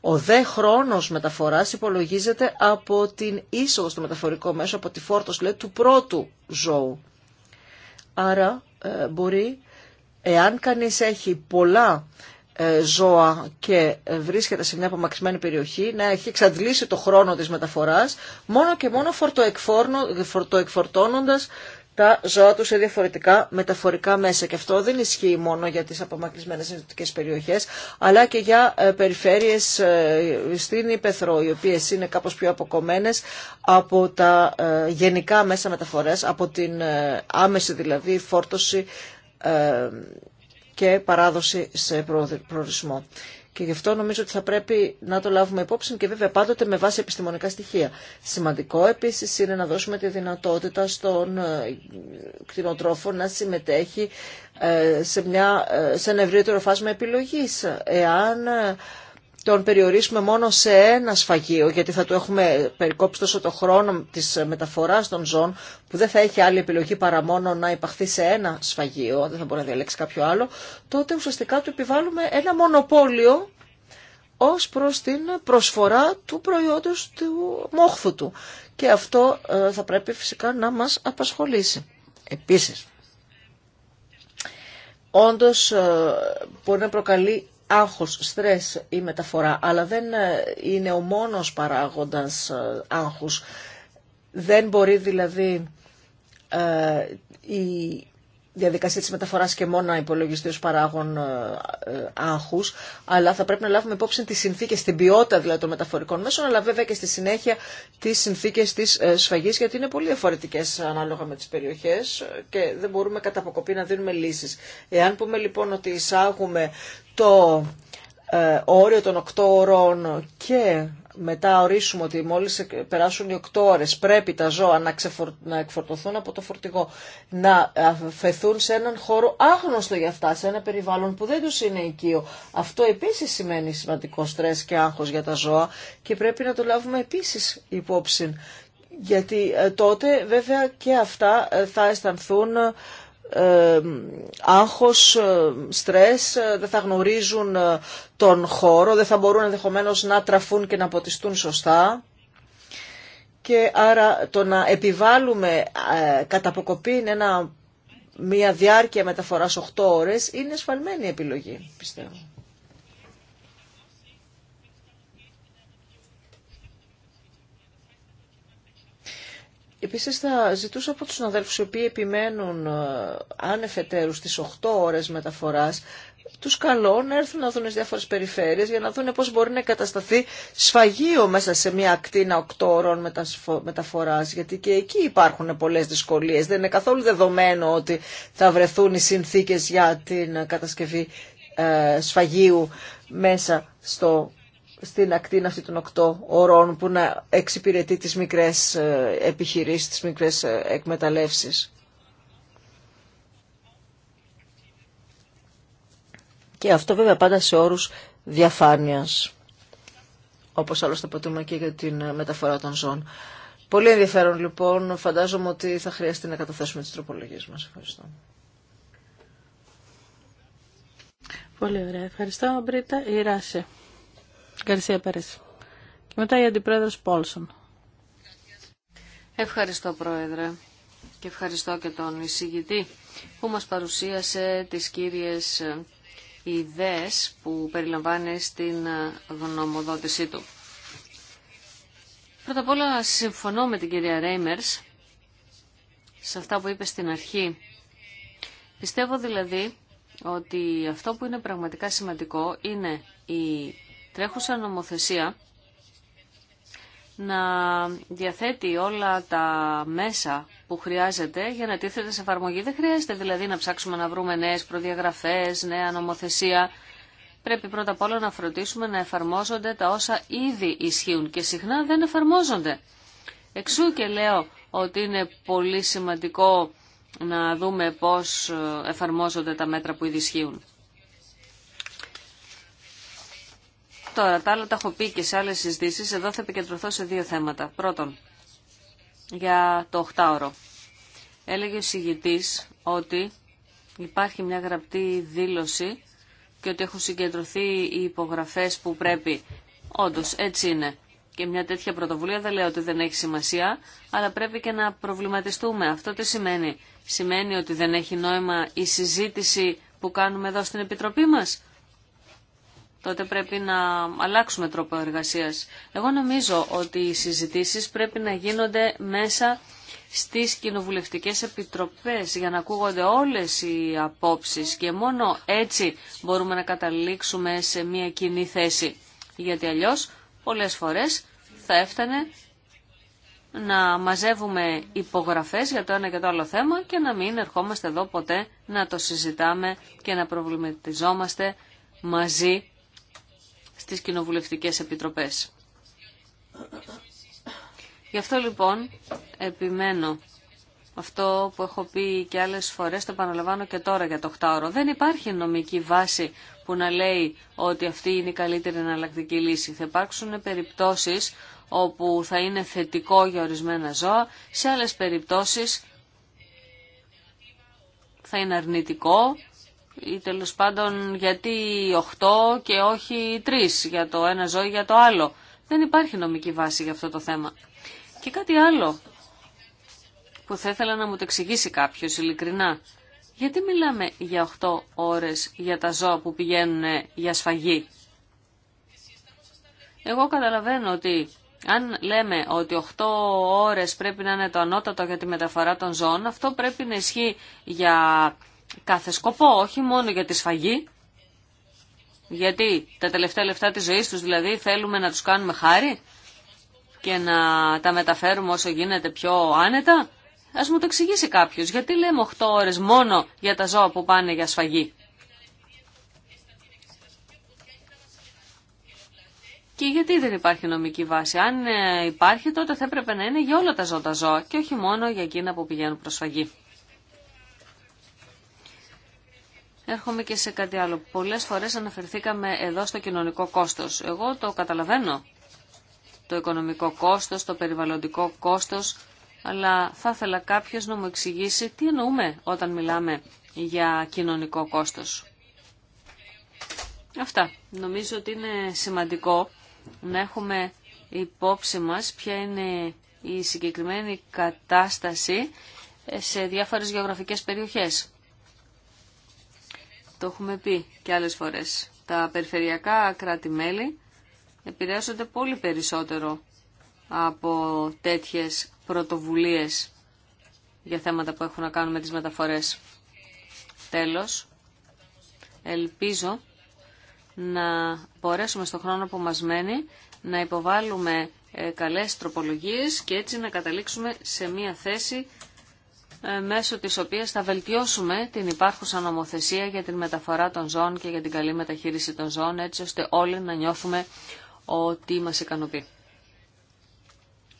Ο δε χρόνος μεταφοράς υπολογίζεται από την είσοδο στο μεταφορικό μέσο, από τη φόρτωση του πρώτου ζώου. Άρα ε, μπορεί Εάν κανείς έχει πολλά ε, ζώα και ε, βρίσκεται σε μια απομακρυσμένη περιοχή, να έχει εξαντλήσει το χρόνο της μεταφοράς, μόνο και μόνο φορτοεκφορτώνοντας τα ζώα του σε διαφορετικά μεταφορικά μέσα. Και αυτό δεν ισχύει μόνο για τις απομακρυσμένες νησιωτικές περιοχές, αλλά και για ε, περιφέρειες στην Υπεθρό οι οποίες είναι κάπως πιο αποκομμένες από τα γενικά μέσα μεταφορές, από την άμεση δηλαδή φόρτωση ε, και παράδοση σε προορισμό. Και γι' αυτό νομίζω ότι θα πρέπει να το λάβουμε υπόψη και βέβαια πάντοτε με βάση επιστημονικά στοιχεία. Σημαντικό επίση είναι να δώσουμε τη δυνατότητα στον ε, κτηνοτρόφο να συμμετέχει ε, σε, μια, σε ένα ευρύτερο φάσμα επιλογής. Εάν τον περιορίσουμε μόνο σε ένα σφαγείο, γιατί θα του έχουμε περικόψει τόσο το χρόνο της μεταφοράς των ζώων, που δεν θα έχει άλλη επιλογή παρά μόνο να υπαχθεί σε ένα σφαγείο, δεν θα μπορεί να διαλέξει κάποιο άλλο, τότε ουσιαστικά του επιβάλλουμε ένα μονοπόλιο ως προς την προσφορά του προϊόντος του μόχθου του. Και αυτό ε, θα πρέπει φυσικά να μας απασχολήσει. Επίσης, όντως μπορεί ε, να προκαλεί άγχος, στρες η μεταφορά, αλλά δεν ε, είναι ο μόνος παράγοντας ε, άγχους. Δεν μπορεί δηλαδή ε, η διαδικασία της μεταφοράς και μόνο να υπολογιστεί ως παράγον ε, ε, άγχους, αλλά θα πρέπει να λάβουμε υπόψη τι συνθήκες, την ποιότητα δηλαδή των μεταφορικών μέσων, αλλά βέβαια και στη συνέχεια τις συνθήκες της ε, σφαγής, γιατί είναι πολύ διαφορετικές ανάλογα με τις περιοχές και δεν μπορούμε κατά αποκοπή να δίνουμε λύσεις. Εάν πούμε λοιπόν ότι εισάγουμε το όριο των 8 ώρων και μετά ορίσουμε ότι μόλις περάσουν οι 8 ώρες πρέπει τα ζώα να, να εκφορτωθούν από το φορτηγό, να φεθούν σε έναν χώρο άγνωστο για αυτά, σε ένα περιβάλλον που δεν τους είναι οικείο. Αυτό επίσης σημαίνει σημαντικό στρες και άγχος για τα ζώα και πρέπει να το λάβουμε επίσης υπόψη. Γιατί ε, τότε βέβαια και αυτά ε, θα αισθανθούν άγχος, στρες, ε, δεν θα γνωρίζουν ε, τον χώρο, δεν θα μπορούν ενδεχομένως να τραφούν και να ποτιστούν σωστά. Και άρα το να επιβάλλουμε ε, κατά αποκοπή μια διάρκεια μεταφοράς 8 ώρες είναι σφαλμένη επιλογή, πιστεύω. Επίσης θα ζητούσα από τους αδέλφου οι οποίοι επιμένουν ανεφετέρου ε, στις 8 ώρες μεταφοράς τους καλώ να έρθουν να δουν τις διάφορες περιφέρειες για να δουν πώς μπορεί να κατασταθεί σφαγείο μέσα σε μια ακτίνα 8 ώρων μεταφοράς γιατί και εκεί υπάρχουν πολλές δυσκολίες. Δεν είναι καθόλου δεδομένο ότι θα βρεθούν οι συνθήκες για την κατασκευή ε, σφαγείου μέσα στο στην ακτίνα αυτή των οκτώ ωρών που να εξυπηρετεί τις μικρές ε, επιχειρήσεις, τις μικρές ε, εκμεταλλεύσεις. Και αυτό βέβαια πάντα σε όρους διαφάνειας, όπως άλλωστε πατούμε και για την ε, μεταφορά των ζώων. Πολύ ενδιαφέρον λοιπόν, φαντάζομαι ότι θα χρειαστεί να καταθέσουμε τις τροπολογίες μας. Ευχαριστώ. Πολύ ωραία. Ευχαριστώ, Μπρίτα. Η μετά η Αντιπρόεδρος Ευχαριστώ Πρόεδρε και ευχαριστώ και τον εισηγητή που μας παρουσίασε τις κύριες ιδέες που περιλαμβάνει στην γνωμοδότησή του. Πρώτα απ' όλα συμφωνώ με την κυρία Ρέιμερς σε αυτά που είπε στην αρχή. Πιστεύω δηλαδή ότι αυτό που είναι πραγματικά σημαντικό είναι η τρέχουσα νομοθεσία να διαθέτει όλα τα μέσα που χρειάζεται για να τίθεται σε εφαρμογή. Δεν χρειάζεται δηλαδή να ψάξουμε να βρούμε νέες προδιαγραφές, νέα νομοθεσία. Πρέπει πρώτα απ' όλα να φροντίσουμε να εφαρμόζονται τα όσα ήδη ισχύουν και συχνά δεν εφαρμόζονται. Εξού και λέω ότι είναι πολύ σημαντικό να δούμε πώς εφαρμόζονται τα μέτρα που ήδη ισχύουν. Τώρα, τα άλλα τα έχω πει και σε άλλες συζητήσεις. Εδώ θα επικεντρωθώ σε δύο θέματα. Πρώτον, για το 8ωρο. Έλεγε ο συγητής ότι υπάρχει μια γραπτή δήλωση και ότι έχουν συγκεντρωθεί οι υπογραφές που πρέπει. Όντως, έτσι είναι. Και μια τέτοια πρωτοβουλία δεν λέω ότι δεν έχει σημασία, αλλά πρέπει και να προβληματιστούμε. Αυτό τι σημαίνει. Σημαίνει ότι δεν έχει νόημα η συζήτηση που κάνουμε εδώ στην Επιτροπή μας τότε πρέπει να αλλάξουμε τρόπο εργασίας. Εγώ νομίζω ότι οι συζητήσεις πρέπει να γίνονται μέσα στις κοινοβουλευτικές επιτροπές για να ακούγονται όλες οι απόψεις και μόνο έτσι μπορούμε να καταλήξουμε σε μια κοινή θέση. Γιατί αλλιώς πολλές φορές θα έφτανε να μαζεύουμε υπογραφές για το ένα και το άλλο θέμα και να μην ερχόμαστε εδώ ποτέ να το συζητάμε και να προβληματιζόμαστε μαζί στις κοινοβουλευτικές επιτροπές. Γι' αυτό λοιπόν επιμένω αυτό που έχω πει και άλλες φορές, το επαναλαμβάνω και τώρα για το 8ωρο. Δεν υπάρχει νομική βάση που να λέει ότι αυτή είναι η καλύτερη εναλλακτική λύση. Θα υπάρξουν περιπτώσεις όπου θα είναι θετικό για ορισμένα ζώα, σε άλλες περιπτώσεις θα είναι αρνητικό ή τέλο πάντων γιατί 8 και όχι 3 για το ένα ζώο ή για το άλλο. Δεν υπάρχει νομική βάση για αυτό το θέμα. Και κάτι άλλο που θα ήθελα να μου το εξηγήσει κάποιο ειλικρινά. Γιατί μιλάμε για 8 ώρες για τα ζώα που πηγαίνουν για σφαγή. Εγώ καταλαβαίνω ότι αν λέμε ότι 8 ώρες πρέπει να είναι το ανώτατο για τη μεταφορά των ζώων, αυτό πρέπει να ισχύει για κάθε σκοπό, όχι μόνο για τη σφαγή. Γιατί τα τελευταία λεφτά της ζωής τους δηλαδή θέλουμε να τους κάνουμε χάρη και να τα μεταφέρουμε όσο γίνεται πιο άνετα. Ας μου το εξηγήσει κάποιος, γιατί λέμε 8 ώρες μόνο για τα ζώα που πάνε για σφαγή. Και γιατί δεν υπάρχει νομική βάση. Αν ε, υπάρχει τότε θα έπρεπε να είναι για όλα τα ζώα ζώα και όχι μόνο για εκείνα που πηγαίνουν προς σφαγή. Έρχομαι και σε κάτι άλλο. Πολλές φορές αναφερθήκαμε εδώ στο κοινωνικό κόστος. Εγώ το καταλαβαίνω. Το οικονομικό κόστος, το περιβαλλοντικό κόστος, αλλά θα ήθελα κάποιο να μου εξηγήσει τι εννοούμε όταν μιλάμε για κοινωνικό κόστος. Αυτά. Νομίζω ότι είναι σημαντικό να έχουμε υπόψη μας ποια είναι η συγκεκριμένη κατάσταση σε διάφορες γεωγραφικές περιοχές. Το έχουμε πει και άλλες φορές. Τα περιφερειακά κράτη-μέλη επηρεάζονται πολύ περισσότερο από τέτοιες πρωτοβουλίες για θέματα που έχουν να κάνουν με τις μεταφορές. Τέλος, ελπίζω να μπορέσουμε στο χρόνο που μας μένει να υποβάλουμε ε, καλές τροπολογίες και έτσι να καταλήξουμε σε μία θέση ε, μέσω της οποίας θα βελτιώσουμε την υπάρχουσα νομοθεσία για την μεταφορά των ζώων και για την καλή μεταχείριση των ζώων, έτσι ώστε όλοι να νιώθουμε ότι μας ικανοποιεί.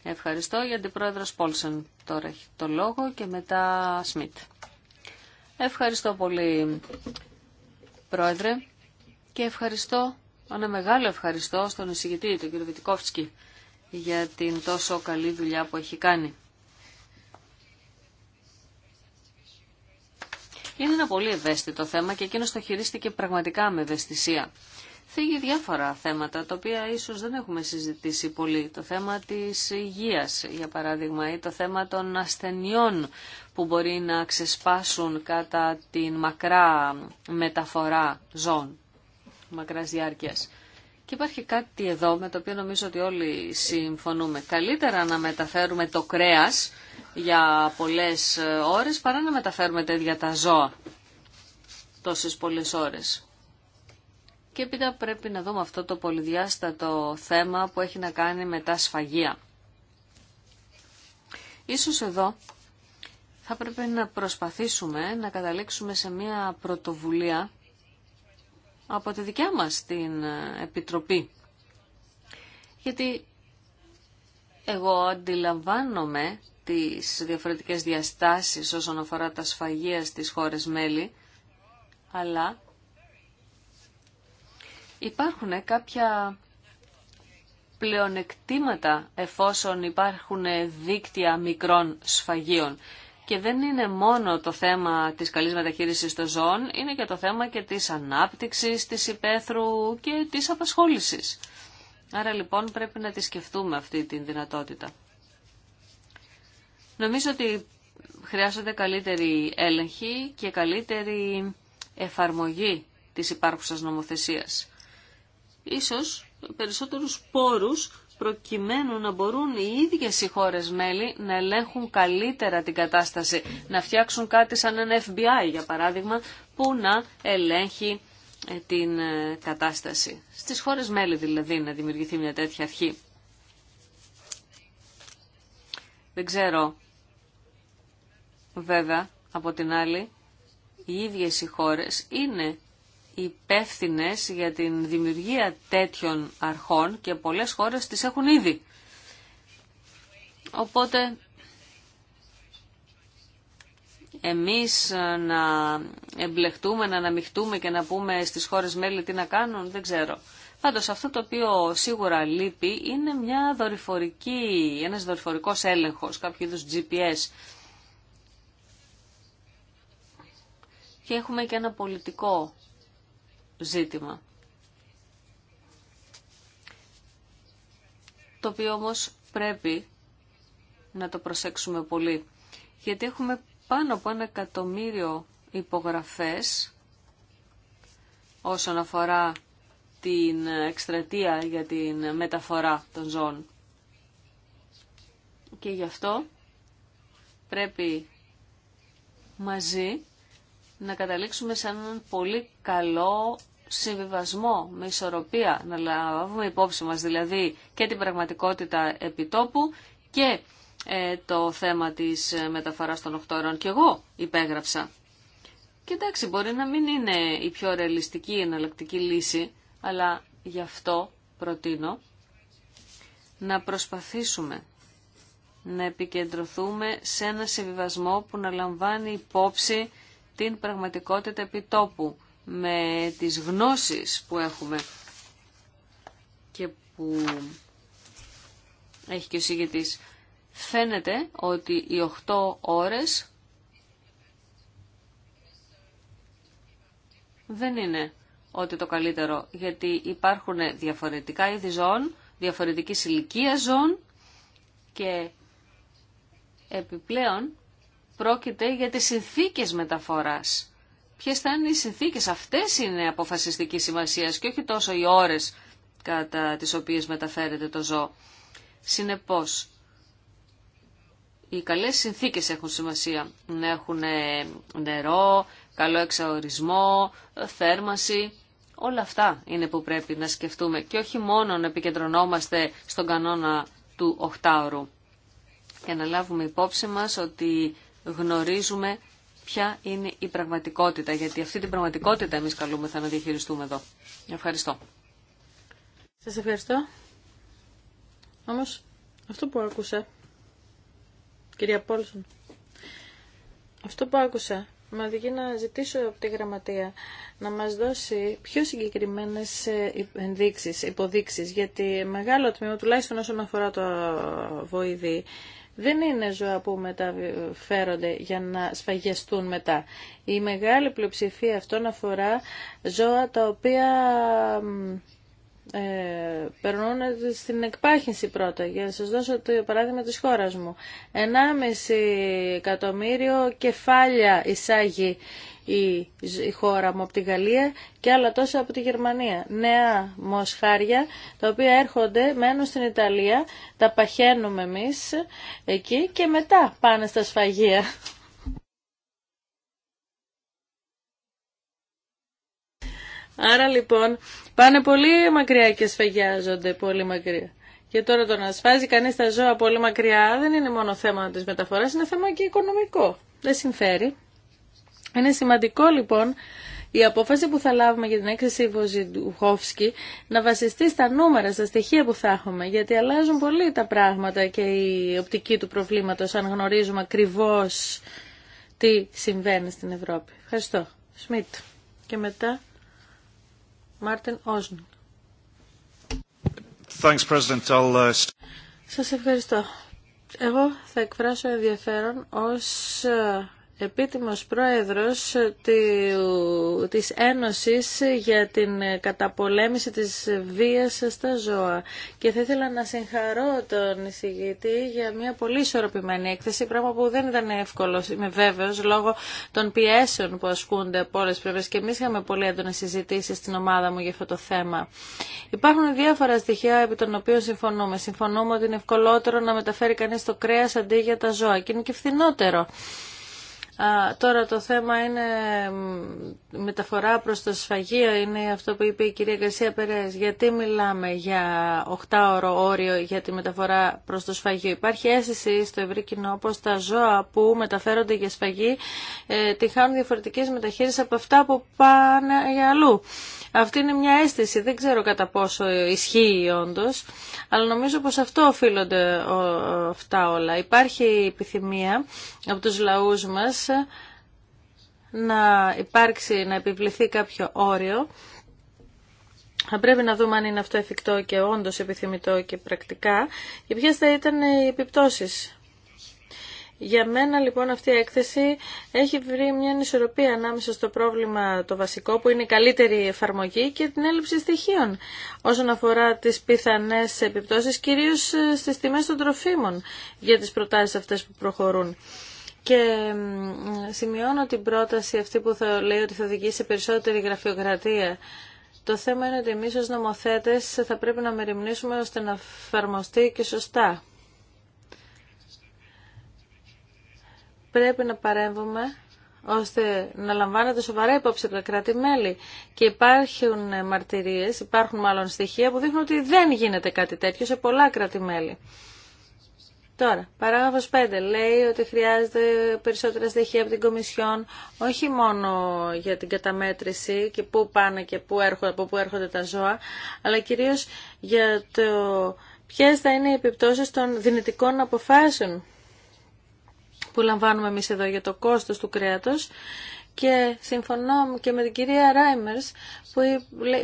Ευχαριστώ για την πρόεδρος Πόλσεν. Τώρα έχει το λόγο και μετά Σμιτ. Ευχαριστώ πολύ πρόεδρε και ευχαριστώ, ένα μεγάλο ευχαριστώ στον εισηγητή, τον κύριο Βιτικόφσκι, για την τόσο καλή δουλειά που έχει κάνει. Είναι ένα πολύ ευαίσθητο θέμα και εκείνο το χειρίστηκε πραγματικά με ευαισθησία. Θίγει διάφορα θέματα, τα οποία ίσως δεν έχουμε συζητήσει πολύ. Το θέμα της υγείας, για παράδειγμα, ή το θέμα των ασθενειών που μπορεί να ξεσπάσουν κατά την μακρά μεταφορά ζώων, μακράς διάρκειας. Και υπάρχει κάτι εδώ με το οποίο νομίζω ότι όλοι συμφωνούμε. Καλύτερα να μεταφέρουμε το κρέας για πολλές ε, ώρες παρά να μεταφέρουμε τέτοια τα ζώα τόσες πολλές ώρες. Και έπειτα πρέπει να δούμε αυτό το πολυδιάστατο θέμα που έχει να κάνει με τα σφαγεία. Ίσως εδώ θα πρέπει να προσπαθήσουμε να καταλήξουμε σε μια πρωτοβουλία από τη δικιά μας την ε, Επιτροπή. Γιατί εγώ αντιλαμβάνομαι τις διαφορετικές διαστάσεις όσον αφορά τα σφαγεία στις χώρες μέλη, αλλά υπάρχουν κάποια πλεονεκτήματα εφόσον υπάρχουν δίκτυα μικρών σφαγείων. Και δεν είναι μόνο το θέμα της καλής μεταχείρισης των ζώων, είναι και το θέμα και της ανάπτυξης, της υπαίθρου και της απασχόλησης. Άρα λοιπόν πρέπει να τη σκεφτούμε αυτή την δυνατότητα. Νομίζω ότι χρειάζονται καλύτερη έλεγχη και καλύτερη εφαρμογή της υπάρχουσας νομοθεσίας. Ίσως περισσότερους πόρους προκειμένου να μπορούν οι ίδιες οι χώρες μέλη να ελέγχουν καλύτερα την κατάσταση, να φτιάξουν κάτι σαν ένα FBI για παράδειγμα που να ελέγχει ε, την ε, κατάσταση. Στις χώρες μέλη δηλαδή να δημιουργηθεί μια τέτοια αρχή. Δεν ξέρω βέβαια από την άλλη οι ίδιες οι χώρες είναι υπεύθυνε για την δημιουργία τέτοιων αρχών και πολλές χώρες τις έχουν ήδη. Οπότε εμείς να εμπλεχτούμε, να αναμειχτούμε και να πούμε στις χώρες μέλη τι να κάνουν, δεν ξέρω. Πάντως αυτό το οποίο σίγουρα λείπει είναι μια δορυφορική, ένας δορυφορικός έλεγχος, κάποιο είδους GPS. Και έχουμε και ένα πολιτικό ζήτημα. Το οποίο όμως πρέπει να το προσέξουμε πολύ. Γιατί έχουμε πάνω από ένα εκατομμύριο υπογραφές όσον αφορά την εκστρατεία για την μεταφορά των ζώων. Και γι' αυτό πρέπει μαζί να καταλήξουμε σε έναν πολύ καλό συμβιβασμό με ισορροπία, να λάβουμε υπόψη μας δηλαδή και την πραγματικότητα επιτόπου και ε, το θέμα της ε, μεταφοράς των οκτώρων Και εγώ υπέγραψα. Και εντάξει, μπορεί να μην είναι η πιο ρεαλιστική εναλλακτική λύση, αλλά γι' αυτό προτείνω να προσπαθήσουμε να επικεντρωθούμε σε ένα συμβιβασμό που να λαμβάνει υπόψη την πραγματικότητα επιτόπου με τις γνώσεις που έχουμε και που έχει και ο συγγετής. Φαίνεται ότι οι 8 ώρες δεν είναι ότι το καλύτερο, γιατί υπάρχουν διαφορετικά είδη ζώων, διαφορετική ηλικία ζώων και επιπλέον πρόκειται για τις συνθήκες μεταφοράς ποιες θα είναι οι συνθήκες. Αυτές είναι αποφασιστική σημασία και όχι τόσο οι ώρες κατά τις οποίες μεταφέρεται το ζώο. Συνεπώς, οι καλές συνθήκες έχουν σημασία. Να έχουν νερό, καλό εξαορισμό, θέρμαση. Όλα αυτά είναι που πρέπει να σκεφτούμε και όχι μόνο να επικεντρωνόμαστε στον κανόνα του οχτάωρου. Και να λάβουμε υπόψη μας ότι γνωρίζουμε ποια είναι η πραγματικότητα, γιατί αυτή την πραγματικότητα εμείς καλούμεθα να διαχειριστούμε εδώ. Ευχαριστώ. Σας ευχαριστώ. Όμως, αυτό που άκουσα, κυρία Πόλσον, αυτό που άκουσα με οδηγεί να ζητήσω από τη Γραμματεία να μας δώσει πιο συγκεκριμένες ε, ενδείξεις, υποδείξεις, γιατί μεγάλο τμήμα, τουλάχιστον όσον αφορά το βοηδί, δεν είναι ζώα που μεταφέρονται για να σφαγιαστούν μετά. Η μεγάλη πλειοψηφία αυτών αφορά ζώα τα οποία ε, περνούν στην εκπάχυνση πρώτα. Για να σας δώσω το παράδειγμα της χώρας μου. 1,5 εκατομμύριο κεφάλια εισάγει η χώρα μου από τη Γαλλία και άλλα τόσα από τη Γερμανία. Νέα μοσχάρια τα οποία έρχονται, μένουν στην Ιταλία, τα παχαίνουμε εμείς εκεί και μετά πάνε στα σφαγεία. Άρα λοιπόν πάνε πολύ μακριά και σφαγιάζονται πολύ μακριά. Και τώρα το να σφάζει κανείς τα ζώα πολύ μακριά δεν είναι μόνο θέμα της μεταφοράς, είναι θέμα και οικονομικό. Δεν συμφέρει. Είναι σημαντικό λοιπόν η απόφαση που θα λάβουμε για την έκθεση Βοζιντουχόφσκι να βασιστεί στα νούμερα, στα στοιχεία που θα έχουμε, γιατί αλλάζουν πολύ τα πράγματα και η οπτική του προβλήματος αν γνωρίζουμε ακριβώς τι συμβαίνει στην Ευρώπη. Ευχαριστώ. Σμιτ. Και μετά Μάρτιν Όσνου. Uh, Σας ευχαριστώ. Εγώ θα εκφράσω ενδιαφέρον ως ε, επίτιμος πρόεδρος της Ένωσης για την καταπολέμηση της βίας στα ζώα. Και θα ήθελα να συγχαρώ τον εισηγητή για μια πολύ ισορροπημένη έκθεση, πράγμα που δεν ήταν εύκολο, είμαι βέβαιος, λόγω των πιέσεων που ασκούνται από όλες τις πλευρές. Και εμείς είχαμε πολύ έντονες συζητήσεις στην ομάδα μου για αυτό το θέμα. Υπάρχουν διάφορα στοιχεία επί των οποίων συμφωνούμε. Συμφωνούμε ότι είναι ευκολότερο να μεταφέρει κανείς το κρέας αντί για τα ζώα και είναι και φθηνότερο. Τώρα το θέμα είναι μεταφορά προς το σφαγείο, είναι αυτό που είπε η κυρία Γκαρσία Περές. Γιατί μιλάμε για 8 ώρο όριο για τη μεταφορά προς το σφαγείο. Υπάρχει αίσθηση στο ευρύ κοινό πως τα ζώα που μεταφέρονται για σφαγή ε, τη διαφορετικές μεταχείρισεις από αυτά που πάνε για αλλού. Αυτή είναι μια αίσθηση, δεν ξέρω κατά πόσο ισχύει όντως, αλλά νομίζω πως αυτό οφείλονται αυτά όλα. Υπάρχει επιθυμία από τους λαούς μας να υπάρξει, να επιβληθεί κάποιο όριο. Θα πρέπει να δούμε αν είναι αυτό εφικτό και όντως επιθυμητό και πρακτικά και ποιες θα ήταν οι επιπτώσεις για μένα λοιπόν αυτή η έκθεση έχει βρει μια ανισορροπία ανάμεσα στο πρόβλημα το βασικό που είναι η καλύτερη εφαρμογή και την έλλειψη στοιχείων όσον αφορά τις πιθανές επιπτώσεις κυρίως ε, στις τιμές των τροφίμων για τις προτάσεις αυτές που προχωρούν. Και σημειώνω την πρόταση αυτή που θα λέει ότι θα οδηγήσει σε περισσότερη γραφειοκρατία. Το θέμα είναι ότι εμείς ως νομοθέτες θα πρέπει να μεριμνήσουμε ώστε να εφαρμοστεί και σωστά. πρέπει να παρέμβουμε ώστε να λαμβάνεται σοβαρά υπόψη από τα κράτη-μέλη. Και υπάρχουν ε, μαρτυρίες, υπάρχουν μάλλον στοιχεία που δείχνουν ότι δεν γίνεται κάτι τέτοιο σε πολλά κράτη-μέλη. Τώρα, παράγραφος 5 λέει ότι χρειάζεται περισσότερα στοιχεία από την Κομισιόν, όχι μόνο για την καταμέτρηση και πού πάνε και πού έρχονται, από πού έρχονται τα ζώα, αλλά κυρίως για το ποιες θα είναι οι επιπτώσεις των δυνητικών αποφάσεων που λαμβάνουμε εμείς εδώ για το κόστος του κρέατος και συμφωνώ και με την κυρία Ράιμερς που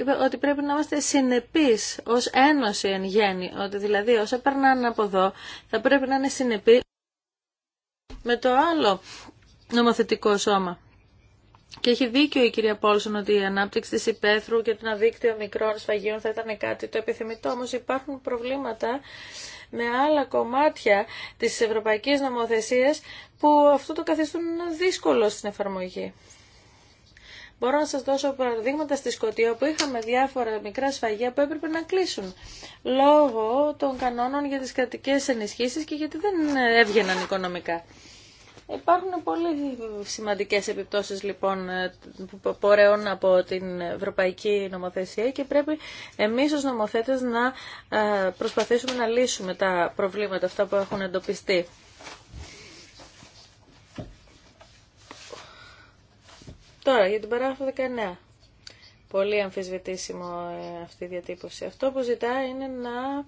είπε ότι πρέπει να είμαστε συνεπείς ως ένωση εν γέννη, ότι δηλαδή όσα περνάνε από εδώ θα πρέπει να είναι συνεπείς με το άλλο νομοθετικό σώμα. Και έχει δίκιο η κυρία Πόλσον ότι η ανάπτυξη της υπαίθρου και το να δίκτυο μικρών σφαγείων θα ήταν κάτι το επιθυμητό, όμως υπάρχουν προβλήματα με άλλα κομμάτια της ευρωπαϊκής νομοθεσίας που αυτό το καθιστούν δύσκολο στην εφαρμογή. Μπορώ να σας δώσω παραδείγματα στη Σκωτία που είχαμε διάφορα μικρά σφαγεία που έπρεπε να κλείσουν λόγω των κανόνων για τις κρατικές ενισχύσεις και γιατί δεν έβγαιναν οικονομικά. Υπάρχουν πολύ σημαντικές επιπτώσεις λοιπόν ε, πορεών από την ευρωπαϊκή νομοθεσία και πρέπει εμείς ως νομοθέτες να ε, προσπαθήσουμε να λύσουμε τα προβλήματα αυτά που έχουν εντοπιστεί. Τώρα για την παράγραφο 19. Πολύ αμφισβητήσιμο ε, αυτή η διατύπωση. Αυτό που ζητά είναι να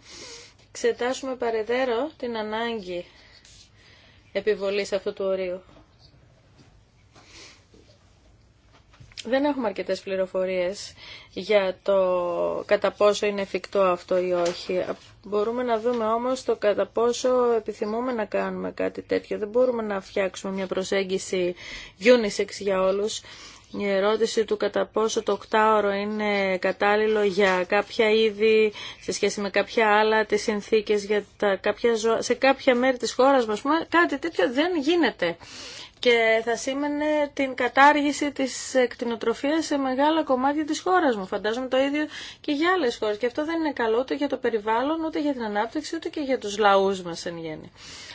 εξετάσουμε παρεδέρω την ανάγκη σε αυτού του ορίου. Δεν έχουμε αρκετές πληροφορίες για το κατά πόσο είναι εφικτό αυτό ή όχι. Μπορούμε να δούμε όμως το κατά πόσο επιθυμούμε να κάνουμε κάτι τέτοιο. Δεν μπορούμε να φτιάξουμε μια προσέγγιση unisex για όλους η ερώτηση του κατά πόσο το οκτάωρο είναι κατάλληλο για κάποια είδη σε σχέση με κάποια άλλα, τις συνθήκες για τα κάποια ζώα. Σε κάποια μέρη της χώρας μας, κάτι τέτοιο δεν γίνεται και θα σήμαινε την κατάργηση της εκτινοτροφίας σε μεγάλα κομμάτια της χώρας μου. Φαντάζομαι το ίδιο και για άλλες χώρες. Και αυτό δεν είναι καλό ούτε για το περιβάλλον, ούτε για την ανάπτυξη, ούτε και για τους λαούς μας εν γέννη.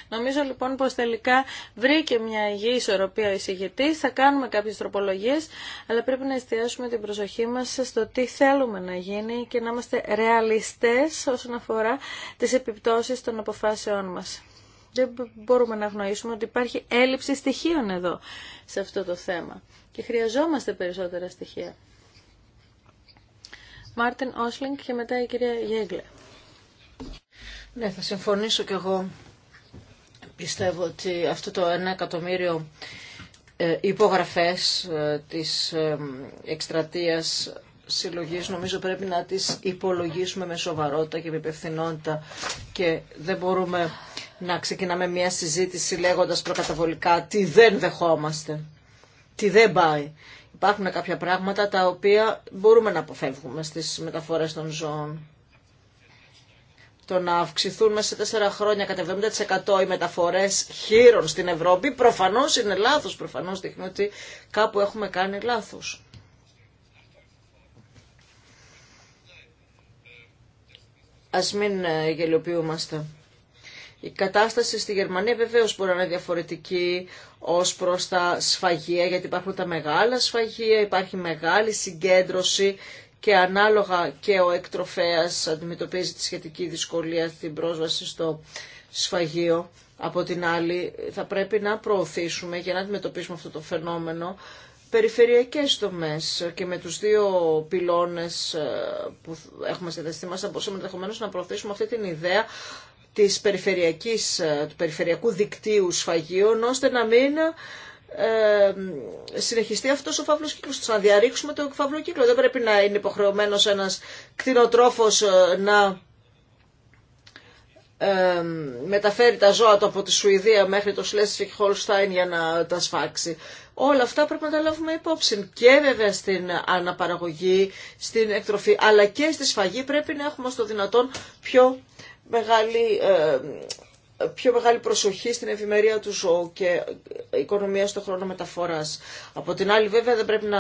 Νομίζω λοιπόν πως τελικά βρήκε μια υγιή ισορροπία ο εισηγητής, θα κάνουμε κάποιες τροπολογίες, αλλά πρέπει να εστιάσουμε την προσοχή μας στο τι θέλουμε να γίνει και να είμαστε ρεαλιστές όσον αφορά τις επιπτώσεις των αποφάσεών μας δεν μπορούμε να γνωρίσουμε ότι υπάρχει έλλειψη στοιχείων εδώ σε αυτό το θέμα και χρειαζόμαστε περισσότερα στοιχεία. Μάρτιν Όσλινγκ και μετά η κυρία Γέγκλε. Ναι, θα συμφωνήσω κι εγώ. Πιστεύω ότι αυτό το 1 εκατομμύριο ε, υπογραφές ε, της ε, εκστρατείας συλλογής νομίζω πρέπει να τις υπολογίσουμε με σοβαρότητα και με υπευθυνότητα και δεν μπορούμε να ξεκινάμε μια συζήτηση λέγοντας προκαταβολικά τι δεν δεχόμαστε, τι δεν πάει. Υπάρχουν κάποια πράγματα τα οποία μπορούμε να αποφεύγουμε στις μεταφορές των ζώων. Το να αυξηθούν μέσα σε τέσσερα χρόνια κατά 70% οι μεταφορές χείρων στην Ευρώπη προφανώς είναι λάθος, προφανώς δείχνει ότι κάπου έχουμε κάνει λάθος. Ας μην ε, γελιοποιούμαστε. Η κατάσταση στη Γερμανία βεβαίως μπορεί να είναι διαφορετική ως προς τα σφαγεία, γιατί υπάρχουν τα μεγάλα σφαγεία, υπάρχει μεγάλη συγκέντρωση και ανάλογα και ο εκτροφέας αντιμετωπίζει τη σχετική δυσκολία στην πρόσβαση στο σφαγείο. Από την άλλη θα πρέπει να προωθήσουμε για να αντιμετωπίσουμε αυτό το φαινόμενο περιφερειακές τομές και με τους δύο πυλώνες ε, που έχουμε στη μας θα μπορούσαμε ενδεχομένω να προωθήσουμε αυτή την ιδέα της περιφερειακής, του περιφερειακού δικτύου σφαγείων ώστε να μην ε, συνεχιστεί αυτός ο φαύλος κύκλος, να διαρρήξουμε το φαύλο κύκλο. Δεν πρέπει να είναι υποχρεωμένος ένας κτηνοτρόφος ε, να ε, μεταφέρει τα ζώα του από τη Σουηδία μέχρι το Σλέσφικ Χολστάιν για να τα σφάξει. Όλα αυτά πρέπει να τα λάβουμε υπόψη και βέβαια στην αναπαραγωγή, στην εκτροφή αλλά και στη σφαγή πρέπει να έχουμε στο δυνατόν πιο μεγάλη, ε, πιο μεγάλη προσοχή στην ευημερία του ζώου και οικονομία στον χρόνο μεταφοράς. Από την άλλη βέβαια δεν πρέπει να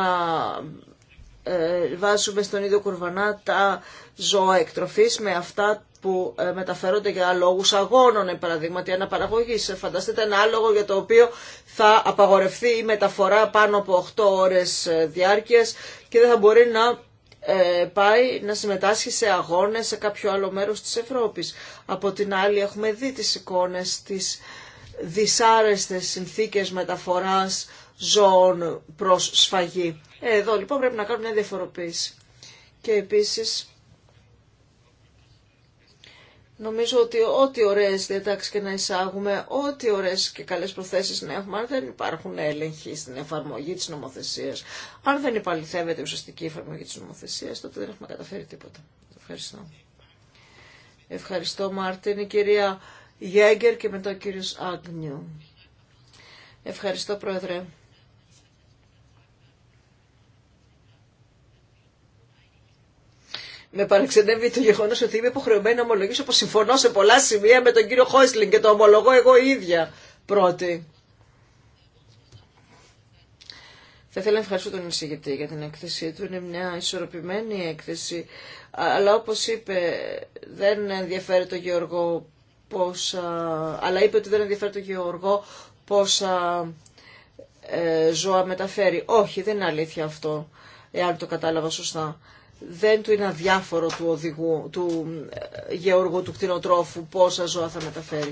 ε, βάζουμε στον ίδιο κουρβανά τα ζώα εκτροφής με αυτά που ε, μεταφέρονται για λόγους αγώνων, παραδείγματι αναπαραγωγής. Φανταστείτε ένα άλογο για το οποίο θα απαγορευτεί η μεταφορά πάνω από 8 ώρες διάρκειας και δεν θα μπορεί να ε, πάει να συμμετάσχει σε αγώνες σε κάποιο άλλο μέρος της Ευρώπης. Από την άλλη έχουμε δει τις εικόνες, τις δυσάρεστες συνθήκες μεταφοράς ζώων προς σφαγή. Ε, εδώ λοιπόν πρέπει να κάνουμε μια διαφοροποίηση. Και επίσης Νομίζω ότι ό,τι ωραίες διατάξεις και να εισάγουμε, ό,τι ωραίες και καλές προθέσεις να έχουμε, αν δεν υπάρχουν έλεγχοι στην εφαρμογή της νομοθεσίας, αν δεν υπαλληθεύεται ουσιαστική εφαρμογή της νομοθεσίας, τότε δεν έχουμε καταφέρει τίποτα. Ευχαριστώ. Ευχαριστώ Μάρτιν, η κυρία Γέγκερ και μετά ο κύριος Άγνιου. Ευχαριστώ Πρόεδρε. με παραξενεύει το γεγονό ότι είμαι υποχρεωμένη να ομολογήσω πως συμφωνώ σε πολλά σημεία με τον κύριο Χόισλινγκ και το ομολογώ εγώ ίδια πρώτη. Θα ήθελα να ευχαριστήσω τον εισηγητή για την έκθεσή του. Είναι μια ισορροπημένη έκθεση. Αλλά όπως είπε, δεν ενδιαφέρει το Γεωργό πόσα... Αλλά είπε ότι δεν ενδιαφέρει το Γεωργό ε, ζώα μεταφέρει. Όχι, δεν είναι αλήθεια αυτό, εάν το κατάλαβα σωστά δεν του είναι αδιάφορο του οδηγού, του ε, γεωργού, του κτηνοτρόφου πόσα ζώα θα μεταφέρει.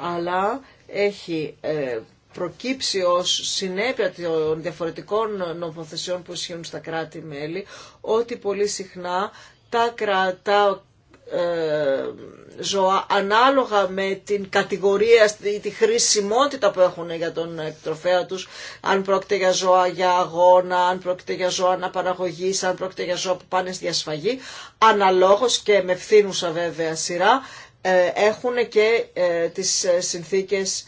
Αλλά έχει ε, προκύψει ως συνέπεια των διαφορετικών νομοθεσιών που ισχύουν στα κράτη-μέλη ότι πολύ συχνά τα κρατά ε, ζώα ανάλογα με την κατηγορία ή τη χρησιμότητα που έχουν για τον εκτροφέα τους αν πρόκειται για ζώα για αγώνα, αν πρόκειται για ζώα αναπαραγωγής, αν πρόκειται για ζώα που πάνε στη διασφαγή αναλόγως και με φθήνουσα βέβαια σειρά ε, έχουν και ε, τις συνθήκες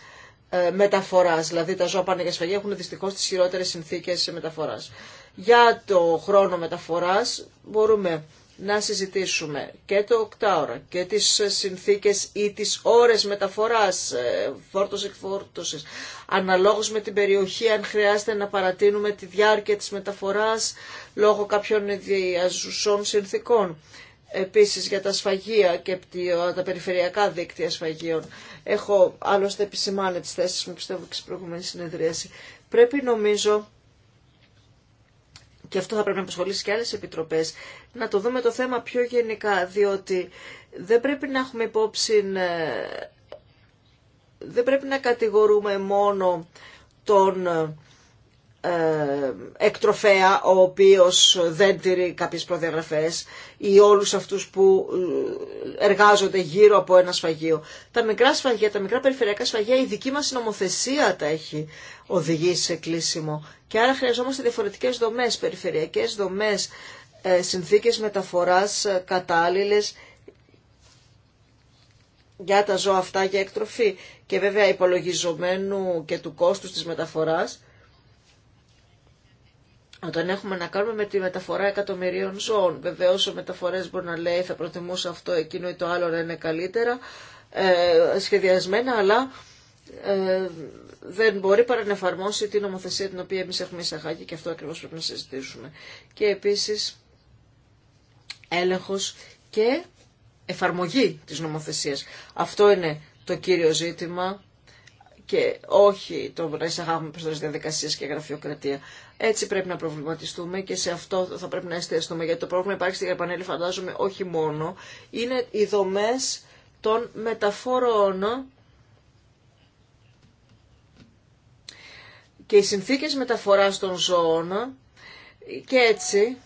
μεταφοράς. Δηλαδή τα ζώα πάνε για σφαγή έχουν δυστυχώς τις χειρότερες συνθήκες μεταφοράς. Για το χρόνο μεταφοράς μπορούμε να συζητήσουμε και το οκτάωρα και τις συνθήκες ή τις ώρες μεταφοράς, ε, φόρτος εκφόρτωσης, αναλόγως με την περιοχή αν χρειάζεται να παρατείνουμε τη διάρκεια της μεταφοράς λόγω κάποιων διαζουσών συνθήκων. Επίσης για τα σφαγεία και τα περιφερειακά δίκτυα σφαγείων. Έχω άλλωστε επισημάνει τις θέσεις μου πιστεύω και στην προηγούμενη συνεδρίαση. Πρέπει νομίζω και αυτό θα πρέπει να απασχολήσει και άλλες επιτροπές, να το δούμε το θέμα πιο γενικά, διότι δεν πρέπει να έχουμε υπόψη, ε, δεν πρέπει να κατηγορούμε μόνο τον ε, ε, εκτροφέα ο οποίος δεν τηρεί κάποιες προδιαγραφές ή όλους αυτούς που ε, εργάζονται γύρω από ένα σφαγείο. Τα μικρά σφαγεία, τα μικρά περιφερειακά σφαγεία, η δική μας νομοθεσία τα έχει οδηγήσει σε κλείσιμο και άρα χρειαζόμαστε διαφορετικές δομές, περιφερειακές δομές, ε, συνθήκες μεταφοράς κατάλληλες για τα ζώα αυτά για εκτροφή και βέβαια υπολογιζομένου και του κόστου της μεταφοράς όταν έχουμε να κάνουμε με τη μεταφορά εκατομμυρίων ζώων. Βεβαίω οι μεταφορές μπορεί να λέει θα προτιμούσα αυτό, εκείνο ή το άλλο να είναι καλύτερα ε, σχεδιασμένα, αλλά ε, δεν μπορεί παρά να εφαρμόσει την νομοθεσία την οποία εμεί έχουμε εισαγάγει και αυτό ακριβώς πρέπει να συζητήσουμε. Και επίσης έλεγχος και εφαρμογή τη νομοθεσία. Αυτό είναι το κύριο ζήτημα και όχι το να εισαγάγουμε περισσότερε διαδικασίες και γραφειοκρατία. Έτσι πρέπει να προβληματιστούμε και σε αυτό θα πρέπει να εστιαστούμε, γιατί το πρόβλημα υπάρχει στην Γερμανία, φαντάζομαι, όχι μόνο. Είναι οι δομές των μεταφορών και οι συνθήκες μεταφοράς των ζώων και έτσι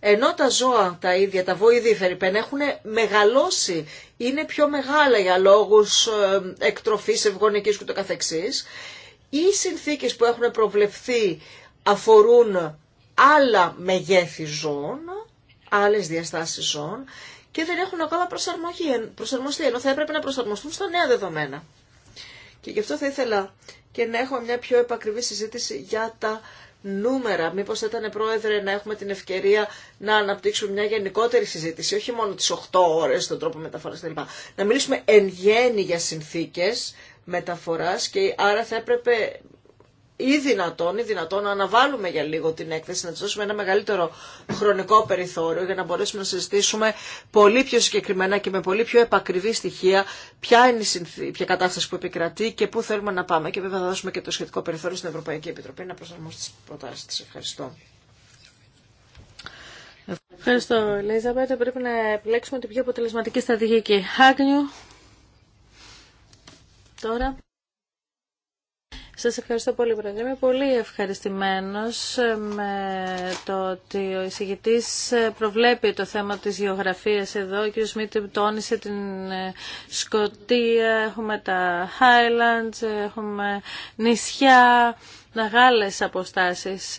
ενώ τα ζώα τα ίδια, τα βοηδή φερρυπέν έχουν μεγαλώσει, είναι πιο μεγάλα για λόγους ε, εκτροφής, ευγονικής και το οι συνθήκες που έχουν προβλεφθεί αφορούν άλλα μεγέθη ζώων, άλλες διαστάσεις ζώων και δεν έχουν ακόμα προσαρμοστεί, ενώ θα έπρεπε να προσαρμοστούν στα νέα δεδομένα. Και γι' αυτό θα ήθελα και να έχω μια πιο επακριβή συζήτηση για τα νούμερα. Μήπως θα ήταν πρόεδρε να έχουμε την ευκαιρία να αναπτύξουμε μια γενικότερη συζήτηση, όχι μόνο τις 8 ώρες, τον τρόπο μεταφοράς κλπ. Να μιλήσουμε εν γέννη για συνθήκες, μεταφοράς και άρα θα έπρεπε ή δυνατόν, ή δυνατόν να αναβάλουμε για λίγο την έκθεση, να τη δώσουμε ένα μεγαλύτερο χρονικό περιθώριο για να μπορέσουμε να συζητήσουμε πολύ πιο συγκεκριμένα και με πολύ πιο επακριβή στοιχεία ποια είναι η συνθή, κατάσταση που επικρατεί και πού θέλουμε να πάμε. Και βέβαια θα δώσουμε και το σχετικό περιθώριο στην Ευρωπαϊκή Επιτροπή να προσαρμόσει τι προτάσει τη. Ευχαριστώ. Ευχαριστώ, Ελίζα. Πρέπει να επιλέξουμε την πιο αποτελεσματική στρατηγική. Τώρα. Σας ευχαριστώ πολύ, Πρόεδρε. Είμαι πολύ ευχαριστημένος ε, με το ότι ο εισηγητής ε, προβλέπει το θέμα της γεωγραφίας εδώ. Ο κ. Σμίτη τόνισε την ε, Σκοτία, έχουμε τα Highlands, έχουμε νησιά, Μεγάλε αποστάσεις.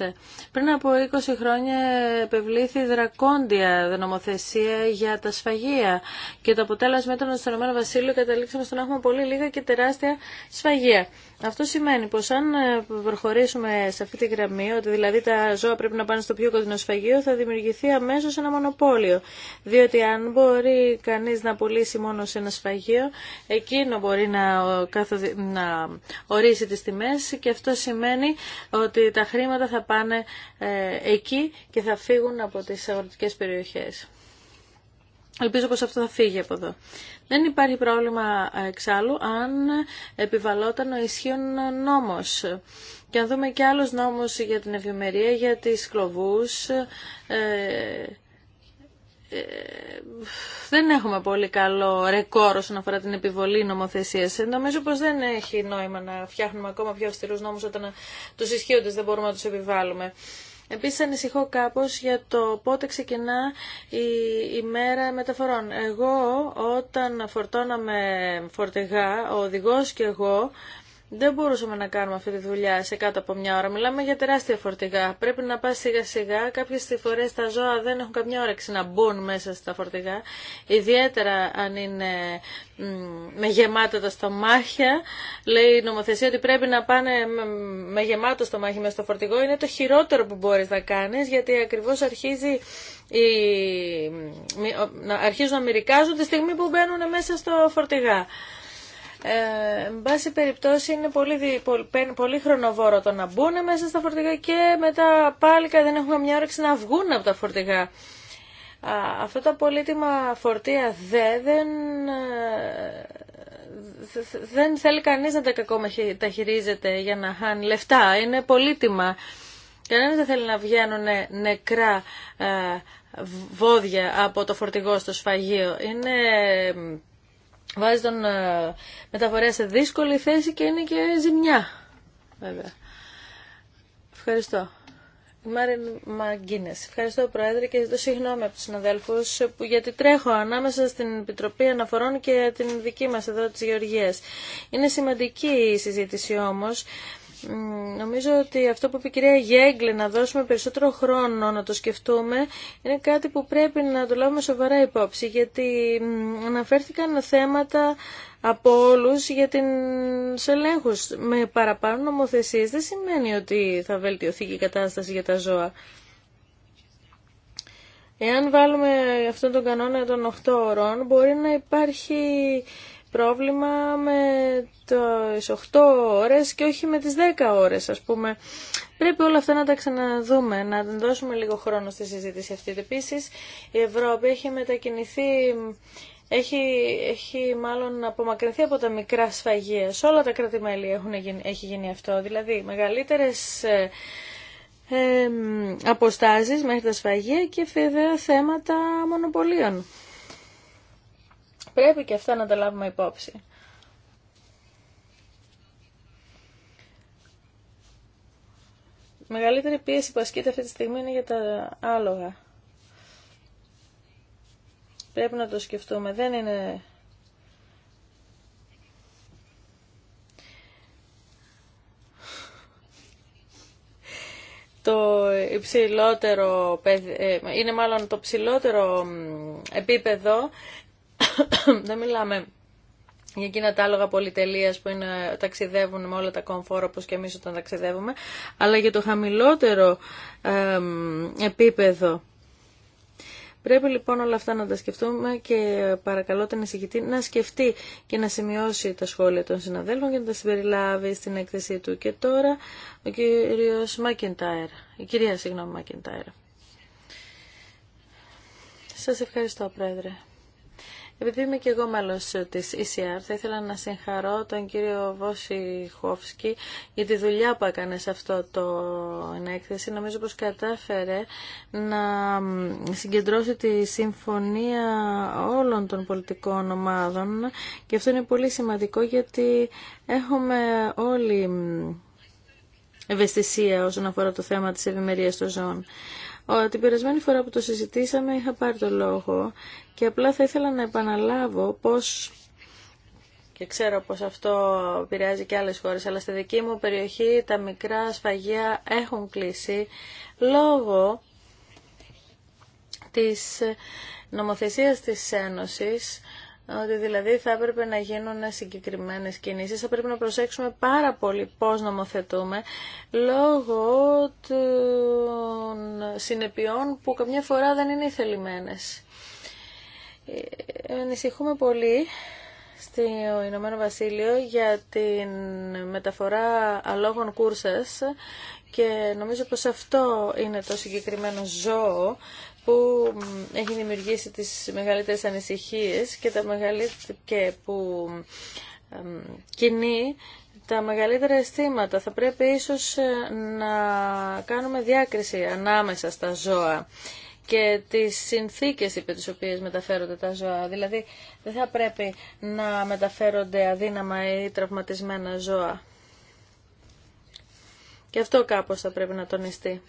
Πριν από 20 χρόνια επευλήθη δρακόντια νομοθεσία για τα σφαγεία και το αποτέλεσμα ήταν στον Ηνωμένο Βασίλειο καταλήξαμε στο να έχουμε πολύ λίγα και τεράστια σφαγεία. Αυτό σημαίνει πως αν ε, προχωρήσουμε σε αυτή τη γραμμή, ότι δηλαδή τα ζώα πρέπει να πάνε στο πιο κοντινό σφαγείο, θα δημιουργηθεί αμέσως ένα μονοπόλιο. Διότι αν μπορεί κανείς να πουλήσει μόνο σε ένα σφαγείο, εκείνο μπορεί να, να ορίσει τις τιμές και αυτό σημαίνει ότι τα χρήματα θα πάνε ε, εκεί και θα φύγουν από τις αγροτικές περιοχές. Ελπίζω πως αυτό θα φύγει από εδώ. Δεν υπάρχει πρόβλημα εξάλλου αν επιβαλόταν ο ισχύων νόμος. Και αν δούμε και άλλους νόμους για την ευημερία, για τις κλοβούς, ε, ε, δεν έχουμε πολύ καλό ρεκόρ όσον αφορά την επιβολή νομοθεσίας. Ε, νομίζω πως δεν έχει νόημα να φτιάχνουμε ακόμα πιο αυστηρούς νόμους όταν τους ισχύοντες δεν μπορούμε να τους επιβάλλουμε. Επίσης ανησυχώ κάπως για το πότε ξεκινά η ημέρα μεταφορών. Εγώ όταν φορτώναμε φορτηγά, ο οδηγός και εγώ δεν μπορούσαμε να κάνουμε αυτή τη δουλειά σε κάτω από μια ώρα. Μιλάμε για τεράστια φορτηγά. Πρέπει να πα σιγά σιγά. Κάποιε φορέ τα ζώα δεν έχουν καμιά όρεξη να μπουν μέσα στα φορτηγά. Ιδιαίτερα αν είναι με γεμάτα τα στομάχια. Λέει η νομοθεσία ότι πρέπει να πάνε με γεμάτο στομάχι μέσα στο φορτηγό. Είναι το χειρότερο που μπορεί να κάνει γιατί ακριβώ αρχίζει αρχίζουν να μυρικάζουν τη στιγμή που μπαίνουν μέσα στο φορτηγά. Ε, εν πάση περιπτώσει είναι πολύ, πολύ, πολύ χρονοβόρο το να μπουν μέσα στα φορτηγά και μετά πάλι δεν έχουμε μια όρεξη να βγουν από τα φορτηγά. Αυτό το πολύτιμα φορτία δε, δεν, ε, δεν θέλει κανείς να τα τα χειρίζεται για να χάνει λεφτά. Είναι πολύτιμα. Κανένας δεν θέλει να βγαίνουν νεκρά ε, βόδια από το φορτηγό στο σφαγείο. Είναι βάζει τον ε, μεταφορέα σε δύσκολη θέση και είναι και ζημιά. Βέβαια. Ευχαριστώ. Μάριν Μαγκίνε. Ευχαριστώ, Πρόεδρε, και ζητώ συγγνώμη από του συναδέλφου, γιατί τρέχω ανάμεσα στην Επιτροπή Αναφορών και την δική μα εδώ τη Γεωργία. Είναι σημαντική η συζήτηση όμω Νομίζω ότι αυτό που είπε η κυρία Γέγκλε, να δώσουμε περισσότερο χρόνο να το σκεφτούμε, είναι κάτι που πρέπει να το λάβουμε σοβαρά υπόψη, γιατί αναφέρθηκαν θέματα από όλους για την ελέγχου. Με παραπάνω νομοθεσίε δεν σημαίνει ότι θα βελτιωθεί και η κατάσταση για τα ζώα. Εάν βάλουμε αυτόν τον κανόνα των 8 ώρων, μπορεί να υπάρχει πρόβλημα με τις 8 ώρες και όχι με τις 10 ώρες ας πούμε. Πρέπει όλα αυτά να τα ξαναδούμε, να δώσουμε λίγο χρόνο στη συζήτηση αυτή. Επίσης η Ευρώπη έχει μετακινηθεί έχει, έχει μάλλον απομακρυνθεί από τα μικρά σφαγεία. Σε όλα τα κράτη-μέλη έχει γίνει αυτό. Δηλαδή, μεγαλύτερες ε, ε αποστάσεις μέχρι τα σφαγεία και βέβαια θέματα μονοπωλίων. Πρέπει και αυτά να τα λάβουμε υπόψη. Μεγαλύτερη πίεση που ασκείται αυτή τη στιγμή είναι για τα άλογα. Πρέπει να το σκεφτούμε. Δεν είναι το υψηλότερο, ε, είναι μάλλον το ψηλότερο επίπεδο δεν μιλάμε για εκείνα τα άλογα πολυτελείας που είναι, ταξιδεύουν με όλα τα κομφόρ όπως και εμείς όταν ταξιδεύουμε, αλλά για το χαμηλότερο επίπεδο. Πρέπει λοιπόν όλα αυτά να τα σκεφτούμε και παρακαλώ τον εισηγητή να σκεφτεί και να σημειώσει τα σχόλια των συναδέλφων και να τα συμπεριλάβει στην έκθεσή του. Και τώρα ο κύριος Μάκενταϊρ. η κυρία συγγνώμη Μάκενταϊρ. Σας ευχαριστώ πρόεδρε. Επειδή είμαι και εγώ μέλος της ECR, θα ήθελα να συγχαρώ τον κύριο Βόση Χόφσκι για τη δουλειά που έκανε σε αυτό το ενέκθεση. Νομίζω πως κατάφερε να συγκεντρώσει τη συμφωνία όλων των πολιτικών ομάδων και αυτό είναι πολύ σημαντικό γιατί έχουμε όλοι ευαισθησία όσον αφορά το θέμα της ευημερίας των ζώων. Την περασμένη φορά που το συζητήσαμε είχα πάρει το λόγο και απλά θα ήθελα να επαναλάβω πως και ξέρω πως αυτό επηρεάζει και άλλες χώρες, αλλά στη δική μου περιοχή τα μικρά σφαγεία έχουν κλείσει λόγω της νομοθεσίας της Ένωσης ότι δηλαδή θα έπρεπε να γίνουν συγκεκριμένες κινήσεις, θα πρέπει να προσέξουμε πάρα πολύ πώς νομοθετούμε λόγω των συνεπειών που καμιά φορά δεν είναι ηθελημένες. Ε, ανησυχούμε πολύ στο Ηνωμένο Βασίλειο για την μεταφορά αλόγων κούρσας και νομίζω πως αυτό είναι το συγκεκριμένο ζώο που έχει δημιουργήσει τις μεγαλύτερες ανησυχίες και, τα και που κινεί τα μεγαλύτερα αισθήματα. Θα πρέπει ίσως ε, να κάνουμε διάκριση ανάμεσα στα ζώα και τις συνθήκες υπό τις οποίες μεταφέρονται τα ζώα. Δηλαδή δεν θα πρέπει να μεταφέρονται αδύναμα ή τραυματισμένα ζώα. Και αυτό κάπως θα πρέπει να τονιστεί.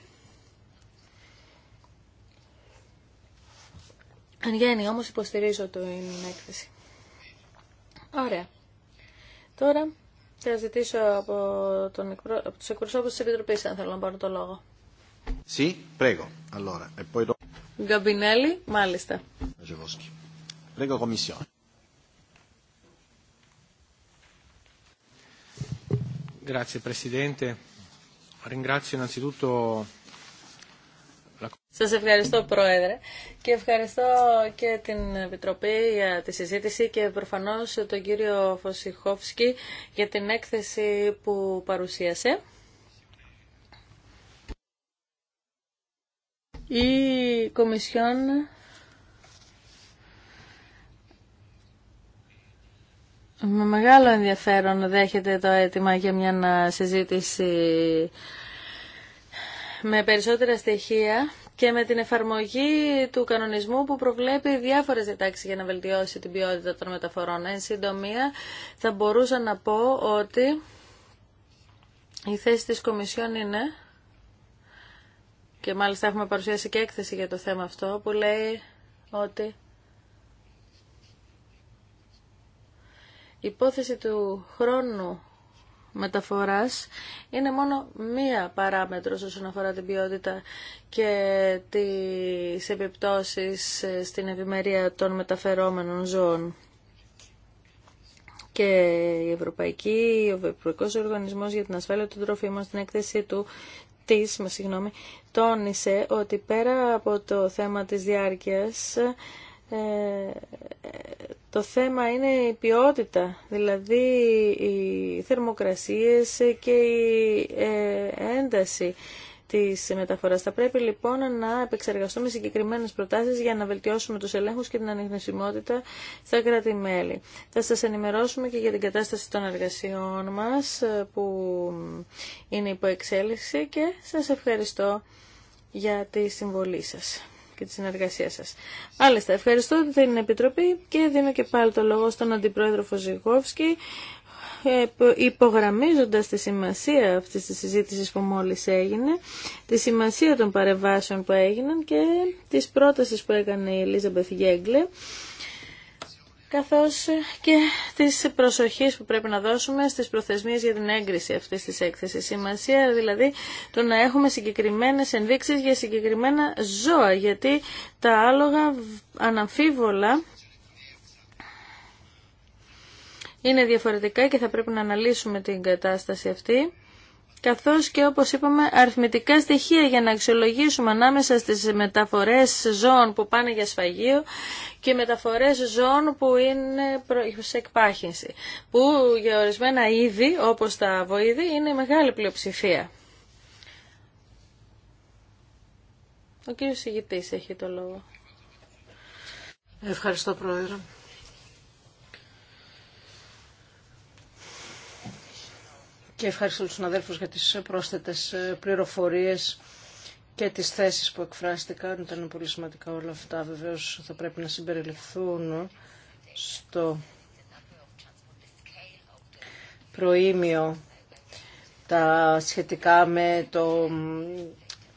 Εν γέννη όμως υποστηρίζω το είναι έκθεση. Ωραία. Τώρα θα ζητήσω από, τον, από τους εκπροσώπους της Επιτροπής αν θέλω να πάρω το λόγο. Sì, prego. Allora, e poi... Γκαμπινέλη, μάλιστα. Ζεβόσκι. Prego, Commissione. Grazie Presidente. Ringrazio innanzitutto σας ευχαριστώ Πρόεδρε και ευχαριστώ και την Επιτροπή για τη συζήτηση και προφανώς τον κύριο Φωσιχόφσκι για την έκθεση που παρουσίασε. Η Κομισιόν με μεγάλο ενδιαφέρον δέχεται το αίτημα για μια συζήτηση με περισσότερα στοιχεία και με την εφαρμογή του κανονισμού που προβλέπει διάφορες διατάξεις για να βελτιώσει την ποιότητα των μεταφορών. Εν συντομία θα μπορούσα να πω ότι η θέση της Κομισιόν είναι και μάλιστα έχουμε παρουσιάσει και έκθεση για το θέμα αυτό που λέει ότι η υπόθεση του χρόνου μεταφοράς είναι μόνο μία παράμετρος όσον αφορά την ποιότητα και τις επιπτώσεις ε, στην ευημερία των μεταφερόμενων ζώων. Και η Ευρωπαϊκή, ο Ευρωπαϊκός Οργανισμός για την Ασφάλεια των Τροφίμων στην έκθεσή του της, συγγνώμη, τόνισε ότι πέρα από το θέμα της διάρκειας ε, το θέμα είναι η ποιότητα, δηλαδή οι θερμοκρασίες και η ε, ένταση της μεταφοράς. Θα πρέπει λοιπόν να επεξεργαστούμε συγκεκριμένες προτάσεις για να βελτιώσουμε τους ελέγχους και την ανιχνευσιμότητα στα κράτη-μέλη. Θα σας ενημερώσουμε και για την κατάσταση των εργασιών μας ε, που είναι υπό εξέλιξη και σας ευχαριστώ για τη συμβολή σας και τη συνεργασία σας. τα ευχαριστώ την Επιτροπή και δίνω και πάλι το λόγο στον Αντιπρόεδρο Φωζηγόφσκι ε, υπογραμμίζοντας τη σημασία αυτής της συζήτησης που μόλις έγινε, τη σημασία των παρεμβάσεων που έγιναν και τις πρότασεις που έκανε η Ελίζα Μπεθ καθώς και της προσοχής που πρέπει να δώσουμε στις προθεσμίες για την έγκριση αυτής της έκθεσης. Σημασία δηλαδή το να έχουμε συγκεκριμένες ενδείξεις για συγκεκριμένα ζώα, γιατί τα άλογα αναμφίβολα είναι διαφορετικά και θα πρέπει να αναλύσουμε την κατάσταση αυτή καθώς και όπως είπαμε αριθμητικά στοιχεία για να αξιολογήσουμε ανάμεσα στις μεταφορές ζώων που πάνε για σφαγείο και μεταφορές ζώων που είναι σε εκπάχυνση, που για ορισμένα είδη όπως τα βοήδη είναι μεγάλη πλειοψηφία. Ο κύριος Σιγητής έχει το λόγο. Ευχαριστώ Πρόεδρε. και ευχαριστώ τους συναδέλφους για τις πρόσθετες ε, πληροφορίες και τις θέσεις που εκφράστηκαν. Ήταν πολύ σημαντικά όλα αυτά. Βεβαίως θα πρέπει να συμπεριληφθούν στο προήμιο τα σχετικά με, το,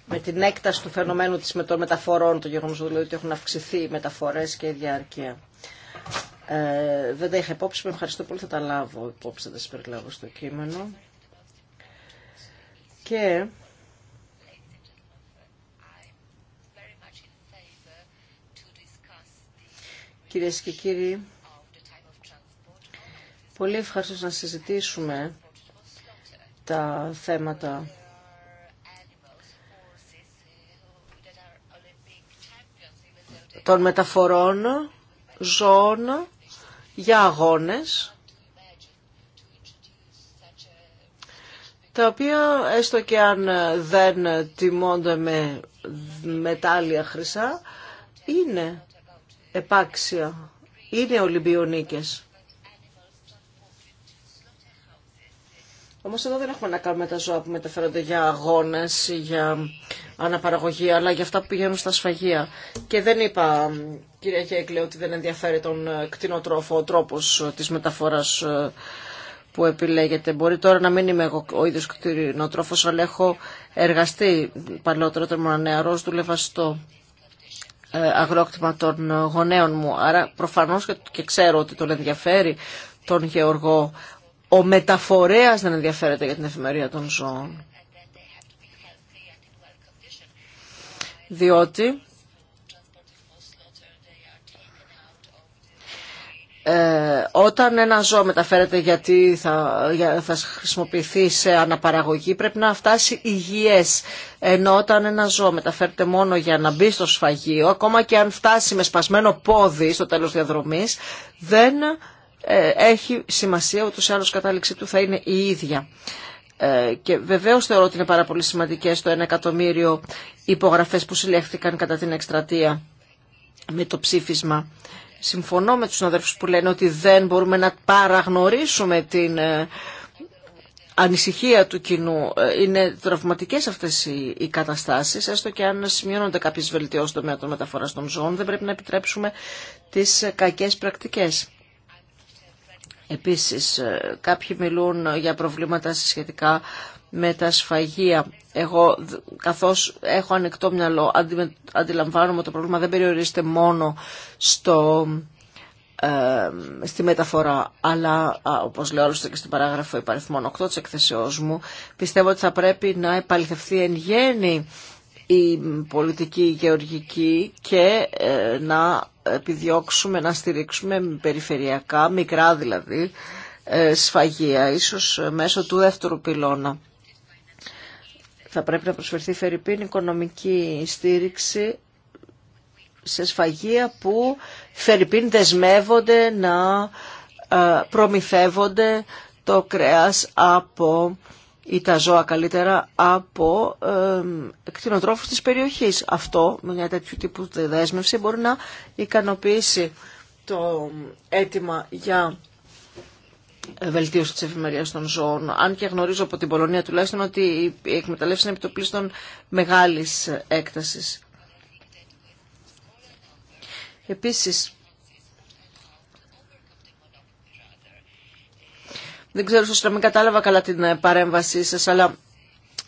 με την έκταση του φαινομένου της με των μεταφορών, το γεγονός δηλαδή ότι έχουν αυξηθεί οι μεταφορές και η διάρκεια. Ε, δεν τα είχα υπόψη, με ευχαριστώ πολύ, θα τα λάβω υπόψη, θα τα συμπεριλάβω στο κείμενο. Και Κυρίες και κύριοι, πολύ ευχαριστώ να συζητήσουμε τα θέματα των μεταφορών ζώων για αγώνες τα οποία έστω και αν δεν τιμώνται με μετάλλια χρυσά, είναι επάξια, είναι Ολυμπιονίκες. Όμως εδώ δεν έχουμε να κάνουμε τα ζώα που μεταφέρονται για αγώνες ή για αναπαραγωγή, αλλά για αυτά που πηγαίνουν στα σφαγεία. Και δεν είπα, κυρία Γέγκλε, ότι δεν ενδιαφέρει τον κτηνοτρόφο ο τρόπο ε, της μεταφορά ε, που επιλέγεται. Μπορεί τώρα να μην είμαι εγώ ο ίδιος κτηρινοτρόφος, αλλά έχω εργαστεί παλαιότερα όταν ήμουν νεαρός, δούλευα στο ε, αγρόκτημα των γονέων μου. Άρα προφανώς και ξέρω ότι τον ενδιαφέρει τον Γεωργό. Ο μεταφορέας δεν ενδιαφέρεται για την εφημερία των ζώων. Διότι ε, όταν ένα ζώο μεταφέρεται γιατί θα, θα χρησιμοποιηθεί σε αναπαραγωγή πρέπει να φτάσει υγιές. Ενώ όταν ένα ζώο μεταφέρεται μόνο για να μπει στο σφαγείο, ακόμα και αν φτάσει με σπασμένο πόδι στο τέλος διαδρομής, δεν ε, έχει σημασία ότι ή άλλος κατάληξη του θα είναι η ίδια. Ε, και βεβαίως θεωρώ ότι είναι πάρα πολύ σημαντικές το 1 εκατομμύριο υπογραφές που συλλέχθηκαν κατά την εκστρατεία με το ψήφισμα Συμφωνώ με τους αδέρφους που λένε ότι δεν μπορούμε να παραγνωρίσουμε την ε, ανησυχία του κοινού. Ε, είναι τραυματικές αυτές οι καταστάσεις, έστω και αν σημειώνονται κάποιες βελτιώσεις στο τομέα των μεταφοράς των ζώων, δεν πρέπει να επιτρέψουμε τις κακές πρακτικές. Επίσης, ε, κάποιοι μιλούν για προβλήματα σχετικά με τα σφαγεία. Εγώ, καθώς έχω ανεκτό μυαλό, αντιλαμβάνομαι το πρόβλημα δεν περιορίζεται μόνο στο, στη μεταφορά, αλλά, όπως λέω άλλωστε και στην παράγραφο υπαριθμών 8 της εκθεσεώς μου, πιστεύω ότι θα πρέπει να επαληθευτεί εν γέννη η πολιτική η γεωργική και ε, να επιδιώξουμε να στηρίξουμε περιφερειακά, μικρά δηλαδή, ε, σφαγεία, ίσως μέσω του δεύτερου πυλώνα. Θα πρέπει να προσφερθεί φερρυπίν οικονομική στήριξη σε σφαγεία που φερρυπίν δεσμεύονται να ε, προμηθεύονται το κρέας από ή τα ζώα καλύτερα από ε, κτηνοτρόφους της περιοχής. Αυτό με μια τέτοιου τύπου δέσμευση μπορεί να ικανοποιήσει το αίτημα για βελτίωση της στον των ζώων. Αν και γνωρίζω από την Πολωνία τουλάχιστον ότι η εκμεταλλεύση είναι επιτοπλίστων μεγάλης έκτασης. Επίσης, δεν ξέρω σωστά, να μην κατάλαβα καλά την ε, παρέμβασή σας, αλλά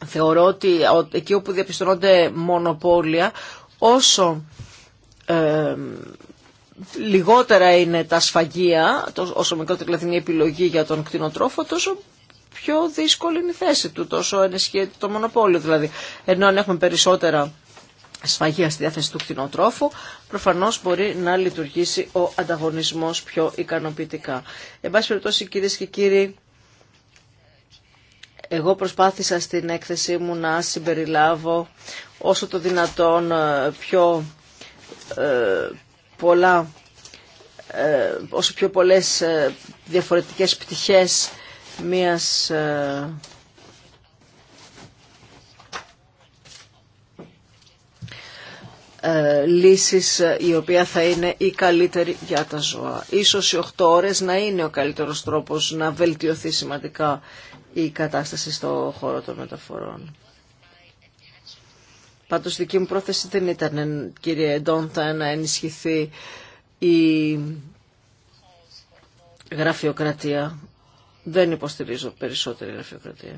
θεωρώ ότι εκεί όπου διαπιστώνονται μονοπόλια, όσο ε, λιγότερα είναι τα σφαγεία, όσο μικρότερη δηλαδή είναι η επιλογή για τον κτηνοτρόφο, τόσο πιο δύσκολη είναι η θέση του, τόσο ενισχύεται το μονοπόλιο δηλαδή. Ενώ αν έχουμε περισσότερα σφαγεία στη διάθεση του κτηνοτρόφου, προφανώς μπορεί να λειτουργήσει ο ανταγωνισμός πιο ικανοποιητικά. Εν πάση περιπτώσει κυρίες και κύριοι, εγώ προσπάθησα στην έκθεσή μου να συμπεριλάβω όσο το δυνατόν ε, πιο ε, πολλά, ε, όσο πιο πολλές ε, διαφορετικές πτυχές μιας ε, λύσης η οποία θα είναι η καλύτερη για τα ζώα. Ίσως οι 8 ώρες να είναι ο καλύτερος τρόπος να βελτιωθεί σημαντικά η κατάσταση στο χώρο των μεταφορών. Πάντω δική μου πρόθεση δεν ήταν, κύριε Ντόντα, να ενισχυθεί η γραφειοκρατία. Δεν υποστηρίζω περισσότερη γραφειοκρατία.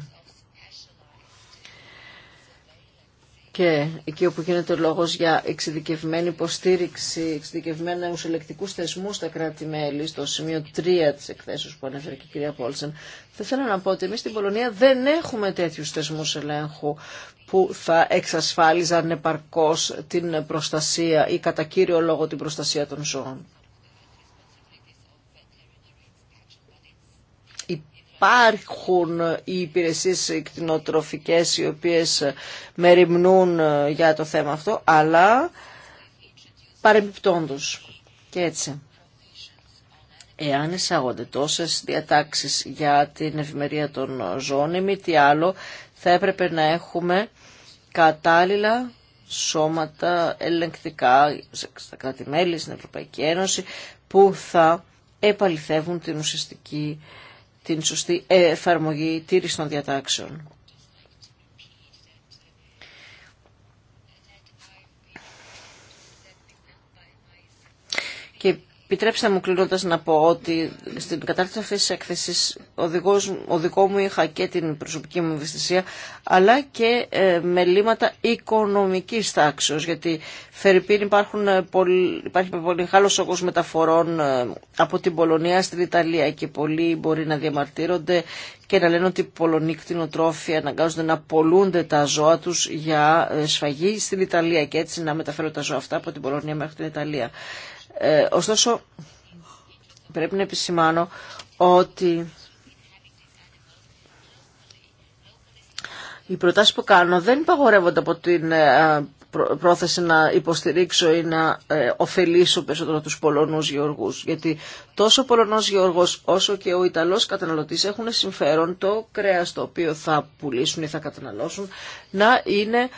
και εκεί όπου γίνεται λόγος για εξειδικευμένη υποστήριξη, εξειδικευμένα ελεκτικούς θεσμού στα κράτη-μέλη, στο σημείο 3 της εκθέσεως που ανέφερε και η κυρία Πόλσεν, θα ήθελα να πω ότι εμείς στην Πολωνία δεν έχουμε τέτοιους θεσμούς ελέγχου που θα εξασφάλιζαν επαρκώς την προστασία ή κατά κύριο λόγο την προστασία των ζώων. υπάρχουν οι υπηρεσίες εκτινοτροφικές οι οποίες μεριμνούν ε, για το θέμα αυτό, αλλά παρεμπιπτόντως. Και έτσι, εάν εισάγονται τόσες διατάξεις για την ευημερία των ζώων ή μη τι άλλο, θα έπρεπε να έχουμε κατάλληλα σώματα ελεγκτικά στα κράτη-μέλη, στην Ευρωπαϊκή Ένωση, που θα επαληθεύουν την ουσιαστική την σωστή εφαρμογή τήρηση των διατάξεων. Επιτρέψτε μου κλείνοντα να πω ότι στην κατάρτιση αυτή τη έκθεση ο δικό μου είχα και την προσωπική μου ευαισθησία αλλά και ε, μελήματα οικονομική τάξεω. γιατί φερειπίν ε, πολύ, υπάρχει πολύ μεγάλο όγκο μεταφορών ε, από την Πολωνία στην Ιταλία και πολλοί μπορεί να διαμαρτύρονται και να λένε ότι οι Πολωνοί κτηνοτρόφοι αναγκάζονται να πολλούνται τα ζώα του για ε, σφαγή στην Ιταλία και έτσι να μεταφέρουν τα ζώα αυτά από την Πολωνία μέχρι την Ιταλία. Ε, ωστόσο, πρέπει να επισημάνω ότι οι προτάσεις που κάνω δεν υπαγορεύονται από την ε, πρόθεση να υποστηρίξω ή να ε, ωφελήσω περισσότερο τους Πολωνούς γεωργούς. Γιατί τόσο ο Πολωνός γεωργός όσο και ο Ιταλός καταναλωτής έχουν συμφέρον το κρέας το οποίο θα πουλήσουν ή θα καταναλώσουν να είναι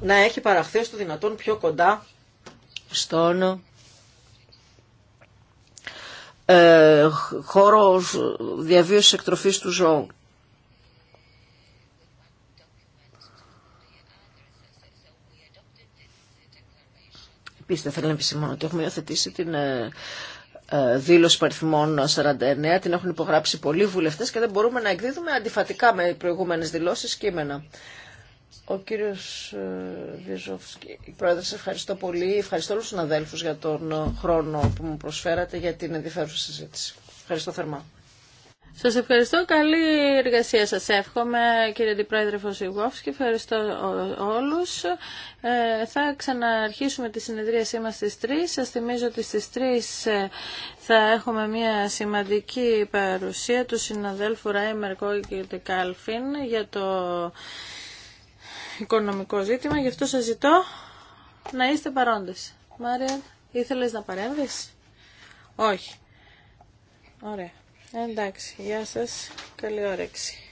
να έχει παραχθεί στο δυνατόν πιο κοντά στον ε, χώρο διαβίωσης εκτροφής του ζώου. Επίσης δεν θέλω να επισημώνω ότι έχουμε υιοθετήσει την ε, ε, δήλωση παριθμών 49, την έχουν υπογράψει πολλοί βουλευτές και δεν μπορούμε να εκδίδουμε αντιφατικά με προηγούμενες δηλώσεις κείμενα. Ο κύριος ε, Βιζόφσκι, πρόεδρε, ευχαριστώ πολύ. Ευχαριστώ όλους τους αδέλφους για τον ε, χρόνο που μου προσφέρατε για την ενδιαφέρουσα συζήτηση. Ευχαριστώ θερμά. Σας ευχαριστώ. Καλή εργασία σας εύχομαι, κύριε Αντιπρόεδρε Φωσιγόφσκι. Ευχαριστώ όλους. Ε, θα ξαναρχίσουμε τη συνεδρία μας στις 3. Σας θυμίζω ότι στις 3 ε, θα έχουμε μια σημαντική παρουσία του συναδέλφου Ράιμερ Κόγκη και Κάλφιν για το οικονομικό ζήτημα, γι' αυτό σας ζητώ να είστε παρόντες. Μάρια, ήθελες να παρέμβεις? Όχι. Ωραία. Εντάξει, γεια σας. Καλή όρεξη.